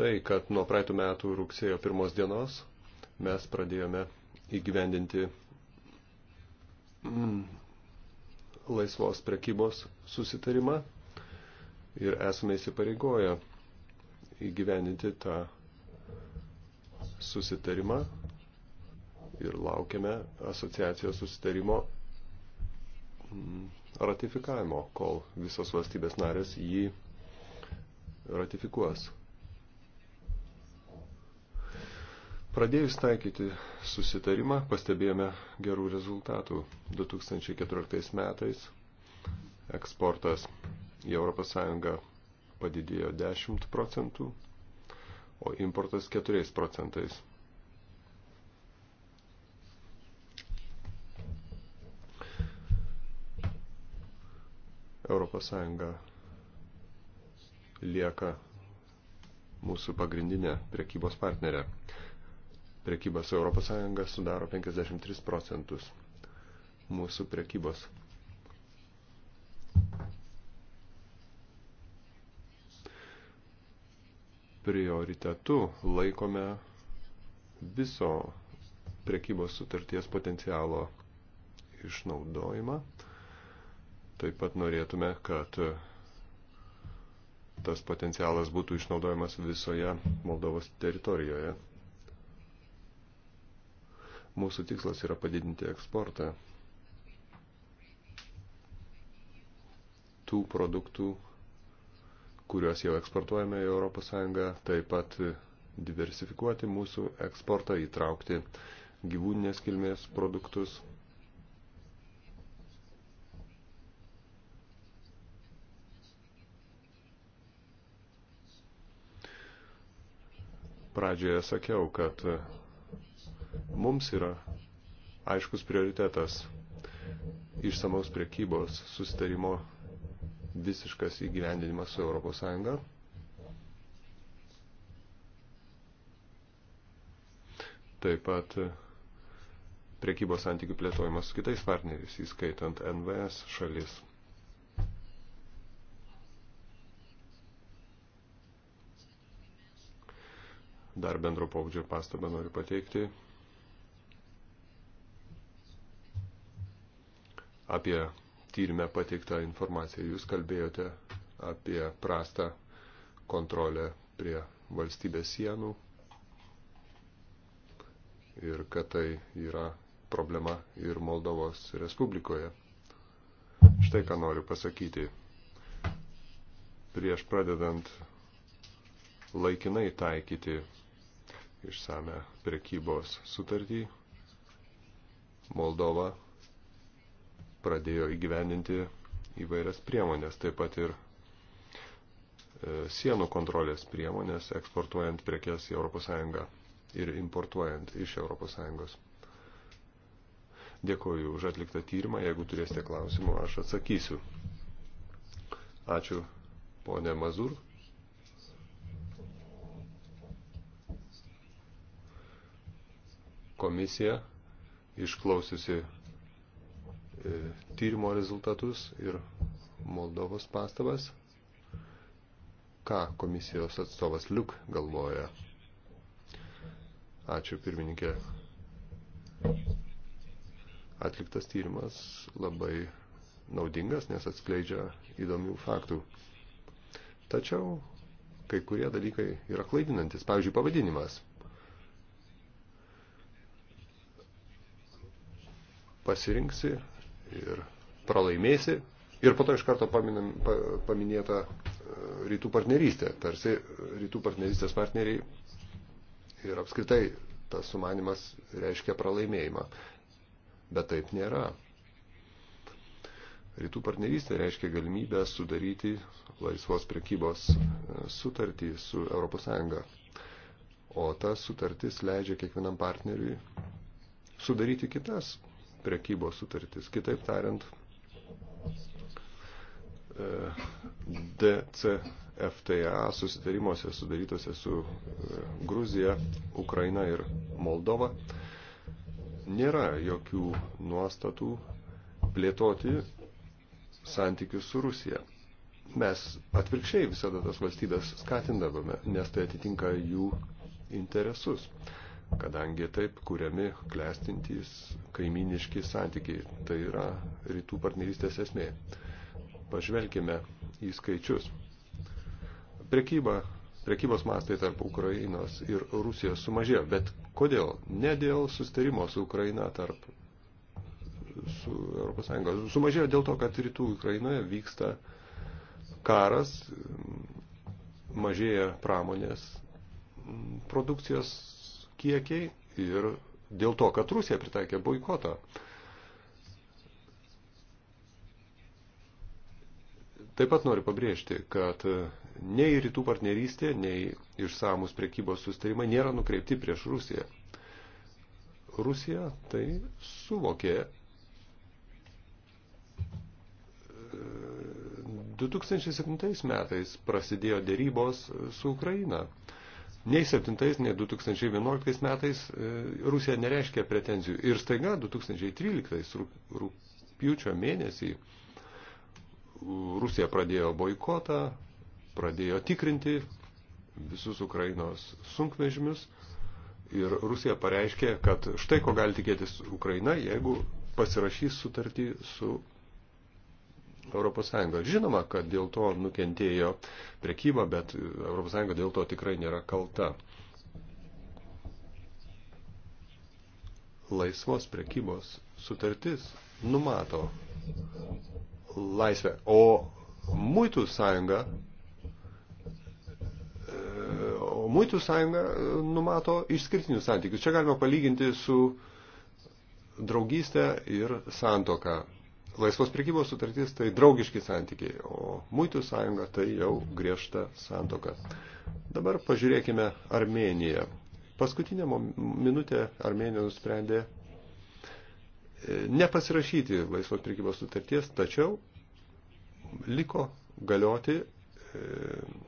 Speaker 4: tai, kad nuo praeitų metų rugsėjo pirmos dienos mes pradėjome įgyvendinti mm, laisvos prekybos susitarimą ir esame įsipareigoję įgyvendinti tą susitarimą ir laukiame asociacijos susitarimo mm, ratifikavimo, kol visos valstybės narės jį ratifikuos. Pradėjus taikyti susitarimą, pastebėjome gerų rezultatų. 2014 metais eksportas į ES padidėjo 10 procentų, o importas 4 procentais. ES lieka mūsų pagrindinė prekybos partnerė prekyba su ES sudaro 53 procentus mūsų prekybos. Prioritetu laikome viso prekybos sutarties potencialo išnaudojimą. Taip pat norėtume, kad tas potencialas būtų išnaudojamas visoje Moldovos teritorijoje. Mūsų tikslas yra padidinti eksportą tų produktų, kuriuos jau eksportuojame į ES, taip pat diversifikuoti mūsų eksportą, įtraukti gyvūninės kilmės produktus. Pradžioje sakiau, kad mums yra aiškus prioritetas išsamaus priekybos susitarimo visiškas įgyvendinimas su ES. Taip pat priekybos santykių plėtojimas su kitais partneriais, įskaitant NVS šalis. Dar bendro pobūdžio pastabą noriu pateikti apie tyrimę pateiktą informaciją. Jūs kalbėjote apie prastą kontrolę prie valstybės sienų ir kad tai yra problema ir Moldovos Respublikoje. Štai ką noriu pasakyti. Prieš pradedant laikinai taikyti išsame prekybos sutartį, Moldova pradėjo įgyvendinti įvairias priemonės, taip pat ir e, sienų kontrolės priemonės, eksportuojant prekes į ES ir importuojant iš ES. Dėkuoju už atliktą tyrimą, jeigu turėsite klausimų, aš atsakysiu. Ačiū, ponė Mazur. Komisija išklausiusi E, tyrimo rezultatus ir Moldovos pastabas. Ką komisijos atstovas Liuk galvoja? Ačiū pirmininkė. Atliktas tyrimas labai naudingas, nes atskleidžia įdomių faktų. Tačiau kai kurie dalykai yra klaidinantis. Pavyzdžiui, pavadinimas. Pasirinksi ir pralaimėsi. Ir po to iš karto paminam, pa, paminėta e, rytų partnerystė. Tarsi e, rytų partnerystės partneriai ir apskritai tas sumanimas reiškia pralaimėjimą. Bet taip nėra. Rytų partnerystė reiškia galimybę sudaryti laisvos prekybos e, sutartį su ES. O ta sutartis leidžia kiekvienam partneriui sudaryti kitas prekybos sutartis. Kitaip tariant, e, DCFTA susitarimuose sudarytose su e, Gruzija, Ukraina ir Moldova nėra jokių nuostatų plėtoti santykius su Rusija. Mes atvirkščiai visada tas valstybės skatindavome, nes tai atitinka jų interesus kadangi taip kuriami klestintys kaiminiški santykiai. Tai yra rytų partnerystės esmė. Pažvelkime į skaičius. Prekyba, prekybos mastai tarp Ukrainos ir Rusijos sumažėjo, bet kodėl? Ne dėl sustarimo su Ukraina tarp su ES. Sumažėjo dėl to, kad rytų Ukrainoje vyksta karas, mažėja pramonės produkcijos kiekiai ir dėl to, kad Rusija pritaikė boikotą. Taip pat noriu pabrėžti, kad nei rytų partnerystė, nei išsamus prekybos sustarimai nėra nukreipti prieš Rusiją. Rusija tai suvokė 2007 e, metais prasidėjo dėrybos su Ukraina. Nei 7, nei 2011 metais e, Rusija nereiškė pretenzijų. Ir staiga 2013 rūpiučio mėnesį Rusija pradėjo boikotą, pradėjo tikrinti visus Ukrainos sunkvežimius ir Rusija pareiškė, kad štai ko gali tikėtis Ukraina, jeigu pasirašys sutartį su ES. Žinoma, kad dėl to nukentėjo prekyba, bet ES dėl to tikrai nėra kalta. Laisvos prekybos sutartis numato laisvę, o muitų sąjunga e, O muitų sąjunga numato išskirtinius santykius. Čia galima palyginti su draugystė ir santoka laisvos prekybos sutartis tai draugiški santykiai, o muitų sąjunga tai jau griežta santoka. Dabar pažiūrėkime Armeniją. Paskutinę minutę Armenija nusprendė e, nepasirašyti laisvos prekybos sutarties, tačiau liko galioti e,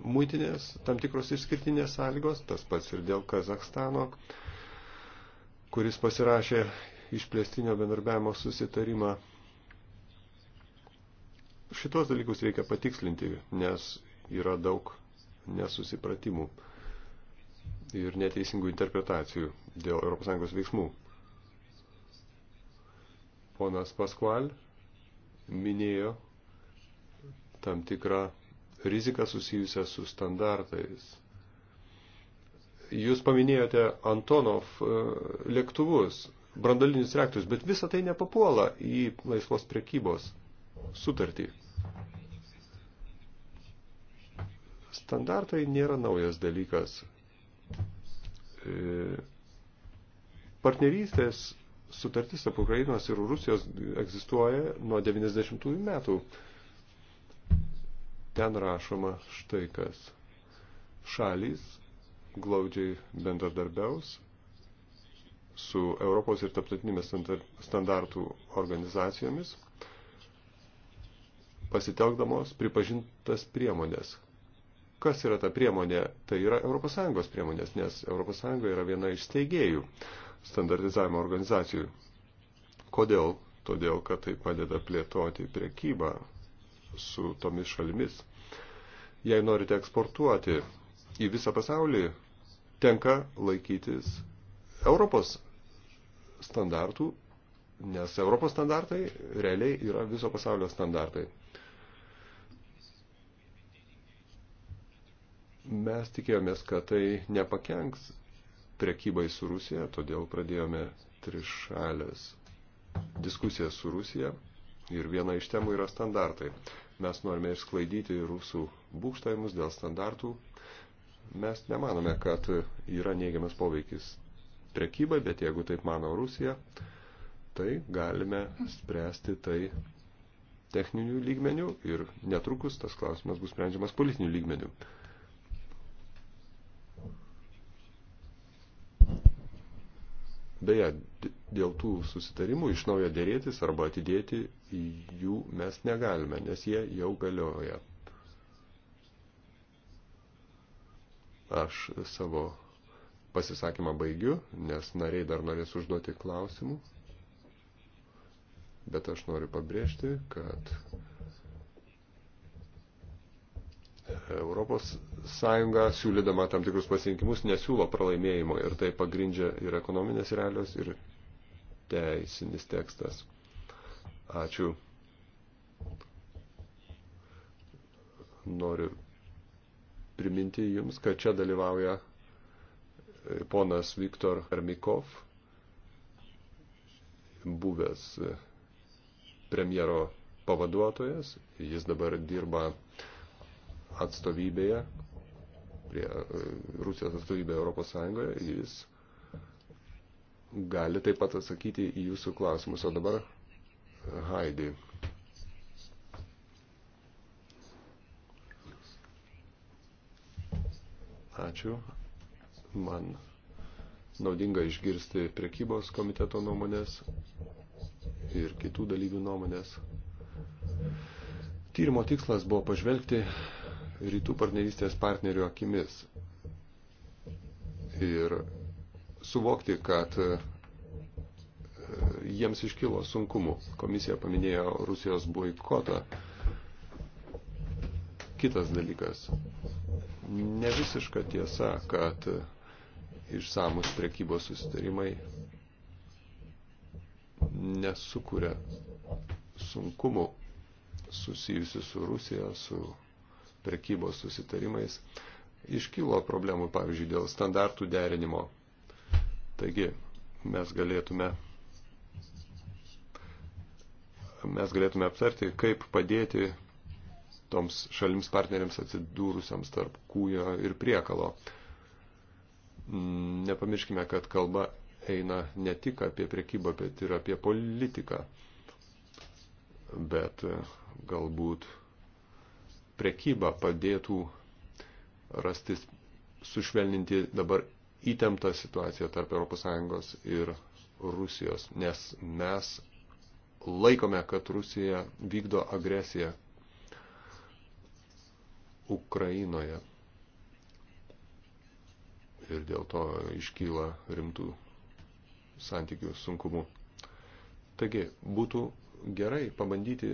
Speaker 4: muitinės tam tikros išskirtinės sąlygos, tas pats ir dėl Kazakstano, kuris pasirašė išplėstinio bendarbiavimo susitarimą Šitos dalykus reikia patikslinti, nes yra daug nesusipratimų ir neteisingų interpretacijų dėl ES veiksmų. Ponas Paskual minėjo tam tikrą riziką susijusią su standartais. Jūs paminėjote Antonov e, lėktuvus, brandalinius reaktorius, bet visa tai nepapuola į laisvos prekybos sutartį. Standartai nėra naujas dalykas. E, partnerystės sutartis tarp Ukrainos ir Rusijos egzistuoja nuo 90-ųjų metų. Ten rašoma štai kas. Šalys glaudžiai bendradarbiaus su Europos ir taptatinėmis standartų organizacijomis, pasitelkdamos pripažintas priemonės. Kas yra ta priemonė? Tai yra ES priemonės, nes ES yra viena iš steigėjų standartizavimo organizacijų. Kodėl? Todėl, kad tai padeda plėtoti priekybą su tomis šalimis. Jei norite eksportuoti į visą pasaulį, tenka laikytis Europos standartų, nes Europos standartai realiai yra viso pasaulio standartai. Mes tikėjomės, kad tai nepakenks prekybai su Rusija, todėl pradėjome trišalės diskusijas su Rusija ir viena iš temų yra standartai. Mes norime išsklaidyti rusų būkštavimus dėl standartų. Mes nemanome, kad yra neigiamas poveikis prekybai, bet jeigu taip mano Rusija, tai galime spręsti tai techninių lygmenių ir netrukus tas klausimas bus sprendžiamas politinių lygmenių. Beje, dėl tų susitarimų iš naujo dėrėtis arba atidėti jų mes negalime, nes jie jau galioja. Aš savo pasisakymą baigiu, nes nariai dar norės užduoti klausimų. Bet aš noriu pabrėžti, kad Europos Sąjunga, siūlydama tam tikrus pasirinkimus, nesiūlo pralaimėjimo ir tai pagrindžia ir ekonominės realios, ir teisinis tekstas. Ačiū. Noriu priminti Jums, kad čia dalyvauja e, ponas Viktor Armikov, buvęs e, premjero pavaduotojas, jis dabar dirba uh, atstovybėje, prie e, Rusijos atstovybėje Europos Sąjungoje, jis gali taip pat atsakyti į jūsų klausimus. O dabar Haidi. Ačiū. Man naudinga išgirsti prekybos komiteto nuomonės ir kitų dalyvių nuomonės. Tyrimo tikslas buvo pažvelgti, rytų partnerystės partnerio akimis ir suvokti, kad e, jiems iškilo sunkumų. Komisija paminėjo Rusijos boikotą. Kitas dalykas. Ne visiška tiesa, kad išsamus prekybos susitarimai nesukuria sunkumų susijusių su Rusija, su prekybos susitarimais iškilo problemų, pavyzdžiui, dėl standartų derinimo. Taigi mes galėtume, mes galėtume aptarti, kaip padėti toms šalims partneriams atsidūrusiams tarp kūjo ir priekalo. Nepamirškime, kad kalba eina ne tik apie prekybą, bet ir apie politiką. Bet galbūt prekyba padėtų rastis sušvelninti dabar įtemptą situaciją tarp ES ir Rusijos, nes mes laikome, kad Rusija vykdo agresiją Ukrainoje. Ir dėl to iškyla rimtų santykių sunkumų. Taigi, būtų gerai pabandyti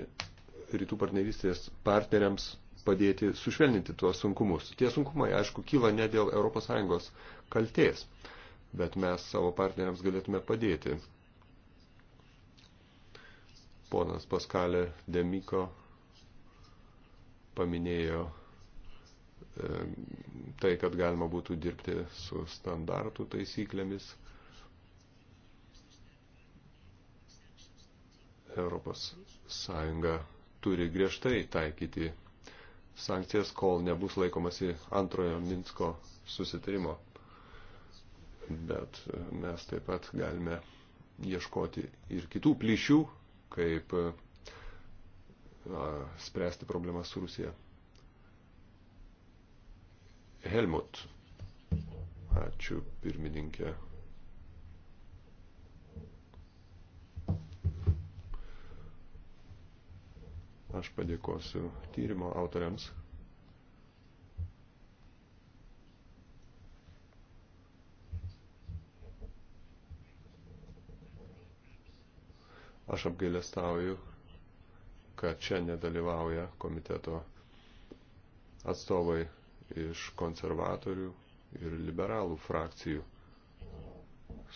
Speaker 4: rytų partnerystės partneriams padėti sušvelninti tuos sunkumus. Tie sunkumai, aišku, kyla ne dėl ES kalties, bet mes savo partneriams galėtume padėti. Ponas Paskalė Demiko paminėjo e, tai, kad galima būtų dirbti su standartų taisyklėmis. Europos Sąjunga turi griežtai taikyti sankcijas, kol nebus laikomasi antrojo Minsko susitarimo. Bet e, mes taip pat galime ieškoti ir kitų plyšių, kaip e, a, spręsti problemas su Rusija. Helmut. Ačiū pirmininkė. Aš padėkosiu tyrimo autoriams. Aš apgailestauju, kad čia nedalyvauja komiteto atstovai iš konservatorių ir liberalų frakcijų.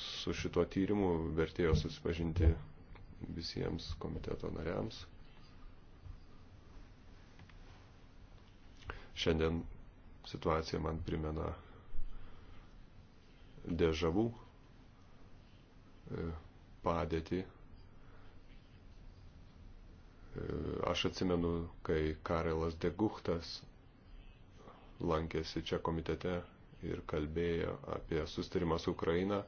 Speaker 4: Su šituo tyrimu vertėjo susipažinti visiems komiteto nariams. Šiandien situacija man primena dežavų e, padėtį. E, aš atsimenu, kai Karelas Deguchtas lankėsi čia komitete ir kalbėjo apie sustarimą su Ukraina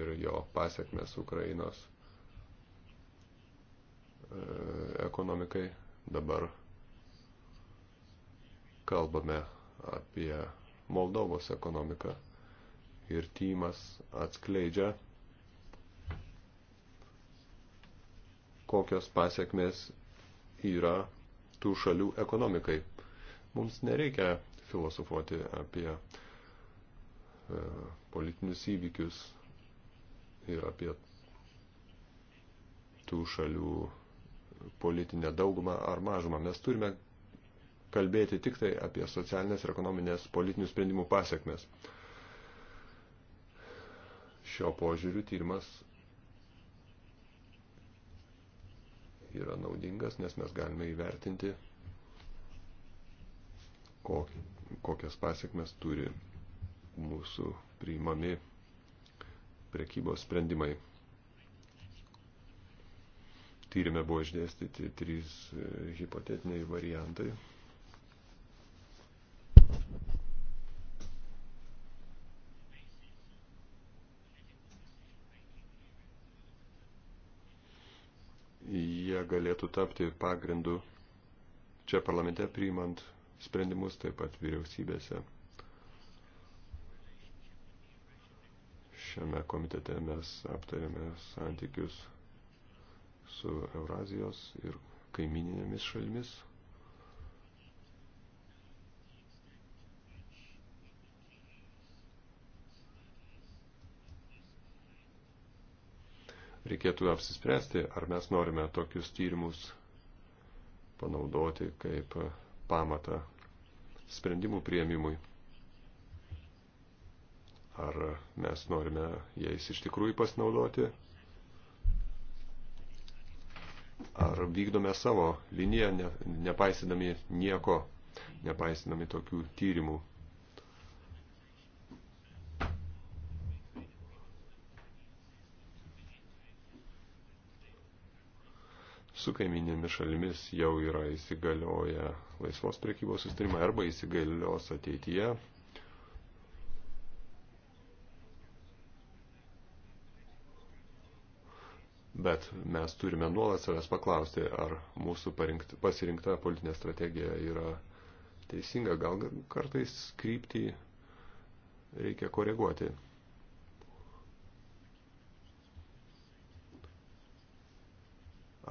Speaker 4: ir jo pasiekmes Ukrainos e, ekonomikai. Dabar kalbame apie Moldovos ekonomiką ir tymas atskleidžia, kokios pasiekmės yra tų šalių ekonomikai. Mums nereikia filosofuoti apie e, politinius įvykius ir apie tų šalių politinę daugumą ar mažumą. Mes turime kalbėti tik tai apie socialinės ir ekonominės politinių sprendimų pasiekmes. Šio požiūriu tyrimas yra naudingas, nes mes galime įvertinti, kokias pasiekmes turi mūsų priimami prekybos sprendimai. Tyrime buvo išdėstyti trys hipotetiniai variantai kurie galėtų tapti pagrindu čia parlamente priimant sprendimus, taip pat vyriausybėse. Šiame komitete mes aptarėme santykius su Eurazijos ir kaimininėmis šalimis. reikėtų apsispręsti, ar mes norime tokius tyrimus panaudoti kaip pamatą sprendimų prieimimui. Ar mes norime jais iš tikrųjų pasinaudoti, ar vykdome savo liniją, ne, nepaisydami nieko, nepaisydami tokių tyrimų su kaiminėmis šalimis jau yra įsigalioję laisvos prekybos sustarimai arba įsigalios ateityje. Bet mes turime nuolat savęs paklausti, ar mūsų parinkta, pasirinkta politinė strategija yra teisinga, gal kartais kryptį reikia koreguoti.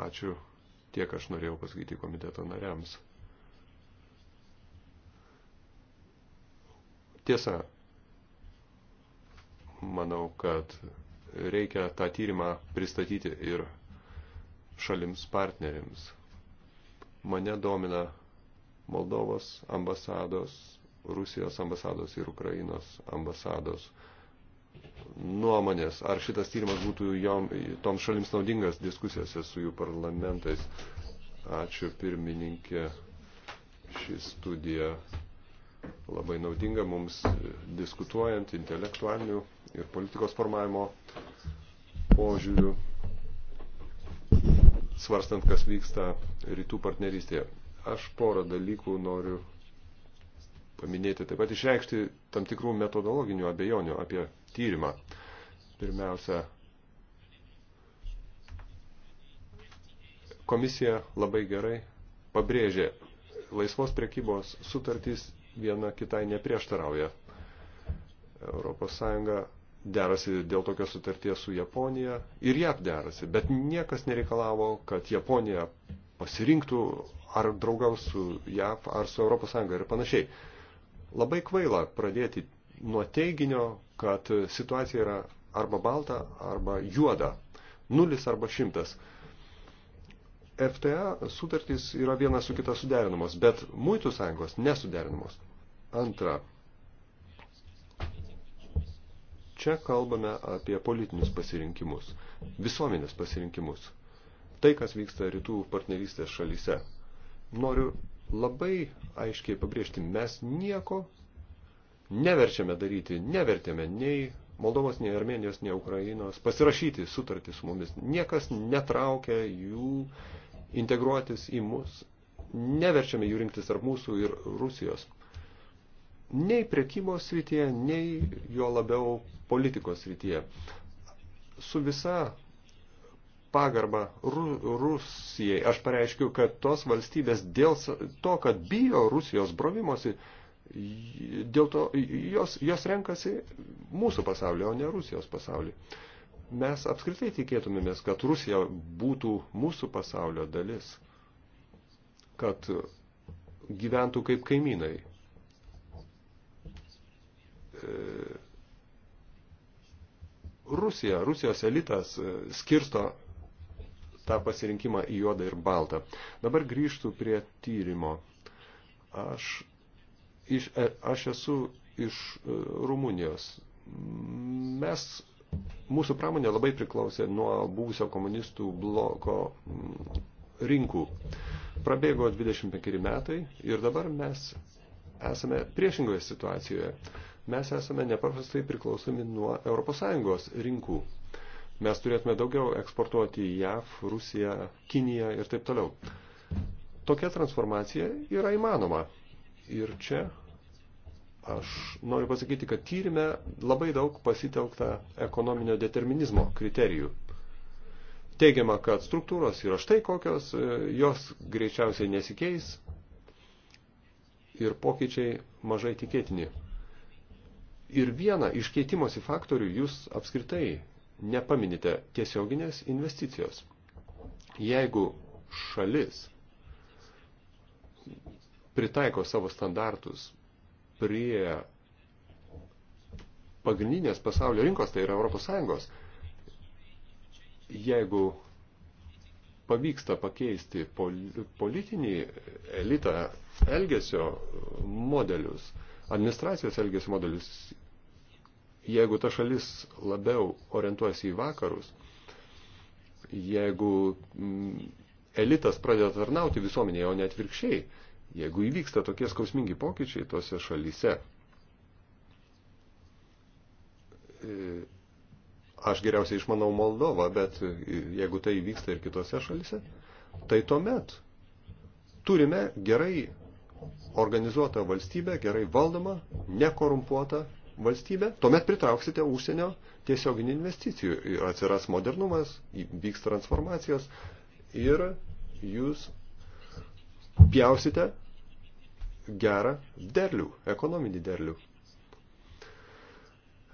Speaker 4: Ačiū tiek aš norėjau pasakyti komiteto nariams. Tiesa, manau, kad reikia tą tyrimą pristatyti ir šalims partneriams. Mane domina Moldovos ambasados, Rusijos ambasados ir Ukrainos ambasados nuomonės, ar šitas tyrimas būtų jom, tom šalims naudingas diskusijose su jų parlamentais. Ačiū pirmininkė, ši studija labai naudinga mums diskutuojant intelektualinių ir politikos formavimo požiūrių, svarstant, kas vyksta rytų partnerystėje. Aš porą dalykų noriu paminėti, taip pat išreikšti tam tikrų metodologinių abejonių apie tyrimą. Pirmiausia, komisija labai gerai pabrėžė, laisvos prekybos sutartys viena kitai neprieštarauja. ES derasi dėl tokios sutarties su Japonija ir JAP derasi, bet niekas nereikalavo, kad Japonija pasirinktų ar draugaus su JAP ar su ES ir panašiai. Labai kvaila pradėti nuo teiginio, kad situacija yra arba balta, arba juoda, nulis arba šimtas. FTA sutartys yra viena su kita suderinamos, bet muitų sąjungos nesuderinamos. Antra, čia kalbame apie politinius pasirinkimus, visuomenės pasirinkimus. Tai, kas vyksta rytų partnerystės šalyse. Noriu labai aiškiai pabrėžti, mes nieko neverčiame daryti, nevertėme nei Moldovos, nei Armenijos, nei Ukrainos pasirašyti sutartį su mumis. Niekas netraukia jų integruotis į mus. Neverčiame jų rinktis tarp mūsų ir Rusijos. Nei prekybos srityje, nei jo labiau politikos srityje. Su visa pagarba Ru Rusijai aš pareiškiu, kad tos valstybės dėl to, kad bijo Rusijos brovimosi, Dėl to jos, jos renkasi mūsų pasaulį, o ne Rusijos pasaulį. Mes apskritai tikėtumėmės, kad Rusija būtų mūsų pasaulio dalis, kad gyventų kaip kaimynai. Rusija, Rusijos elitas skirsto tą pasirinkimą į juodą ir baltą. Dabar grįžtų prie tyrimo. Aš iš, e, aš esu iš e, Rumunijos. Mes, mūsų pramonė labai priklausė nuo buvusio komunistų bloko mm, rinkų. Prabėgo 25 metai ir dabar mes esame priešingoje situacijoje. Mes esame nepaprastai priklausomi nuo ES rinkų. Mes turėtume daugiau eksportuoti į JAV, Rusiją, Kiniją ir taip toliau. Tokia transformacija yra įmanoma. Ir čia aš noriu pasakyti, kad tyrime labai daug pasitelkta ekonominio determinizmo kriterijų. Teigiama, kad struktūros yra štai kokios, e, jos greičiausiai nesikeis ir pokyčiai mažai tikėtini. Ir vieną iš keitimosi faktorių jūs apskritai nepaminite tiesioginės investicijos. Jeigu šalis pritaiko savo standartus prie pagrindinės pasaulio rinkos, tai yra Europos Sąjungos, jeigu pavyksta pakeisti politinį elitą elgesio modelius, administracijos elgesio modelius, jeigu ta šalis labiau orientuojasi į vakarus, jeigu mm, elitas pradeda tarnauti visuomenėje, o ne atvirkščiai, jeigu įvyksta tokie skausmingi pokyčiai tose šalyse, e, aš geriausiai išmanau Moldovą, bet e, jeigu tai įvyksta ir kitose šalyse, tai tuomet turime gerai organizuotą valstybę, gerai valdomą, nekorumpuotą valstybę, tuomet pritrauksite užsienio tiesioginių investicijų ir atsiras modernumas, vyks transformacijos ir jūs pjausite gerą derlių, ekonominį derlių.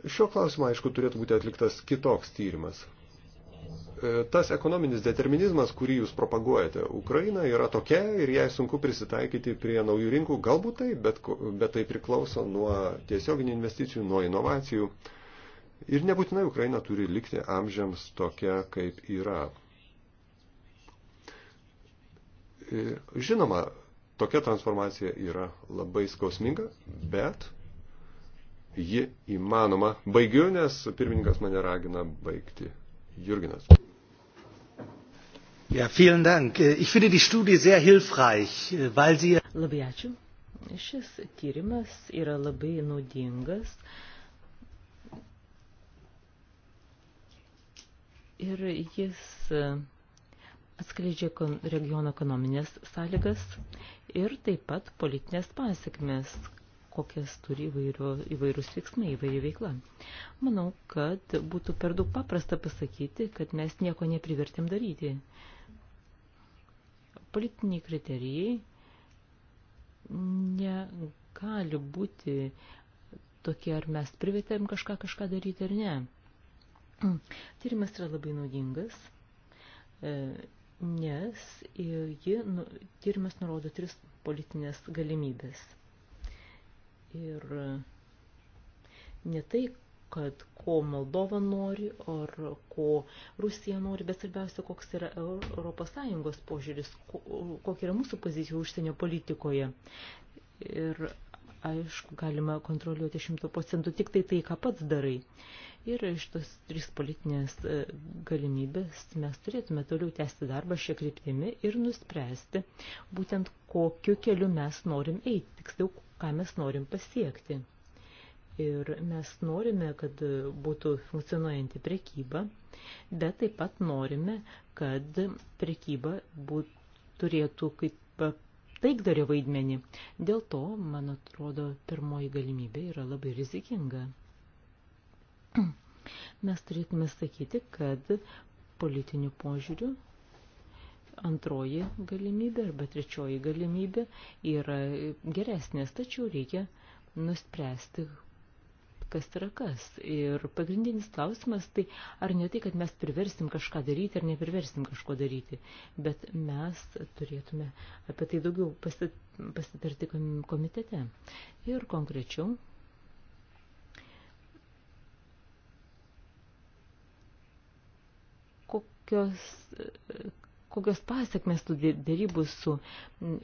Speaker 4: Šio klausimo, aišku, turėtų būti atliktas kitoks tyrimas. E, tas ekonominis determinizmas, kurį jūs propaguojate, Ukraina yra tokia ir jai sunku prisitaikyti prie naujų rinkų, galbūt tai, bet, bet tai priklauso nuo tiesioginių investicijų, nuo inovacijų. Ir nebūtinai Ukraina turi likti amžiams tokia, kaip yra. E, žinoma, Tokia transformacija yra labai skausminga, bet ji įmanoma. Baigiu, nes pirmininkas mane ragina baigti. Jurginas. Ja, vielen Dank. Ich finde die Studie sehr hilfreich, weil sie... Labai ačiū. Šis tyrimas
Speaker 2: yra labai naudingas. Ir jis atskleidžia regiono ekonominės sąlygas ir taip pat politinės pasiekmes, kokias turi įvairio, įvairūs veiksmai, įvairi veikla. Manau, kad būtų per daug paprasta pasakyti, kad mes nieko neprivertėm daryti. Politiniai kriterijai negali būti tokie, ar mes privietėm kažką kažką daryti ar ne. Tyrimas yra labai naudingas e, nes ji, nu, tyrimas nurodo tris politinės galimybės. Ir ne tai, kad ko Moldova nori, ar ko Rusija nori, bet svarbiausia, koks yra ES požiūris, kokia yra mūsų pozicija užsienio politikoje. Ir aišku, galima kontroliuoti šimtų procentų tik tai tai, ką pats darai. Ir iš tos tris politinės e, galimybės mes turėtume toliau tęsti darbą šią kryptimį ir nuspręsti būtent kokiu keliu mes norim eiti, tiksliau, ką mes norim pasiekti. Ir mes norime, kad būtų funkcionuojanti prekyba, bet taip pat norime, kad prekyba būt, turėtų kaip taikdario vaidmenį. Dėl to, man atrodo, pirmoji galimybė yra labai rizikinga. Mes turėtume sakyti, kad politiniu požiūriu antroji galimybė arba trečioji galimybė yra geresnės, tačiau reikia nuspręsti, kas yra kas. Ir pagrindinis klausimas tai, ar ne tai, kad mes priversim kažką daryti ar nepriversim kažko daryti, bet mes turėtume apie tai daugiau pasitarti komitete. Ir konkrečiau. kokios kokios pasiekmes tų dėrybų su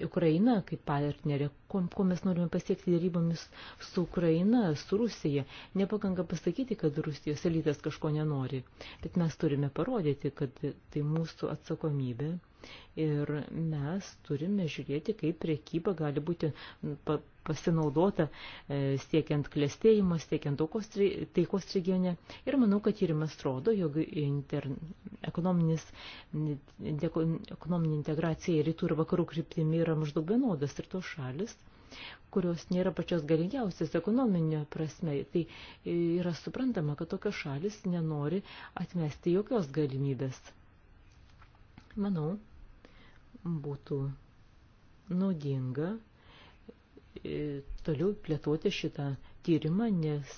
Speaker 2: Ukraina kaip partnerė, ko, ko mes norime pasiekti dėrybomis su Ukraina, su Rusija. Nepakanka pasakyti, kad Rusijos elitas kažko nenori, bet mes turime parodyti, kad tai mūsų atsakomybė Ir mes turime žiūrėti, kaip priekyba gali būti pasinaudota e, siekiant klėstėjimo, siekiant taikos regione. Ir manau, kad tyrimas rodo, jog inter, ekonominis, ekonominė integracija rytų ir vakarų kryptimi yra maždaug vienodas ir tos šalis kurios nėra pačios galingiausias ekonominio prasme. Tai e, yra suprantama, kad tokios šalis nenori atmesti jokios galimybės. Manau, būtų naudinga e, toliau plėtoti šitą tyrimą, nes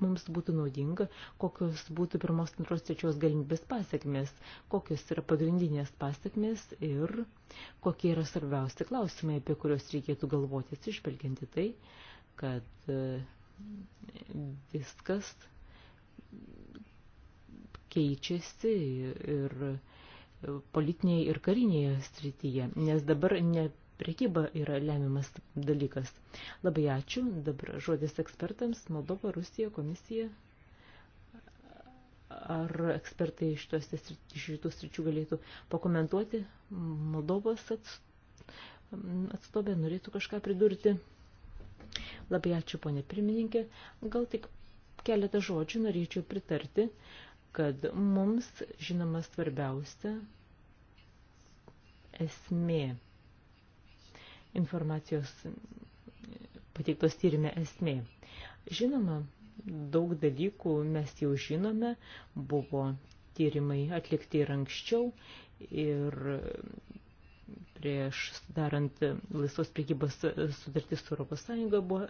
Speaker 2: mums būtų naudinga, kokios būtų pirmos, antros, trečios galimybės pasiekmes, kokios yra pagrindinės pasiekmes ir kokie yra svarbiausi klausimai, apie kuriuos reikėtų galvoti, atsižvelgianti tai, kad e, viskas keičiasi ir, ir politinėje ir karinėje srityje, nes dabar ne prekyba yra lemiamas dalykas. Labai ačiū. Dabar žodis ekspertams Moldova, Rusija, komisija. Ar ekspertai iš šitų sričių galėtų pakomentuoti? Moldovos atstovė norėtų kažką pridurti. Labai ačiū, ponė pirmininkė. Gal tik keletą žodžių norėčiau pritarti. Uh, kad mums, žinoma, svarbiausia esmė, informacijos pateiktos tyrimė esmė. Žinoma, daug dalykų mes jau žinome, buvo tyrimai atlikti ir anksčiau ir prieš darant laisvos priekybos sutartis su Europos Sąjunga buvo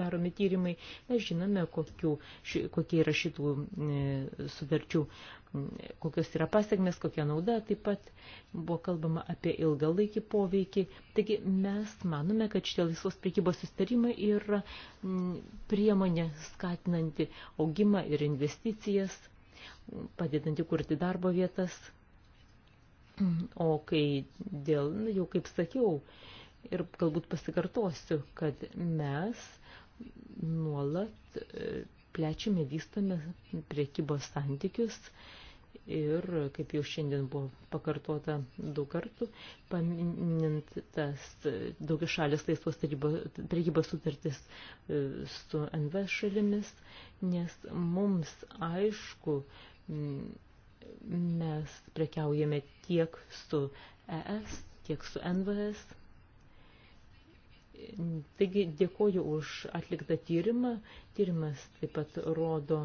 Speaker 2: daromi tyrimai. Mes žinome, kokiu, ši, kokie yra šitų e, sutarčių, kokios yra pasiekmes, kokia nauda. Taip pat buvo kalbama apie ilgalaikį poveikį. Taigi mes manome, kad šitie laisvos priekybos sustarimai yra m, priemonė skatinanti augimą ir investicijas padedanti kurti darbo vietas O kai dėl, nu, jau kaip sakiau, ir galbūt pasikartosiu, kad mes nuolat e, plečiame, vystome priekybos santykius ir, kaip jau šiandien buvo pakartota daug kartų, paminint tas e, daugiašalės laisvos priekybos sutartis e, su NV šalimis, nes mums aišku, mes prekiaujame tiek su ES, tiek su NVS. Taigi dėkoju už atliktą tyrimą. Tyrimas taip pat rodo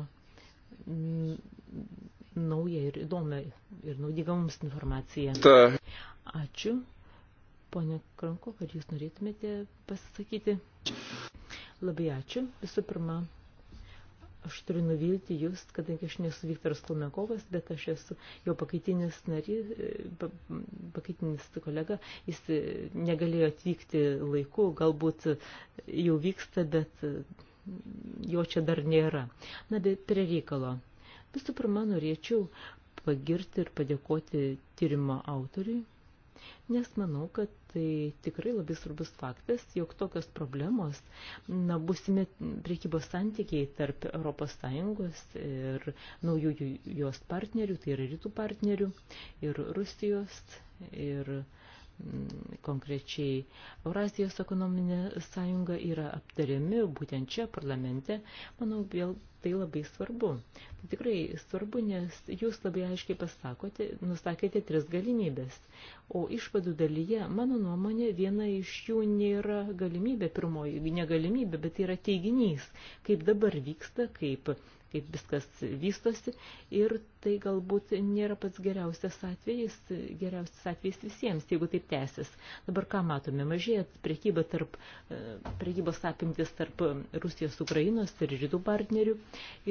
Speaker 2: naują ir įdomią ir naudingą mums informaciją. Ačiū. Pone Kranko, kad jūs norėtumėte pasisakyti. Labai ačiū. Visų pirma, Aš turiu nuvilti jūs, kadangi aš nesu Viktoras Klumekovas, bet aš esu jo pakaitinis nari, pakaitinis kolega. Jis e, negalėjo atvykti laiku, galbūt e, jau vyksta, bet e, jo čia dar nėra. Na, bet prie reikalo. Visų pirma, norėčiau pagirti ir padėkoti tyrimo autoriui nes manau, kad tai tikrai labai svarbus faktas, jog tokios problemos, na, būsime priekybos santykiai tarp ES ir naujųjų jos partnerių, tai yra rytų partnerių ir Rusijos ir Rusijos Mm, konkrečiai Eurazijos ekonominė sąjunga yra aptariami būtent čia parlamente, manau, vėl tai labai svarbu. Tai tikrai svarbu, nes jūs labai aiškiai pasakote, nusakėte tris galimybės, o išvadų dalyje, mano nuomonė, viena iš jų nėra galimybė, pirmoji negalimybė, bet tai yra teiginys, kaip dabar vyksta, kaip kaip viskas vystosi ir tai galbūt nėra pats geriausias atvejis, geriausias atvejis visiems, jeigu taip tęsis. Dabar ką matome, mažėja prekyba tarp, e, prekybos apimtis tarp Rusijos, Ukrainos ir rytų partnerių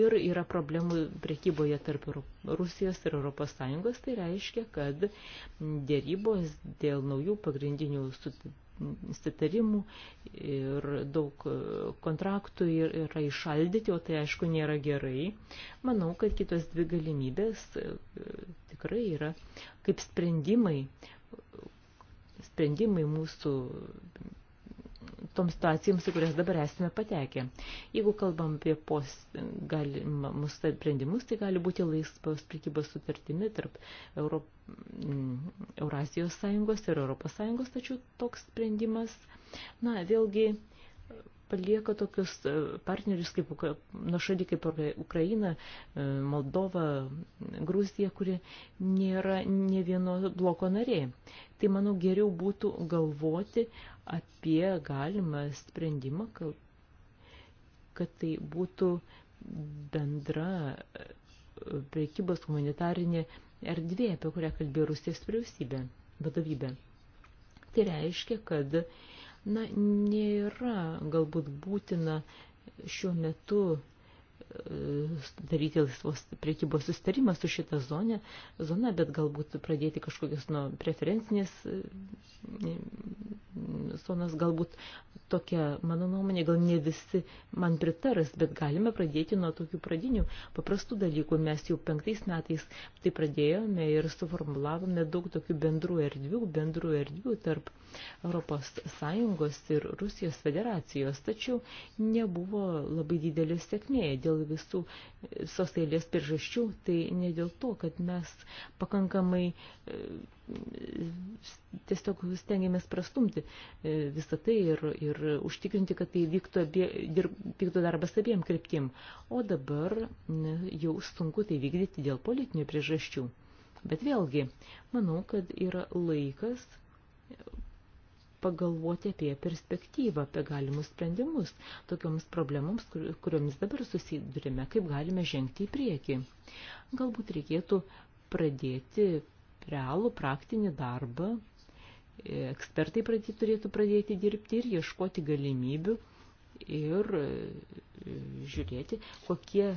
Speaker 2: ir yra problemų prekyboje tarp Rusijos ir Europos Sąjungos, tai reiškia, kad dėrybos dėl naujų pagrindinių sutikimų sitarimų ir daug kontraktų yra išaldyti, o tai aišku nėra gerai. Manau, kad kitos dvi galimybės e, tikrai yra kaip sprendimai, sprendimai mūsų toms situacijoms, į kurias dabar esame patekę. Jeigu kalbam apie post, galimus sprendimus, tai gali būti laisvos prekybos sutartimi tarp Euro, mm, Eurasijos sąjungos ir Europos sąjungos, tačiau toks sprendimas, na, vėlgi palieka tokius e, partnerius kaip nuošalį kaip Ukraina, e, Moldova, Gruzija, kuri nėra ne vieno bloko narė. Tai manau geriau būtų galvoti apie galimą sprendimą, kad tai būtų bendra e, prekybos humanitarinė erdvė, apie kurią kalbėjo Rusijos vyriausybė, vadovybė. Tai reiškia, kad na, nėra galbūt būtina šiuo metu daryti laisvos priekybos sustarimą su šita zonė, zona, bet galbūt pradėti kažkokias nuo preferencinės e, zonas, galbūt tokia, mano nuomonė, gal ne visi man pritaras, bet galime pradėti nuo tokių pradinių paprastų dalykų. Mes jau penktais metais tai pradėjome ir suformulavome daug tokių bendrų erdvių, bendrų erdvių tarp Europos Sąjungos ir Rusijos federacijos, tačiau nebuvo labai didelė sėkmė dėl visų visos eilės priežasčių, tai ne dėl to, kad mes pakankamai e, tiesiog stengiamės prastumti e, visą tai ir, ir užtikrinti, kad tai vyktų, abie, dirb, vyktų darbas abiem kryptim. O dabar ne, jau sunku tai vykdyti dėl politinių priežasčių. Bet vėlgi, manau, kad yra laikas pagalvoti apie perspektyvą, apie galimus sprendimus tokioms problemams, kur, kuriomis dabar susidurime, kaip galime žengti į priekį. Galbūt reikėtų pradėti realų praktinį darbą, ekspertai pradėti, turėtų pradėti dirbti ir ieškoti galimybių ir e, žiūrėti, kokie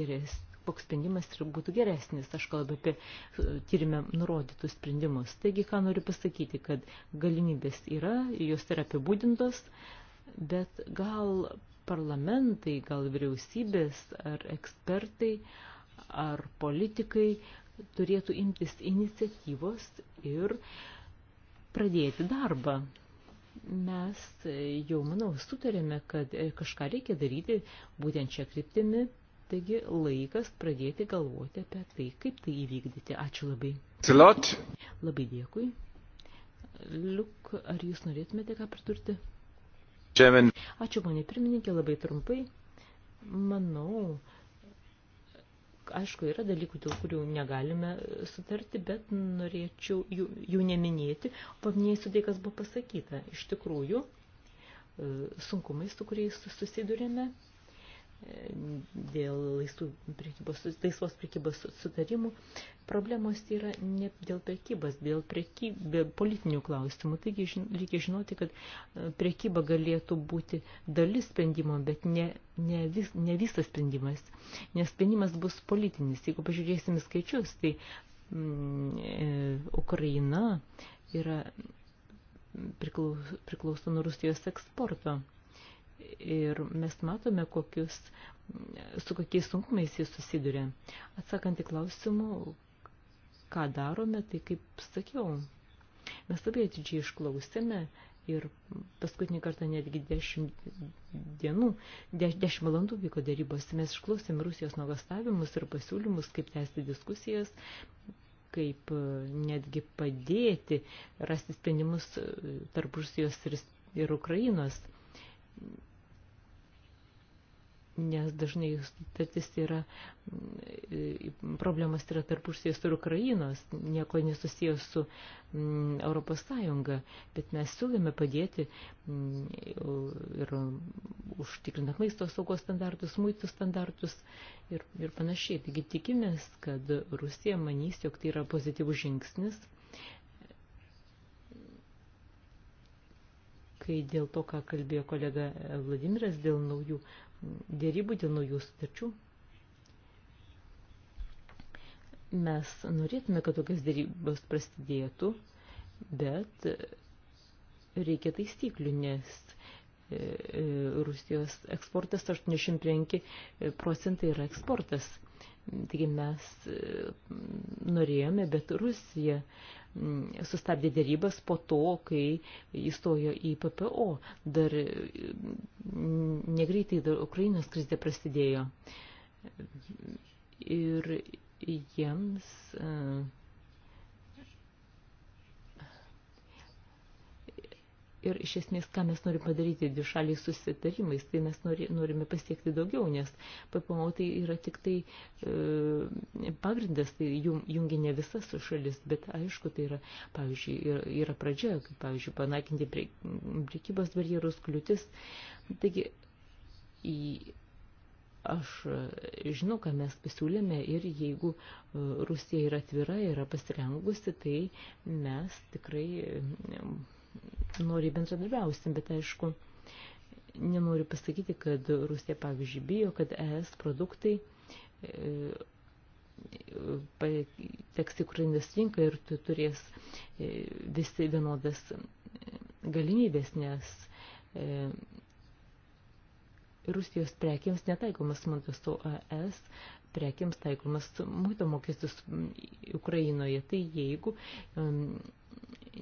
Speaker 2: geres, koks sprendimas būtų geresnis. Aš kalbu apie e, tyrimę nurodytus sprendimus. Taigi, ką noriu pasakyti, kad galimybės yra, jos yra apibūdintos, bet gal parlamentai, gal vyriausybės ar ekspertai ar politikai turėtų imtis iniciatyvos ir pradėti darbą mes jau, manau, sutarėme, kad e, kažką reikia daryti būtent čia kryptimi Taigi laikas pradėti galvoti apie tai, kaip tai įvykdyti. Ačiū labai. Cilot. Labai dėkui. Liuk, ar jūs norėtumėte ką priturti? Čemen. Ačiū, ponė pirmininkė, labai trumpai. Manau, aišku, yra dalykų, dėl kurių negalime sutarti, bet norėčiau jų, jų neminėti. Paminėsiu tai, kas buvo pasakyta. Iš tikrųjų, e, sunkumai, su kuriais susidurėme, dėl prekybos, laisvos prekybos sutarimų. Problemos yra ne dėl prekybos, dėl prekybė, politinių klausimų. Taigi žin, reikia žinoti, kad e, prekyba galėtų būti dalis sprendimo, bet ne, ne, vis, ne visas sprendimas, nes sprendimas bus politinis. Jeigu pažiūrėsim skaičius, tai mm, e, Ukraina yra priklauso nuo Rusijos eksporto ir mes matome, kokius, su kokiais sunkumais jis susiduria. Atsakant į klausimų, ką darome, tai kaip sakiau, mes labai atidžiai išklausėme ir paskutinį kartą netgi 10 dienų, 10 valandų vyko darybos. Mes išklausėm Rusijos nuogastavimus ir pasiūlymus, kaip tęsti diskusijas, kaip e, netgi padėti rasti sprendimus e, tarp Rusijos ir, ir Ukrainos nes dažnai sutartis yra, problemas yra tarp Rusijos ir Ukrainos, nieko nesusijęs su m, Europos Sąjunga, bet mes siūlėme padėti m, ir užtikrinant maisto saugos standartus, muitų standartus ir, ir panašiai. Taigi tikimės, kad Rusija manys, jog tai yra pozityvus žingsnis. kai dėl to, ką kalbėjo kolega Vladimiras, dėl naujų dėrybų, dėl naujų sutarčių. Mes norėtume, kad tokias dėrybos prasidėtų, bet reikia taisyklių, nes e, e, Rusijos eksportas 85 procentai yra eksportas. Taigi mes e, norėjome, bet Rusija sustabdė dėrybas po to, kai įstojo į PPO. Dar e, negreitai dar Ukrainos krizė prasidėjo. Ir jiems uh, ir iš esmės, ką mes norime padaryti dvišaliais susitarimais, tai mes norime pasiekti daugiau, nes PPO tai yra tik tai e, pagrindas, tai jungi ne visas šalis, bet aišku, tai yra, pavyzdžiui, yra, yra pradžia, kaip, pavyzdžiui, panaikinti prie, priekybos barjerus, kliūtis. Taigi, į, aš žinau, ką mes pasiūlėme ir jeigu e, Rusija yra atvira, yra pasirengusi, tai mes tikrai nori bendradarbiausim, bet aišku, nenoriu pasakyti, kad Rusija, pavyzdžiui, bijo, kad ES produktai pateks e, e, į Ukrainos rinką ir tu turės e, visi vienodas galimybės, nes Rusijos prekiams netaikomas mantas, o ES prekiams taikomas muito mokestis Ukrainoje. Tai jeigu um,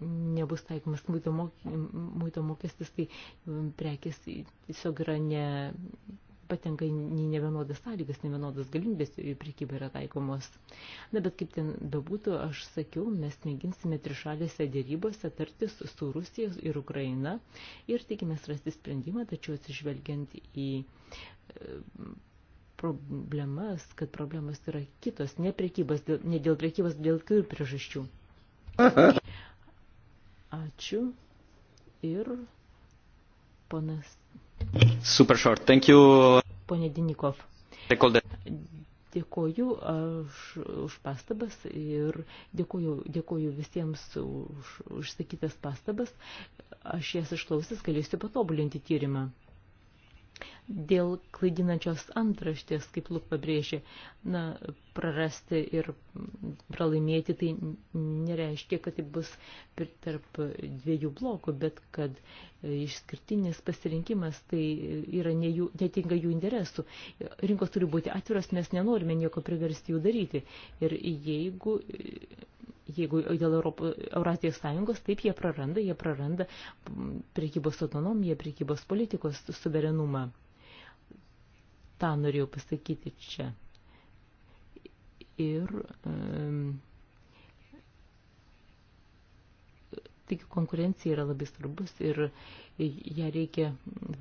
Speaker 2: nebus taikomas muito, mok, muito mokestis, tai um, prekis tiesiog yra ne patenka į nevienodas sąlygas, nevienodas galimybės priekyba yra taikomos. Na, bet kaip ten bebūtų, aš sakiau, mes mėginsime trišalėse dėrybose tartis su Rusija ir Ukraina ir tikimės rasti sprendimą, tačiau atsižvelgiant į um, problemas, kad problemas yra kitos, ne, prekybos, ne dėl prekybos, dėl kitų priežasčių. Ačiū. Ir ponas. Super short. Thank you. Pone Dinikov. Dėkoju aš, už pastabas ir dėkoju, dėkoju visiems už, užsakytas pastabas. Aš jas išklausęs galėsiu patobulinti tyrimą. Dėl klaidinančios antraštės, kaip Luk pabrėžė, na, prarasti ir pralaimėti, tai nereiškia, kad tai bus tarp dviejų blokų, bet kad išskirtinis pasirinkimas tai yra ne jų, netinga jų interesų. Rinkos turi būti atviros, mes nenorime nieko priversti jų daryti. Ir jeigu jeigu dėl Europo, Eurazijos sąjungos, taip jie praranda, jie praranda priekybos autonomiją, priekybos politikos suverenumą. Ta norėjau pasakyti čia. Ir um, e, Taigi konkurencija yra labai svarbus ir ją reikia,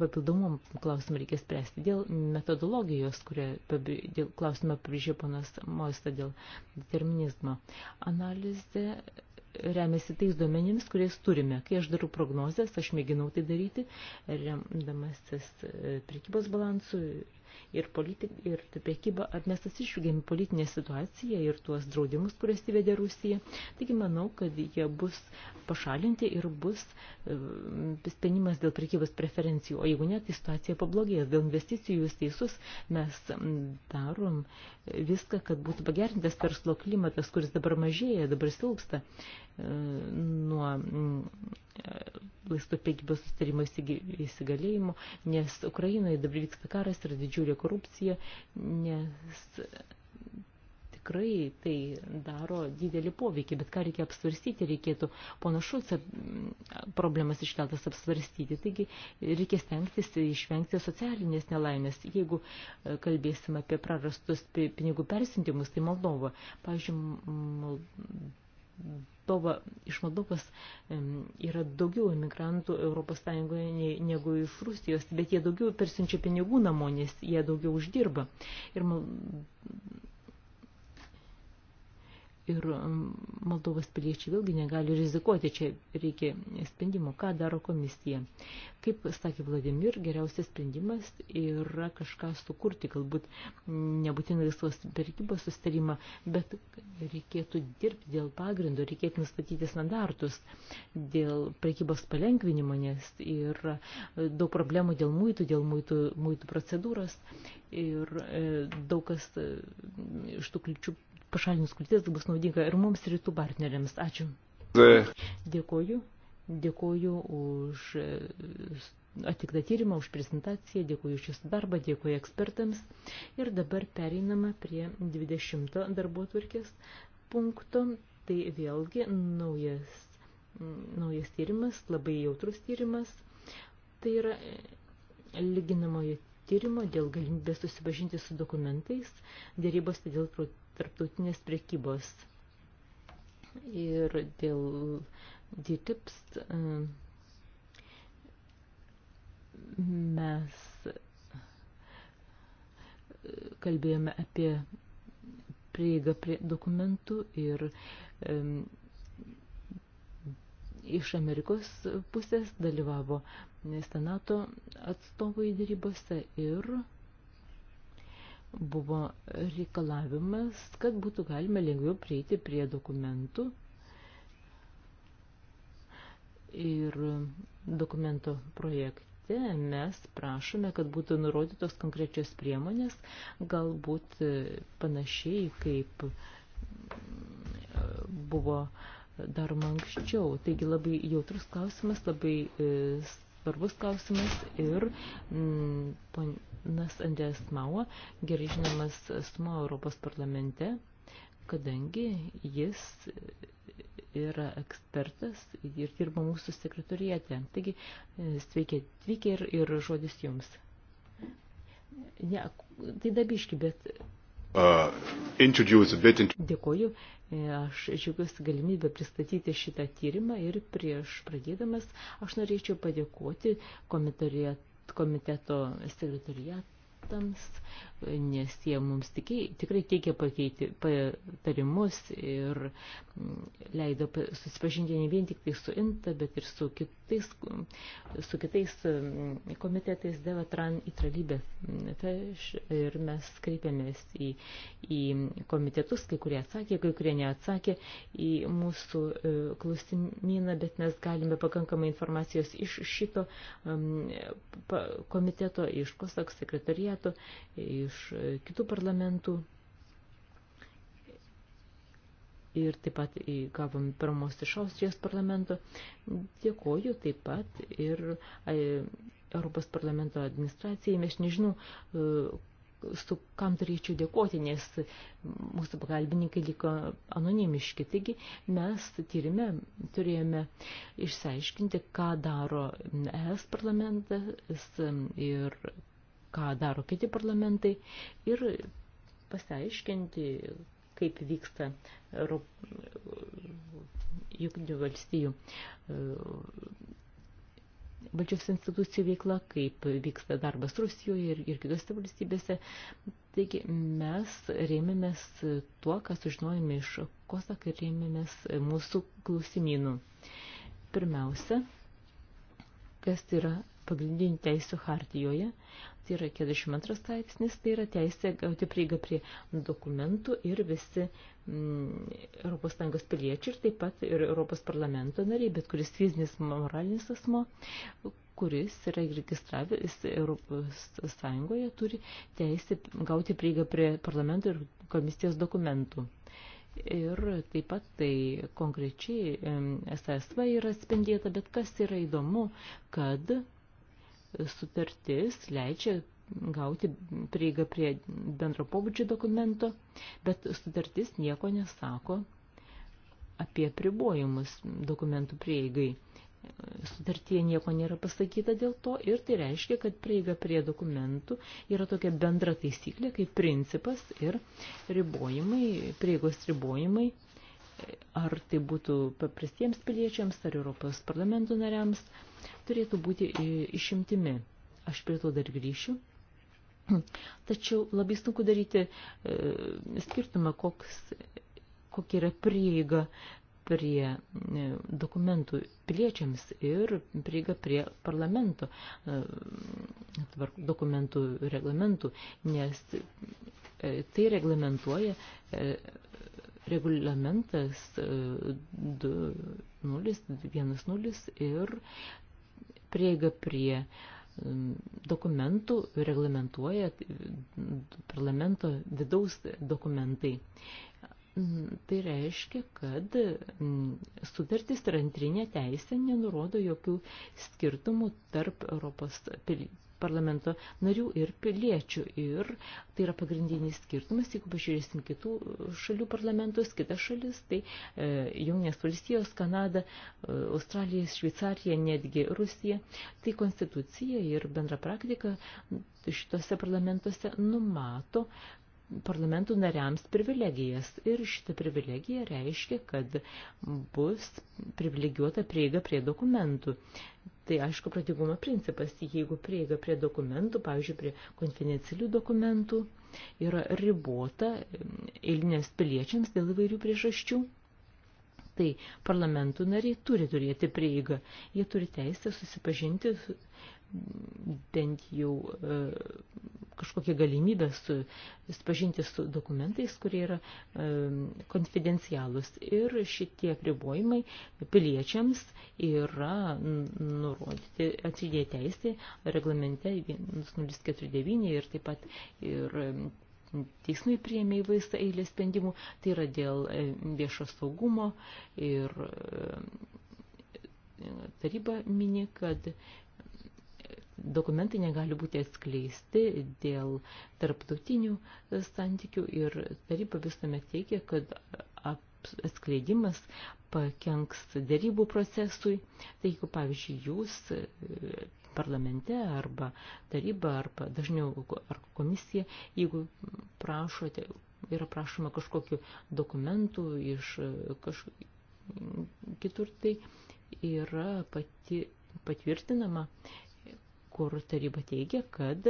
Speaker 2: papildomom klausimą reikia spręsti. Dėl metodologijos, kurią dėl klausimą pabrėžė ponas Moista dėl determinizmo. Analizė remiasi tais duomenimis, kuriais turime. Kai aš darau prognozes, aš mėginau tai daryti, remdamasis e, prekybos balansų ir, politi, ir priekyba, ar mes atsižvelgėme politinę situaciją ir tuos draudimus, kuriuos įvedė Rusija. Taigi manau, kad jie bus pašalinti ir bus e, sprendimas dėl priekybos preferencijų. O jeigu ne, tai situacija pablogės. Dėl investicijų jūs teisus mes darom viską, kad būtų pagerintas verslo klimatas, kuris dabar mažėja, dabar silpsta e, nuo laisvų priekybos sustarimo įsigalėjimo, nes Ukrainoje dabar vyksta karas, yra didžiulė korupcija, nes tikrai tai daro didelį poveikį, bet ką reikia apsvarstyti, reikėtų panašus problemas iškeltas apsvarstyti. Taigi reikia stengtis išvengti socialinės nelaimės. Jeigu kalbėsim apie prarastus pinigų persintimus, tai Moldova. Pavyzdžiui, Moldova Moldova, iš Moldovos yra daugiau imigrantų Europos Sąjungoje negu iš Rusijos, bet jie daugiau persinčia pinigų namo, nes jie daugiau uždirba. Ir ir um, Moldovos piliečiai vėlgi negali rizikuoti, čia reikia sprendimo, ką daro komisija. Kaip sakė Vladimir, geriausias sprendimas yra kažką sukurti, galbūt nebūtinai laisvos perkybos sustarimą, bet reikėtų dirbti dėl pagrindo, reikėtų nustatyti standartus dėl prekybos palengvinimo, nes yra daug problemų dėl muitų, dėl muitų, muitų procedūros ir e, daug kas e, iš tų kliučių pašalinus kliūtis tai bus naudinga ir mums, ir rytų partneriams. Ačiū. Dėkoju. Dėkoju už e, atliktą tyrimą, už prezentaciją, dėkoju už jūsų darbą, dėkoju ekspertams. Ir dabar pereinama prie 20 darbo tvarkės punkto. Tai vėlgi naujas, mm, naujas tyrimas, labai jautrus tyrimas. Tai yra e, lyginamojo tyrimo dėl galimybės susipažinti su dokumentais, dėrybos tai dėl tarptautinės prekybos. Ir dėl DTIPS mes kalbėjome apie prieigą prie dokumentų ir iš Amerikos pusės dalyvavo Senato atstovai dėrybose ir buvo reikalavimas, kad būtų galima lengviau prieiti prie dokumentų ir dokumento projekte mes prašome, kad būtų nurodytos konkrečios priemonės, galbūt panašiai kaip e, buvo daroma anksčiau. Taigi labai jautrus klausimas, labai e, svarbus klausimas ir mm, Nas Andrės Maua, gerai žinomas asmo Europos parlamente, kadangi jis yra ekspertas ir dirba mūsų sekretorijate. Taigi, e, sveiki atvykę ir, ir žodis jums. Ne, tai dabiški, bet...
Speaker 1: Uh, into...
Speaker 2: Dėkoju. E, aš džiaugiuosi galimybę pristatyti šitą tyrimą ir prieš pradėdamas aš norėčiau padėkoti komitorijate komiteto sekretariatą metams, nes jie mums tikiai, tikrai teikia pakeiti, patarimus ir mm, leido susipažinti ne vien tik tai su INTA, bet ir su kitais, su kitais mm, komitetais Devatran įtralybė. Mm, ir mes kreipėmės į, į komitetus, kai kurie atsakė, kai kurie neatsakė į mūsų e, klausimyną, bet mes galime pakankamai informacijos iš šito komiteto, iš kosok sekretariato komitetų, iš kitų parlamentų. Ir taip pat gavom paramos iš Austrijos parlamento. Dėkoju taip pat ir Europos parlamento administracijai. Mes nežinau, e, su kam turėčiau dėkoti, nes mūsų pagalbininkai liko anonimiški. Taigi mes tyrime turėjome išsiaiškinti, ką daro ES parlamentas ir ką daro kiti parlamentai ir pasiaiškinti, kaip vyksta jungtinių valstijų e, valdžios institucijų veikla, kaip vyksta darbas Rusijoje ir, ir kitose valstybėse. Taigi mes rėmėmės tuo, kas sužinojame iš Kosak ir rėmėmės mūsų klausimynų. Pirmiausia, kas yra pagrindinių teisų hartijoje, tai yra 42 straipsnis, tai yra teisė gauti prieigą prie dokumentų ir visi mm, ES piliečiai ir taip pat ir Europos parlamento nariai, bet kuris fizinis moralinis asmo, kuris yra registravęs Europos Sąjungoje, turi teisę gauti prieigą prie parlamento ir komisijos dokumentų. Ir taip pat tai konkrečiai SSV yra atspindėta, bet kas yra įdomu, kad sutartis leidžia gauti prieigą prie bendro pobūdžio dokumento, bet sutartis nieko nesako apie pribojimus dokumentų prieigai. Sutartyje nieko nėra pasakyta dėl to ir tai reiškia, kad prieiga prie dokumentų yra tokia bendra taisyklė kaip principas ir ribojimai, prieigos ribojimai ar tai būtų paprastiems piliečiams, ar Europos parlamento nariams, turėtų būti e, išimtimi. Aš prie to dar grįšiu. Tačiau labai sunku daryti e, skirtumą, koks, kokia yra prieiga prie e, dokumentų piliečiams ir prieiga prie parlamento e, dokumentų reglamentų, nes tai reglamentuoja reglamentas 2010 e, ir prieiga prie e, dokumentų reglamentuoja parlamento vidaus dokumentai. Tai reiškia, kad sutartis ir antrinė teisė nenurodo jokių skirtumų tarp Europos parlamento narių ir piliečių. Ir tai yra pagrindinis skirtumas, jeigu pažiūrėsim kitų šalių parlamentus, kitas šalis, tai e, Junginės valstijos, Kanada, e, Australija, Šveicarija, netgi Rusija. Tai konstitucija ir bendra praktika šituose parlamentuose numato, parlamentų nariams privilegijas. Ir šita privilegija reiškia, kad bus privilegijuota prieiga prie dokumentų. Tai aišku, pratigumo principas, jeigu prieiga prie dokumentų, pavyzdžiui, prie konfidencialių dokumentų, yra ribota eilinės piliečiams dėl įvairių priežasčių, tai parlamentų nariai turi turėti prieigą. Jie turi teisę susipažinti bent jau e, kažkokią galimybę susipažinti su dokumentais, kurie yra e, konfidencialūs. Ir šitie pribojimai piliečiams yra nurodyti atsidėję teisė reglamente 1049 ir taip pat ir teismai priėmė įvaistą eilę sprendimų, tai yra dėl viešo saugumo ir taryba mini, kad dokumentai negali būti atskleisti dėl tarptautinių santykių ir taryba visuomet teikia, kad atskleidimas pakenks darybų procesui. Tai jeigu, pavyzdžiui, jūs e, parlamente arba taryba arba dažniau ar komisija, jeigu prašote, yra prašoma kažkokiu dokumentu iš e, kaž... kitur, tai yra pati patvirtinama kur taryba teigia, kad,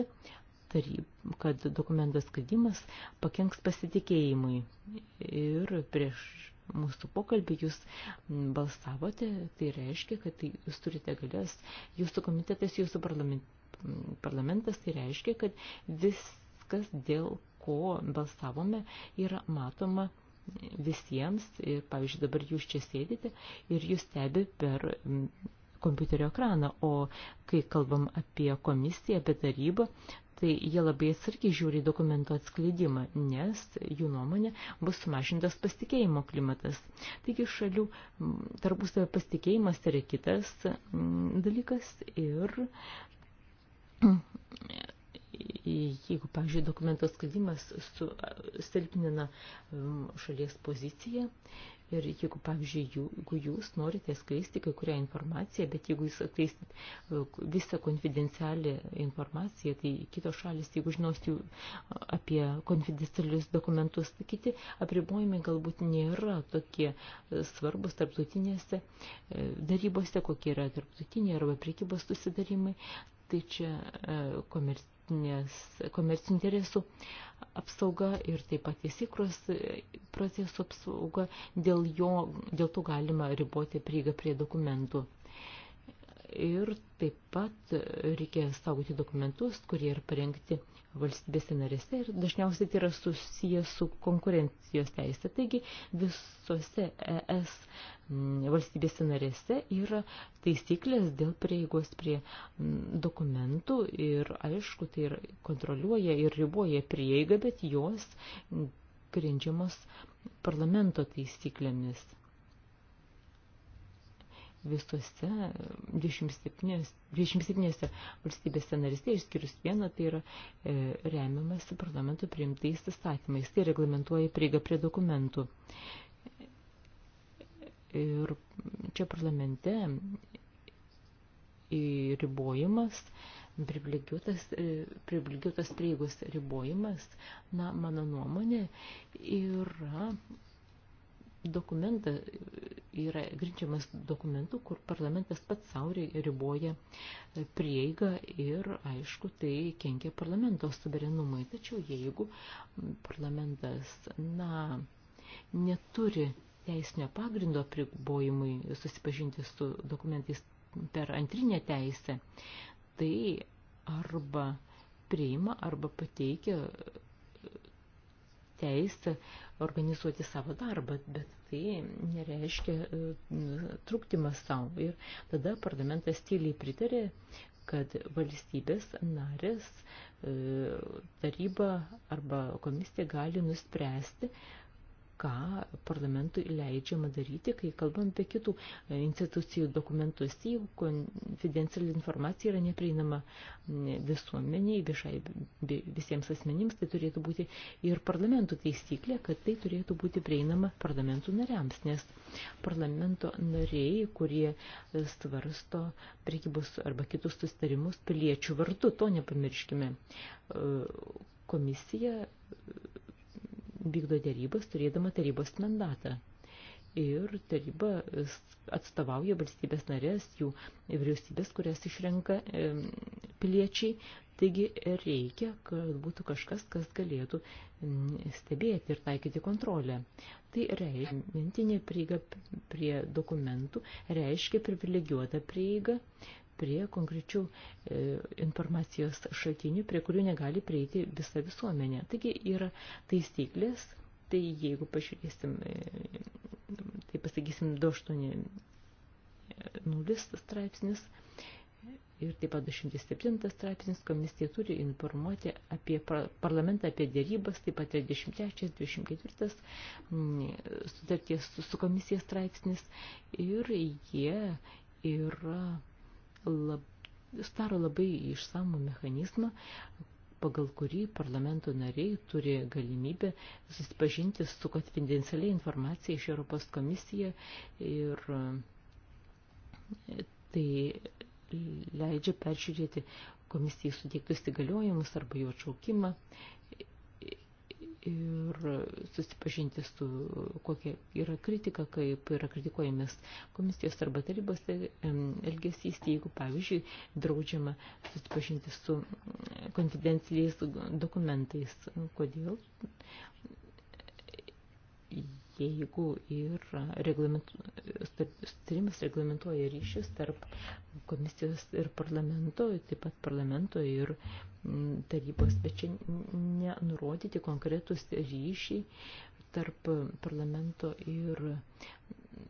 Speaker 2: taryb, kad dokumentas skaidimas pakenks pasitikėjimui. Ir prieš mūsų pokalbį jūs balsavote, tai reiškia, kad tai jūs turite galės, jūsų komitetas, jūsų parlament, parlamentas, tai reiškia, kad viskas, dėl ko balsavome, yra matoma visiems, ir, pavyzdžiui, dabar jūs čia sėdite ir jūs stebi per kompiuterio ekraną, o kai kalbam apie komisiją, apie tarybą, tai jie labai atsargiai žiūri dokumento atskleidimą, nes jų nuomonė bus sumažintas pasitikėjimo klimatas. Taigi šalių tarpusavio pasitikėjimas yra kitas dalykas ir jeigu, pavyzdžiui, dokumento skleidimas silpnina šalies poziciją Ir jeigu, pavyzdžiui, jeigu jūs norite skleisti kai kurią informaciją, bet jeigu jūs skleistit e, visą konfidencialią informaciją, tai kitos šalis, jeigu žinos jų apie konfidencialius dokumentus, tai kiti apribojimai galbūt nėra tokie e, svarbus tarptautinėse e, darybose, kokie yra tarptautiniai arba prekybos susidarimai. Tai čia komercija komercinių interesų apsauga ir taip pat teisykros e, procesų apsauga, dėl, jo, dėl to galima riboti prieigą prie dokumentų ir taip pat reikia saugoti dokumentus, kurie yra parengti valstybėse narėse ir dažniausiai tai yra susijęs su konkurencijos teisė. Taigi visose ES valstybėse narėse yra taisyklės dėl prieigos prie dokumentų ir aišku, tai yra, kontroliuoja ir riboja prieigą, bet jos grindžiamos parlamento taisyklėmis visose 27, 27 valstybėse narystė, išskyrus vieną, tai yra e, remiamas parlamento priimtais įstatymais. Tai reglamentuoja prieigą prie dokumentų. Ir čia parlamente ribojimas, privilegiuotas, e, privilegiuotas prieigos ribojimas, na, mano nuomonė, yra dokumentą yra grindžiamas dokumentu, kur parlamentas pats sauriai riboja e, prieigą ir, aišku, tai kenkia parlamento suverenumui. Tačiau jeigu parlamentas, na, neturi teisinio pagrindo apribojimui susipažinti su dokumentais per antrinę teisę, tai arba priima arba pateikia teisę organizuoti savo darbą, bet tai nereiškia e, trukdymas savo. Ir tada parlamentas tyliai pritarė, kad valstybės narės e, taryba arba komisija gali nuspręsti, ką parlamentui leidžiama daryti, kai kalbam apie kitų institucijų dokumentus, jeigu konfidenciali informacija yra neprieinama visuomeniai, viešai visiems asmenims, tai turėtų būti ir parlamentų taisyklė, kad tai turėtų būti prieinama parlamentų nariams, nes parlamento nariai, kurie svarsto prekybos arba kitus sustarimus piliečių vardu, to nepamirškime. Komisija vykdo dėrybas turėdama tarybos mandatą. Ir taryba atstovauja valstybės narės, jų vyriausybės, kurias išrenka e, piliečiai. Taigi reikia, kad būtų kažkas, kas galėtų stebėti ir taikyti kontrolę. Tai reiškia, mintinė prieiga prie dokumentų reiškia privilegijuotą prieigą, prie konkrečių e, informacijos šaltinių, prie kurių negali prieiti visa visuomenė. Taigi yra taisyklės, tai jeigu pažiūrėsim, e, tai pasakysim 280 e, straipsnis ir taip pat 207 straipsnis, komisija turi informuoti apie parlamentą, apie dėrybas, taip pat 33, 24 mm, sutarties su, su komisija straipsnis ir jie yra lab, staro labai išsamų mechanizmą, pagal kurį parlamento nariai turi galimybę susipažinti su konfidencialia informacija iš Europos komisija ir e, tai leidžia peržiūrėti komisijai suteiktus įgaliojimus arba jų atšaukimą ir susipažinti su kokia yra kritika, kaip yra kritikuojamas komisijos arba tarybos e, elgesys, tai jeigu, pavyzdžiui, draudžiama susipažinti su konfidencialiais dokumentais. Kodėl? jeigu ir reglamentu, sutarimas reglamentuoja ryšius tarp komisijos ir parlamento, taip pat parlamento ir mm, tarybos, bet čia nenurodyti konkretus ryšiai tarp parlamento ir,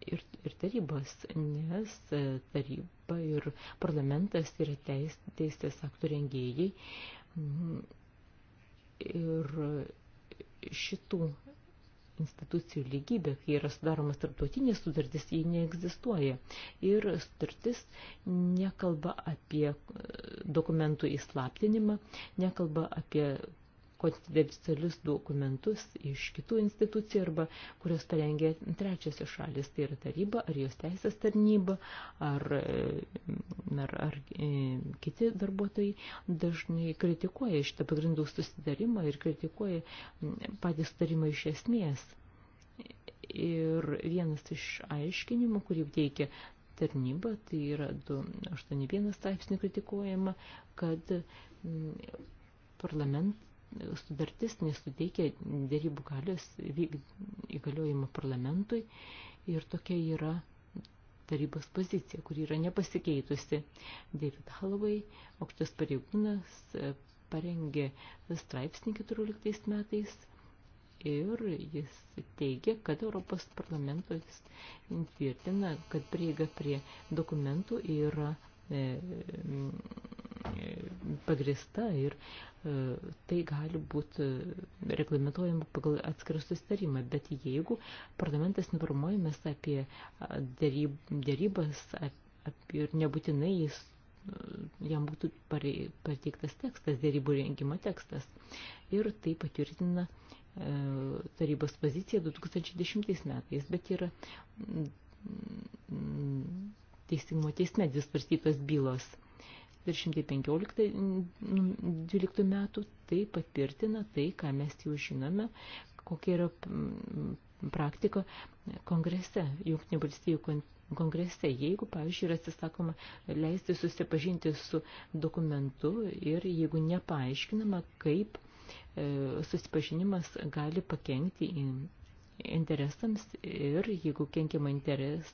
Speaker 2: ir, ir tarybos, nes taryba ir parlamentas yra teis, teisės aktų rengėjai mm, ir šitų institucijų lygybė, kai yra sudaromas tarptautinės sutartis, jie neegzistuoja. Ir sutartis nekalba apie e, dokumentų įslaptinimą, nekalba apie konfidencialius dokumentus iš kitų institucijų arba kurios parengė trečiosios šalis, tai yra taryba ar jos teisės tarnyba ar, e, ar, ar e, kiti darbuotojai dažnai kritikuoja šitą pagrindų susidarimą ir kritikuoja patį sudarimą iš esmės. Ir vienas iš aiškinimų, kurį teikia tarnyba, tai yra 281 straipsnių kritikuojama, kad parlament, sudartis nesuteikia dėrybų galios įgaliojimo parlamentui ir tokia yra tarybos pozicija, kuri yra nepasikeitusi. David Halavai, aukštas pareigūnas, parengė straipsnį 14 metais ir jis teigia, kad Europos parlamentas tvirtina, kad prieiga prie dokumentų yra e, pagrista ir e, tai gali būti e, reglamentojama pagal atskirus susitarimą, bet jeigu parlamentas informuojamas apie dėrybas ir nebūtinai jis e, jam būtų pateiktas tekstas, dėrybų rengimo tekstas. Ir tai patvirtina tarybos poziciją 2010 metais, bet yra teisingumo teisme disparstytos bylos 2015-2012 nu, metų, tai patvirtina tai, ką mes jau žinome, kokia yra praktika kongrese, jungtinių valstybių kongrese, jeigu, pavyzdžiui, yra atsisakoma leisti susipažinti su dokumentu ir jeigu nepaaiškinama, kaip e, susipažinimas gali pakengti interesams ir jeigu kenkiama interes,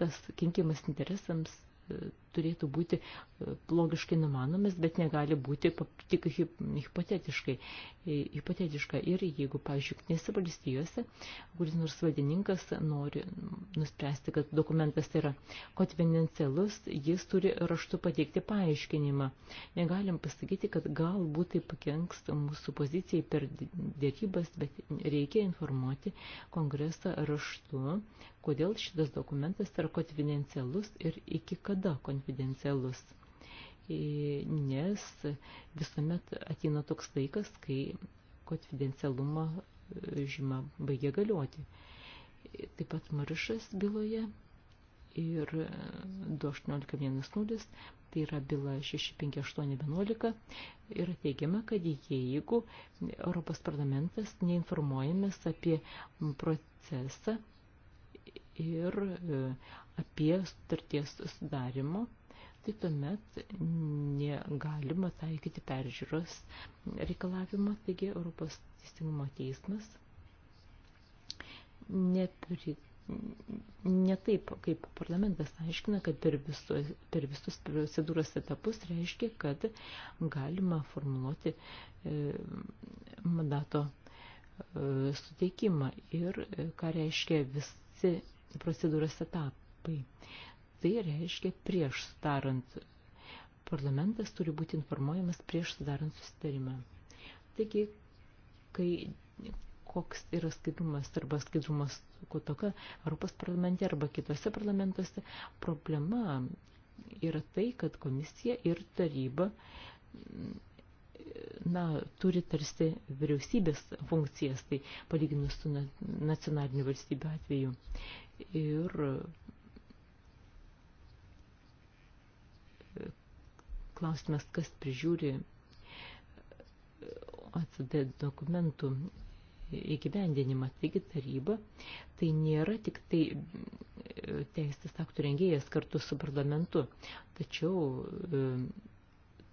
Speaker 2: tas kenkiamas interesams, e, turėtų būti e, logiškai numanomas, bet negali būti tik hipotetiškai. E, hipotetiška. Ir jeigu, pavyzdžiui, knėse valstijose, kuris nors vadininkas nori nuspręsti, kad dokumentas yra konfidencialus, jis turi raštu pateikti paaiškinimą. Negalim pasakyti, kad galbūt tai pakenks mūsų pozicijai per dėrybas, bet reikia informuoti kongresą raštu, kodėl šitas dokumentas yra konfidencialus ir iki kada konfidencialus konfidencialus. E, nes visuomet atina toks laikas, kai konfidencialumo žyma baigia galioti. E, taip pat Marišas byloje ir 218.10, tai yra byla 658.11, yra teigiama, kad jeigu Europos parlamentas neinformuojamas apie procesą ir e, apie sutarties sudarimą, tai tuomet negalima taikyti peržiūros reikalavimą, taigi Europos teisingumo teismas nepri, ne taip, kaip parlamentas aiškina, kad per, visu, per visus procedūros etapus reiškia, kad galima formuluoti e, mandato e, suteikimą ir e, ką reiškia visi procedūros etapai Europai. Tai reiškia prieš starant. Parlamentas turi būti informuojamas prieš sudarant susitarimą. Taigi, kai koks yra skaidrumas arba skaidrumas kotoka Europos parlamente arba kitose parlamentuose, problema yra tai, kad komisija ir taryba na, turi tarsi vyriausybės funkcijas, tai palyginus su nacionaliniu valstybių atveju. Ir klausimas, kas prižiūri OCD dokumentų įgyvendinimą. Taigi taryba tai nėra tik tai e, teisės aktų rengėjas kartu su parlamentu, tačiau e,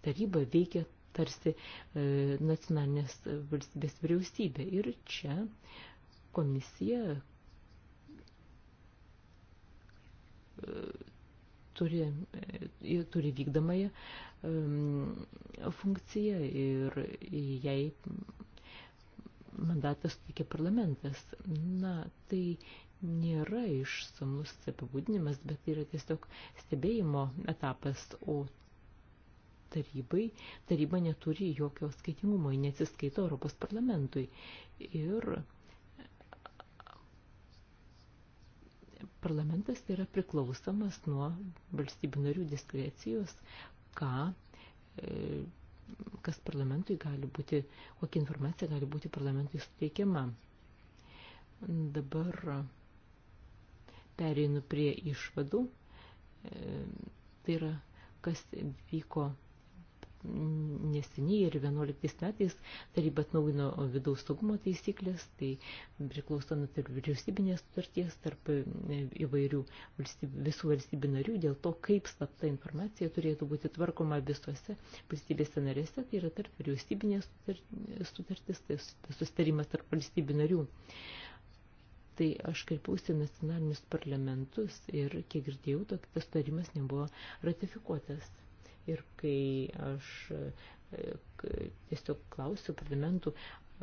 Speaker 2: taryba veikia tarsi e, nacionalinės valstybės vyriausybė. Ir čia komisija turi, e, turi vykdomąją funkciją ir jai mandatas teikia parlamentas. Na, tai nėra išsamus apibūdinimas, bet tai yra tiesiog stebėjimo etapas, o tarybai, taryba neturi jokio skaitingumo, neatsiskaito Europos parlamentui. Ir parlamentas tai yra priklausomas nuo valstybių narių diskrecijos, ką, e, kas parlamentui gali būti, kokia informacija gali būti parlamentui suteikiama. Dabar pereinu prie išvadų. E, tai yra, kas vyko neseniai ir 11 metais taryba atnaujino vidaus saugumo taisyklės, tai priklauso nuo tarp vyriausybinės sutarties, tarp e, įvairių valstybių, visų valstybių narių, dėl to, kaip slapta informacija turėtų būti tvarkoma visose valstybėse narėse, tai yra tarp vyriausybinės sutartis, tai sustarimas tarp valstybių narių tai aš kreipiausi į nacionalinius parlamentus ir, kiek girdėjau, tas tarimas nebuvo ratifikuotas. Ir kai aš e, tiesiog klausiu parlamentų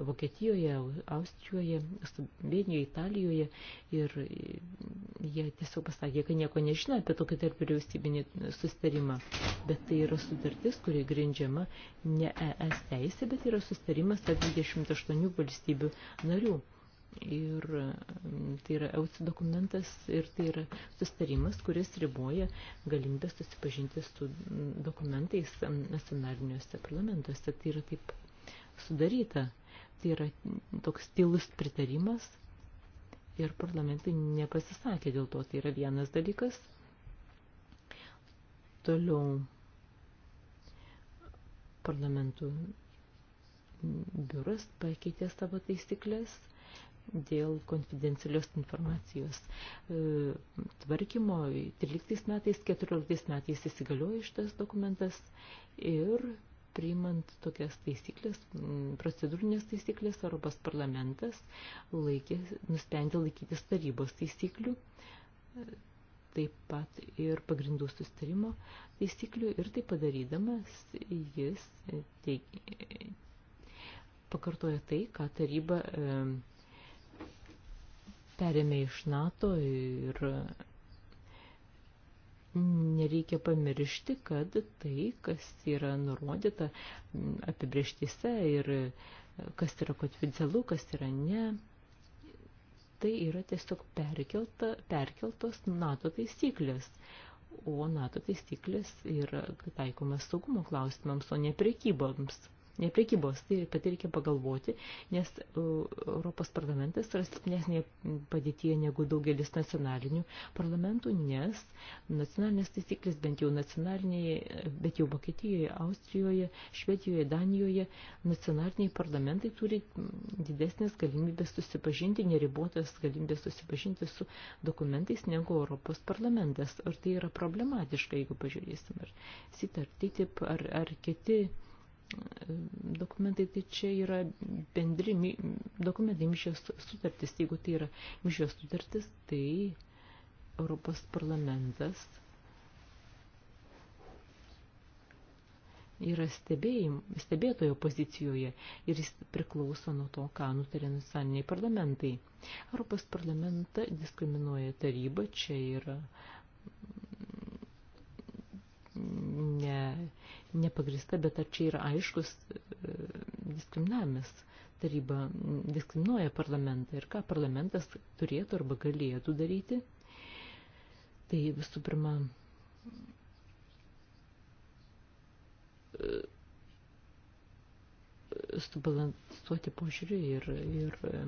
Speaker 2: Vokietijoje, Austrijoje, Slovenijoje, Italijoje ir jie tiesiog pasakė, kad nieko nežino apie tokį tarp vyriausybinį sustarimą. Bet tai yra sutartis, kuri grindžiama ne ES teisė, bet yra sustarimas tarp 28 valstybių narių. Ir mm, tai yra EUC dokumentas ir tai yra sustarimas, kuris riboja galimybę susipažinti su mm, dokumentais mm, nacionaliniuose parlamentuose. Tai yra taip sudaryta. Tai yra toks tylus pritarimas ir parlamentai nepasisakė dėl to. Tai yra vienas dalykas. Toliau parlamentų biuras pakeitė savo taisyklės dėl konfidencialios informacijos e, tvarkymo. 13 metais, 14 metais įsigaliojo šitas dokumentas ir priimant tokias taisyklės, procedūrinės taisyklės, Europos parlamentas laikė, nusprendė laikytis tarybos taisyklių, e, taip pat ir pagrindų sustarimo taisyklių ir tai padarydamas jis teik, pakartoja tai, ką taryba e, perėmė iš NATO ir nereikia pamiršti, kad tai, kas yra nurodyta apibrieštise ir kas yra konfidencialu, kas yra ne, tai yra tiesiog perkelta, perkeltos NATO taisyklės. O NATO taisyklės yra taikomas saugumo klausimams, o ne prekyboms prekybos. Tai apie tai reikia pagalvoti, nes e, Europos parlamentas yra silpnesnė padėtyje negu daugelis nacionalinių parlamentų, nes nacionalinės taisyklės bent jau nacionalinėje, bet jau Vokietijoje, Austrijoje, Švedijoje, Danijoje nacionaliniai parlamentai turi didesnės galimybės susipažinti, neribotas galimybės susipažinti su dokumentais negu Europos parlamentas. Ar tai yra problematiška, jeigu pažiūrėsim, ar sitar, tai taip, ar, ar kiti dokumentai, tai čia yra bendri dokumentai, mišės sutartis. Jeigu tai yra mišės sutartis, tai Europos parlamentas yra stebėjim, stebėtojo pozicijoje ir jis priklauso nuo to, ką nutarė nacionaliniai parlamentai. Europos parlamentą diskriminuoja taryba, čia yra ne nepagrista, bet ar čia yra aiškus e, diskriminavimas. Taryba diskriminuoja parlamentą ir ką parlamentas turėtų arba galėtų daryti. Tai visų pirma, e, subalansuoti požiūrį ir, ir e,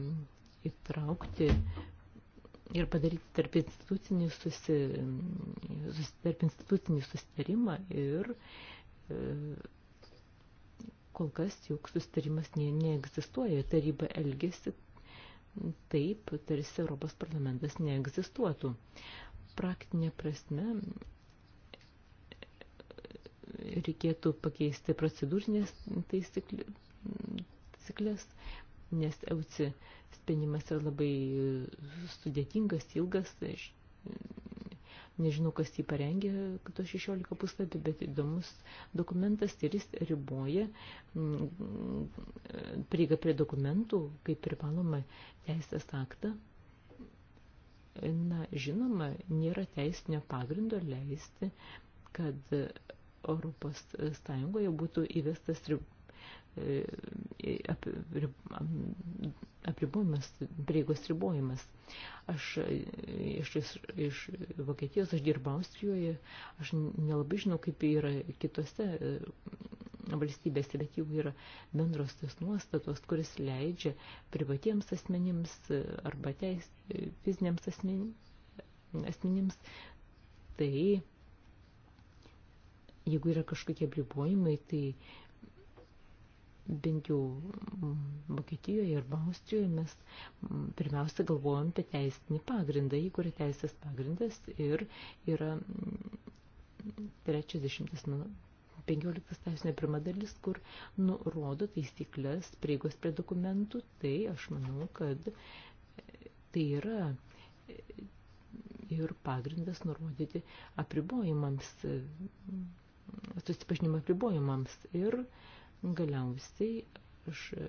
Speaker 2: įtraukti ir padaryti tarp institucinį, susi, tarp institucinį susitarimą ir uh, E, kol kas juk sustarimas ne, neegzistuoja, taryba elgesi taip, tarsi Europos parlamentas neegzistuotų. Praktinė prasme reikėtų pakeisti procedūrinės taisyklės, nes EUCI sprendimas yra labai sudėtingas, ilgas, Nežinau, kas jį parengė, to 16 puslapį, bet įdomus dokumentas ir jis riboja mm, prieigą prie dokumentų, kaip privaloma teisės aktą. Na, žinoma, nėra teisinio pagrindo leisti, kad Europos Sąjungoje būtų įvestas E, apribojimas, prieigos ribojimas. Aš e, iš, iš, iš Vokietijos, aš dirbau Austrijoje, aš nelabai žinau, kaip yra kitose e, valstybėse, bet jau yra bendros tas nuostatos, kuris leidžia privatiems asmenims arba teis, fiziniams asmen, asmenims. Tai jeigu yra kažkokie apribojimai, tai bent jau Vokietijoje ir Austrijoje mes pirmiausia galvojam apie teisinį pagrindą, į kurį teisės pagrindas ir yra 30. 15 teisinė pirma dalis, kur nurodo taisyklės prieigos prie dokumentų, tai aš manau, kad e, tai yra e, ir pagrindas nurodyti apribojimams, e, susipažinimo apribojimams ir uh, Galiausiai aš e,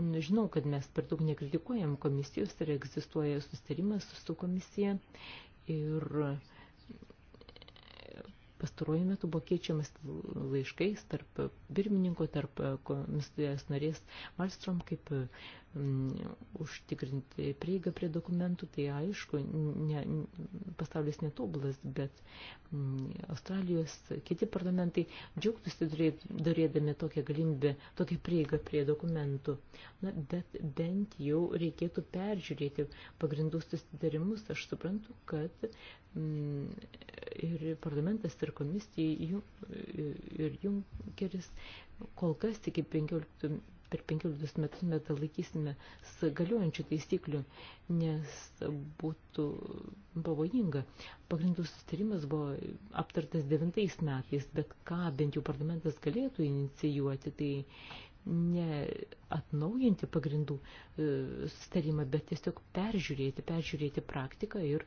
Speaker 2: nu, žinau, kad mes per daug nekritikuojam komisijos ir tai egzistuoja sustarimas su komisija ir e, pastaruoju metu buvo keičiamas laiškais tarp pirmininko, tarp komisijos narės Malstrom, kaip e, m, mm, užtikrinti prieigą prie dokumentų, tai aišku, ne, pasaulis netobulas, bet m, mm, Australijos kiti parlamentai džiaugtųsi turėdami tokią galimybę, tokią prieigą prie dokumentų. Na, bet bent jau reikėtų peržiūrėti pagrindų susitarimus. Aš suprantu, kad m, mm, ir parlamentas, ir komisija, jų, ir Junkeris kol kas iki 15 per 15 metus mes laikysime galiojančių taisyklių, nes būtų pavojinga. Pagrindų sustarimas buvo aptartas 9 metais, bet ką bent jau parlamentas galėtų inicijuoti, tai ne atnaujinti pagrindų e, sustarimą, bet tiesiog peržiūrėti, peržiūrėti praktiką ir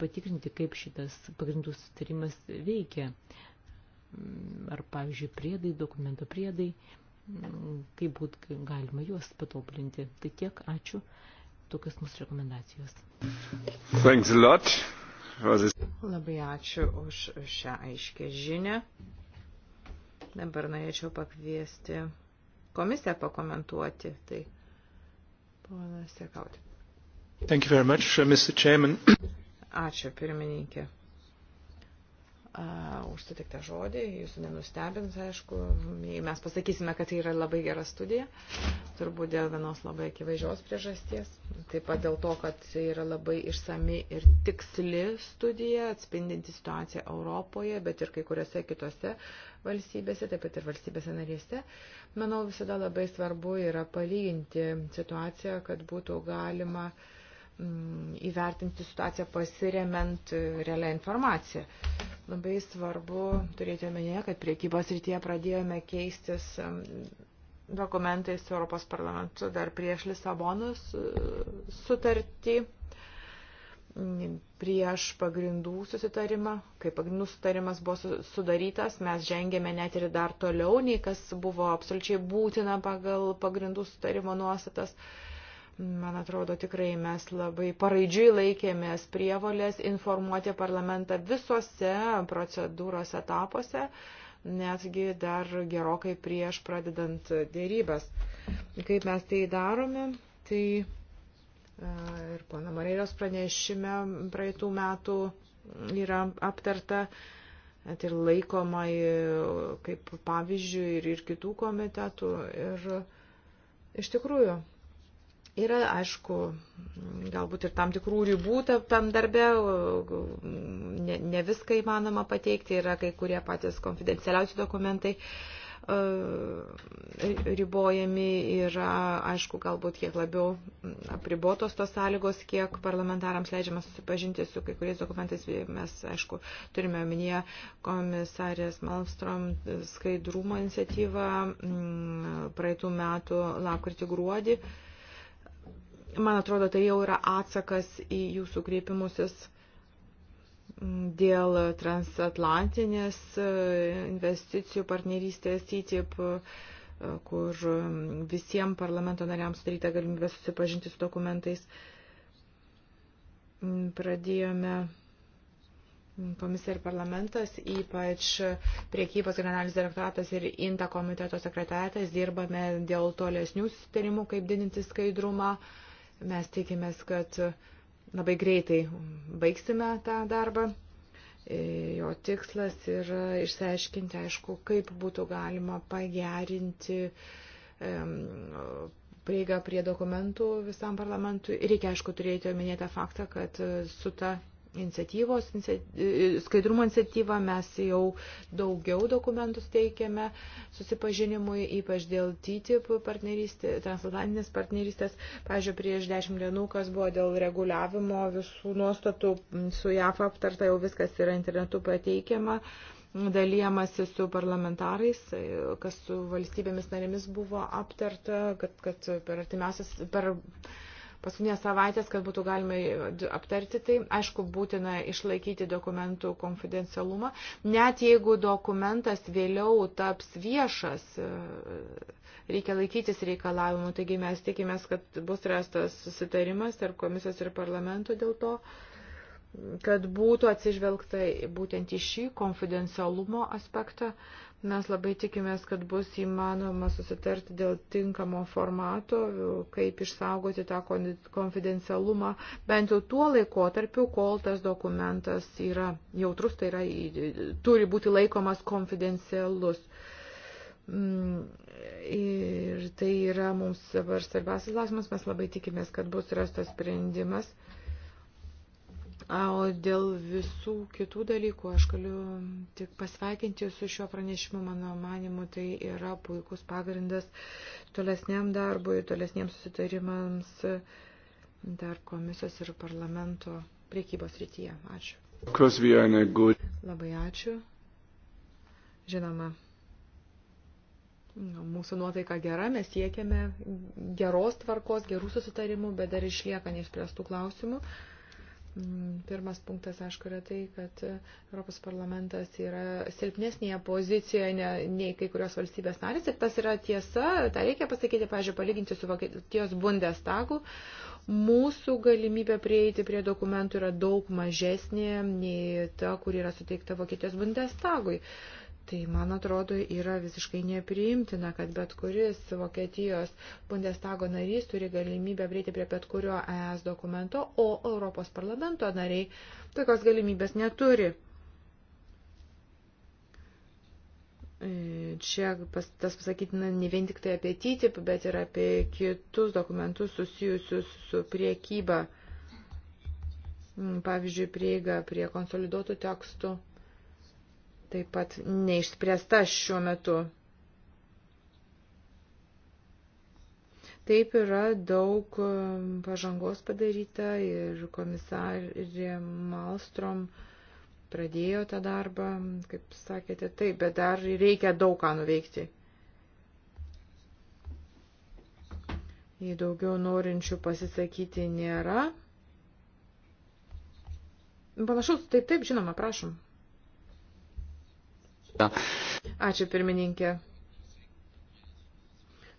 Speaker 2: patikrinti, kaip šitas pagrindų sustarimas veikia. Mm, ar, pavyzdžiui, priedai, dokumento priedai, kaip būt galima juos patobulinti. Tai tiek, ačiū, tokios mūsų rekomendacijos.
Speaker 1: Thanks a lot. Labai
Speaker 3: ačiū už šią aiškę žinę. Dabar norėčiau pakviesti komisiją pakomentuoti. Tai ponas Sekauti.
Speaker 1: Thank you very much, uh, Mr. Chairman.
Speaker 3: Ačiū, pirmininkė už sutiktą žodį. Jūsų nenustebins, aišku, jei mes pasakysime, kad tai yra labai gera studija, turbūt dėl vienos labai akivaizdžios priežasties, taip pat dėl to, kad tai yra labai išsami ir tiksli studija, atspindinti situaciją Europoje, bet ir kai kuriuose kitose valstybėse, taip pat ir valstybėse narėse. Manau, visada labai svarbu yra palyginti situaciją, kad būtų galima mm, įvertinti situaciją pasiremiant realią informaciją Labai svarbu turėti omenyje, kad priekybos rytyje pradėjome keistis dokumentais su Europos parlamentu dar prieš Lisabonus e, sutartį, prieš pagrindų susitarimą. Kai pagrindų sutarimas buvo sudarytas, mes žengėme net ir dar toliau, nei kas buvo absoliučiai būtina pagal pagrindų sutarimo nuostatas. Uh, Man atrodo, tikrai mes labai paraidžiui laikėmės prievolės informuoti parlamentą visose procedūros etapuose, netgi dar gerokai prieš pradedant dėrybas. Kaip mes tai darome, tai e, ir pana Marėjos pranešime praeitų metų yra aptarta net ir laikoma kaip pavyzdžių ir, ir kitų komitetų. Ir iš tikrųjų, Yra, aišku, galbūt ir tam tikrų ribų tam darbe, ne, ne viską įmanoma pateikti, yra kai kurie patys konfidencialiausi dokumentai e, ribojami ir, aišku, galbūt kiek labiau apribotos tos sąlygos, kiek parlamentarams leidžiama susipažinti su kai kuriais dokumentais. Mes, aišku, turime omenyje komisarės Malmstrom skaidrumo iniciatyvą praeitų metų lapkritį gruodį. Man atrodo, tai jau yra atsakas į jūsų kreipimusis dėl transatlantinės e, investicijų partnerystės TTIP, e, kur visiems parlamento nariams sudaryta galimybė susipažinti su dokumentais. Mm, pradėjome mm, komisija ir parlamentas, ypač priekybos generalinis direktoratas ir INTA komiteto sekretariatas dirbame dėl tolesnių susitarimų, kaip didinti skaidrumą. Uh, Mes tikimės, kad labai greitai baigsime tą darbą. Jo tikslas yra išsiaiškinti, aišku, kaip būtų galima pagerinti prieigą prie dokumentų visam parlamentui. Reikia, aišku, turėti omenyje tą faktą, kad su ta iniciatyvos, e, skaidrumo iniciatyvą mes jau daugiau dokumentų teikiame susipažinimui, ypač dėl TTIP partnerystės, transatlantinės partnerystės. Pavyzdžiui, prieš dešimt dienų, kas buvo dėl reguliavimo visų nuostatų su JAF aptarta, jau viskas yra internetu pateikiama dalyjamasi su parlamentarais, e, kas su valstybėmis narėmis buvo aptarta, kad, kad per artimiausias, per paskutinės savaitės, kad būtų galima aptarti tai. Aišku, būtina išlaikyti dokumentų konfidencialumą, net jeigu dokumentas vėliau taps viešas. E, reikia laikytis reikalavimų, taigi mes tikimės, kad bus rastas susitarimas tarp komisijos ir parlamento dėl to kad būtų atsižvelgta būtent į šį konfidencialumo aspektą. Uh, Mes labai tikimės, kad bus įmanoma susitarti dėl tinkamo formato, kaip išsaugoti tą konfidencialumą, bent jau tuo laikotarpiu, kol tas dokumentas yra jautrus, tai yra, turi būti laikomas konfidencialus. Mm, ir tai yra mums dabar svarbiausias klausimas, mes labai tikimės, kad bus rastas sprendimas. O dėl visų kitų dalykų aš galiu tik pasveikinti su šiuo pranešimu, mano manimu, tai yra puikus pagrindas tolesniam darbui, tolesniems susitarimams tarp komisijos ir parlamento priekybos rytyje. Ačiū. Labai ačiū. Žinoma, nu, mūsų nuotaika gera, mes siekiame geros tvarkos, gerų susitarimų, bet dar išlieka neišspręstų klausimų. Mm, pirmas punktas, aišku, yra tai, kad Europos parlamentas yra silpnesnėje pozicijoje nei kai kurios valstybės narės ir tas yra tiesa, tą reikia pasakyti, pažiūrėjau, palyginti su Vokietijos Bundestagu, mūsų galimybė prieiti prie dokumentų yra daug mažesnė nei ta, kur yra suteikta Vokietijos Bundestagui. Tai, man atrodo, yra visiškai nepriimtina, kad bet kuris Vokietijos Bundestago narys turi galimybę prieiti prie bet kurio ES dokumento, o Europos parlamento nariai tokios galimybės neturi. E, čia pas, tas pasakytina ne vien tik tai apie TTIP, bet ir apie kitus dokumentus susijusius su priekyba, mm, pavyzdžiui, prieiga prie konsoliduotų tekstų taip pat neišspręsta šiuo metu. Taip yra daug um, pažangos padaryta ir komisarė Malstrom pradėjo tą darbą, kaip sakėte, taip, bet dar reikia daug ką nuveikti. Jei daugiau norinčių pasisakyti nėra. Panašaus, taip, taip, žinoma, prašom. Ačiū pirmininkė.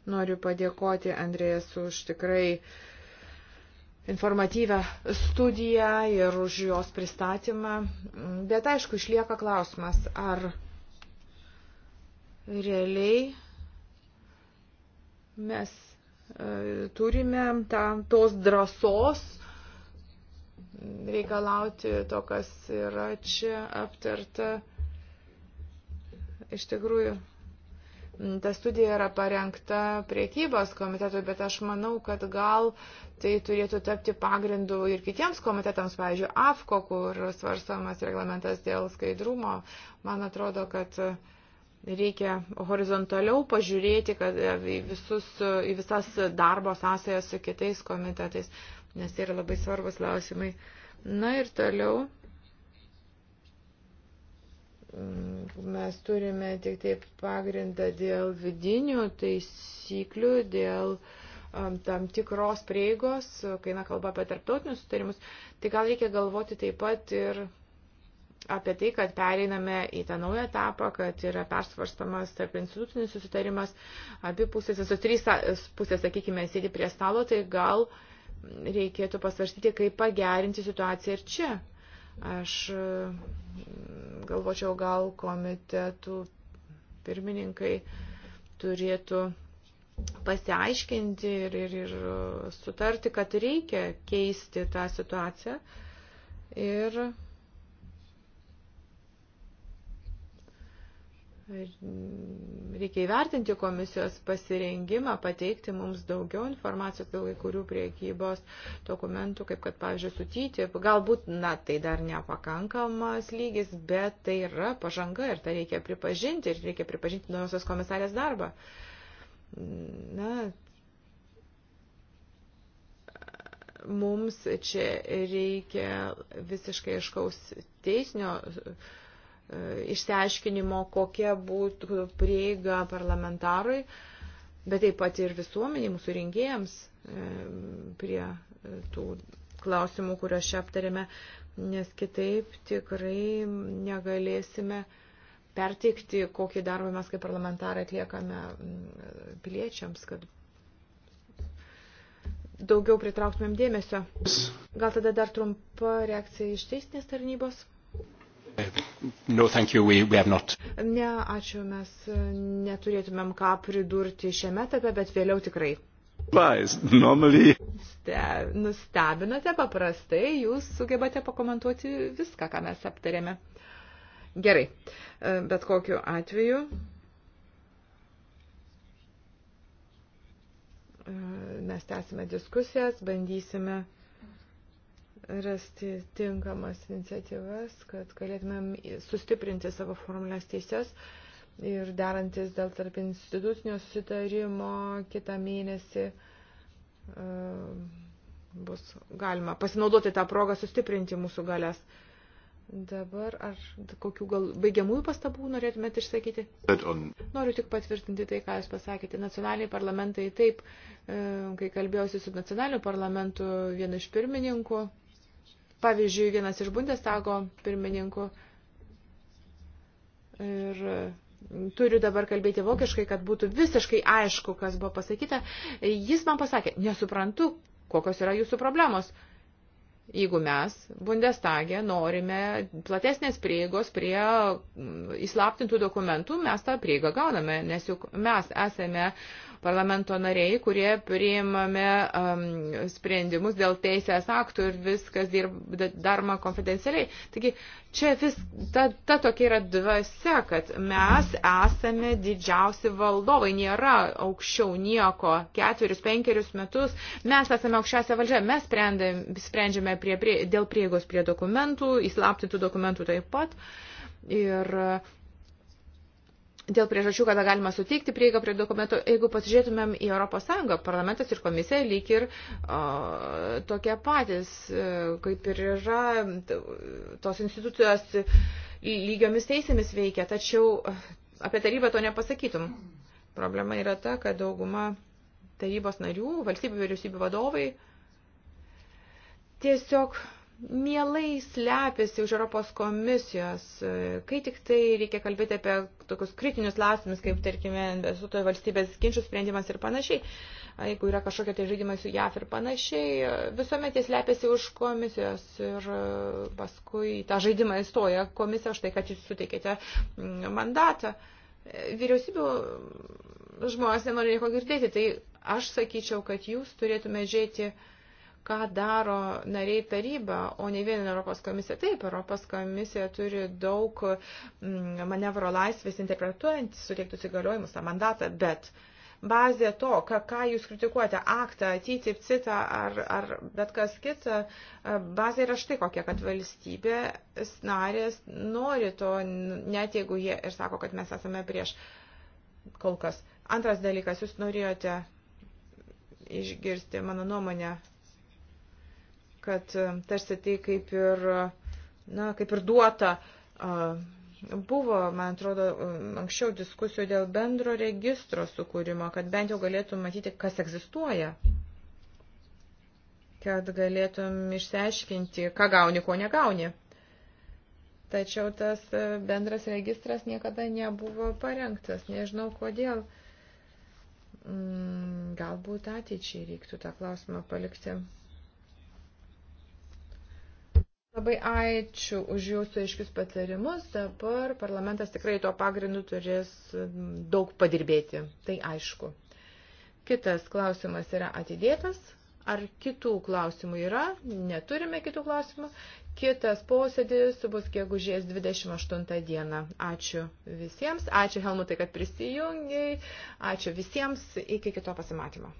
Speaker 3: Noriu padėkoti Andrėjas už tikrai informatyvę studiją ir už jos pristatymą. Bet aišku, išlieka klausimas, ar realiai mes e, turime tą, tos drąsos reikalauti to, kas yra čia aptarta iš tikrųjų, ta studija yra parengta priekybos komitetui, bet aš manau, kad gal tai turėtų tapti pagrindu ir kitiems komitetams, pavyzdžiui, AFKO, kur svarstamas reglamentas dėl skaidrumo. Man atrodo, kad reikia horizontaliau pažiūrėti kad į, visus, į visas darbo sąsajas su kitais komitetais, nes tai yra labai svarbus klausimai. Na ir toliau. Mm, mes turime tik taip pagrindą dėl vidinių taisyklių, dėl um, tam tikros prieigos, kai na kalba apie tarptautinius sutarimus, tai gal reikia galvoti taip pat ir apie tai, kad pereiname į tą naują etapą, kad yra persvarstamas tarp institucinis susitarimas, abi pusės, visos trys pusės, sakykime, sėdi prie stalo, tai gal reikėtų pasvarstyti, kaip pagerinti situaciją ir čia. Aš mm, galvočiau, gal komitetų pirmininkai turėtų pasiaiškinti ir, ir, ir sutarti, kad reikia keisti tą situaciją. Ir Reikia įvertinti komisijos pasirengimą, pateikti mums daugiau informacijos dėl kurių priekybos dokumentų, kaip kad, pavyzdžiui, sutyti. Galbūt, na, tai dar nepakankamas lygis, bet tai yra pažanga ir tai reikia pripažinti ir reikia pripažinti naujosios komisarės darbą. Na, mums čia reikia visiškai iškaus teisinio išsiaiškinimo, kokia būtų prieiga parlamentarui, bet taip pat ir visuomeniai, mūsų rinkėjams e, prie e, tų klausimų, kuriuos čia aptarėme, nes kitaip tikrai negalėsime perteikti, kokį darbą mes kaip parlamentarai atliekame mm, piliečiams, kad daugiau pritrauktumėm dėmesio. Gal tada dar trumpa reakcija iš teisinės tarnybos?
Speaker 5: No, thank you, we, we
Speaker 1: have not.
Speaker 3: Ne, ačiū, mes e, neturėtumėm ką pridurti šiame etape, bet vėliau tikrai.
Speaker 1: Normally...
Speaker 3: Ste, nustebinate paprastai, jūs sugebate pakomentuoti viską, ką mes aptarėme. Gerai, e, bet kokiu atveju. E, mes tęsime diskusijas, bandysime rasti tinkamas iniciatyvas, kad galėtumėm sustiprinti savo formulės teises ir derantis dėl tarp institucinio susitarimo kitą mėnesį e, bus galima pasinaudoti tą progą sustiprinti mūsų galės. Dabar ar kokių gal baigiamųjų pastabų norėtumėt išsakyti? Noriu tik patvirtinti tai, ką Jūs pasakėte. Nacionaliniai parlamentai taip, e, kai kalbėjausi su nacionaliniu parlamentu vienu iš pirmininkų, Pavyzdžiui, vienas iš Bundestago pirmininkų ir e, turiu dabar kalbėti vokiškai, kad būtų visiškai aišku, kas buvo pasakyta. Jis man pasakė, nesuprantu, kokios yra jūsų problemos. Jeigu mes Bundestage norime platesnės prieigos prie įslaptintų dokumentų, mes tą prieigą gauname, nes juk mes esame uh, parlamento nariai, kurie priimame um, sprendimus dėl teisės aktų ir viskas daroma konfidencialiai. Taigi čia vis ta, ta tokia yra dvasia, kad mes esame didžiausi valdovai, nėra aukščiau nieko, ketverius, penkerius metus, mes esame aukščiausia valdžia, mes sprendžiame prie, prie, dėl prieigos prie dokumentų, įslaptintų dokumentų taip pat. Ir dėl priežasčių, kada galima suteikti prieigą prie dokumentų, jeigu pasižiūrėtumėm į ES, parlamentas ir komisija lyg ir o, tokie patys, kaip ir yra tos institucijos lygiomis teisėmis veikia, tačiau apie tarybą to nepasakytum. Problema yra ta, kad dauguma tarybos narių, valstybių vyriausybių vadovai tiesiog mielai slepiasi už Europos komisijos, kai tik tai reikia kalbėti apie tokius kritinius klausimus, kaip, tarkime, investuotojų valstybės ginčių sprendimas ir panašiai, jeigu yra kažkokie tai žaidimai su JAF ir panašiai, visuomet jie slepiasi už komisijos ir e, paskui tą žaidimą įstoja komisija už tai, kad jūs suteikėte mm, mandatą. Vyriausybių žmonės nenori nieko girdėti, tai aš sakyčiau, kad jūs turėtume žiūrėti ką daro nariai taryba, o ne vien Europos komisija. Taip, Europos komisija turi daug mm, manevro laisvės interpretuojant suteiktus įgaliojimus tą mandatą, bet bazė to, ką, ką jūs kritikuojate, aktą, TTIP, CITA ar, ar bet kas kita, bazė yra štai kokia, kad valstybė narės nori to, net jeigu jie ir sako, kad mes esame prieš kol kas. Antras dalykas, jūs norėjote išgirsti mano nuomonę kad e, tarsi tai kaip ir, e, na, kaip ir duota. E, buvo, man atrodo, anksčiau diskusijų dėl bendro registro sukūrimo, kad bent jau galėtum matyti, kas egzistuoja kad galėtum išsiaiškinti, ką gauni, ko negauni. Tačiau tas bendras registras niekada nebuvo parengtas, nežinau kodėl. Mm, galbūt ateičiai reiktų tą klausimą palikti. Labai ačiū už jūsų aiškius patarimus. Dabar parlamentas tikrai tuo pagrindu turės daug padirbėti. Tai aišku. Kitas klausimas yra atidėtas. Ar kitų klausimų yra? Neturime kitų klausimų. Kitas posėdis bus gegužės 28 dieną. Ačiū visiems. Ačiū Helmutai, kad prisijungiai. Ačiū visiems. Iki kito pasimatymo.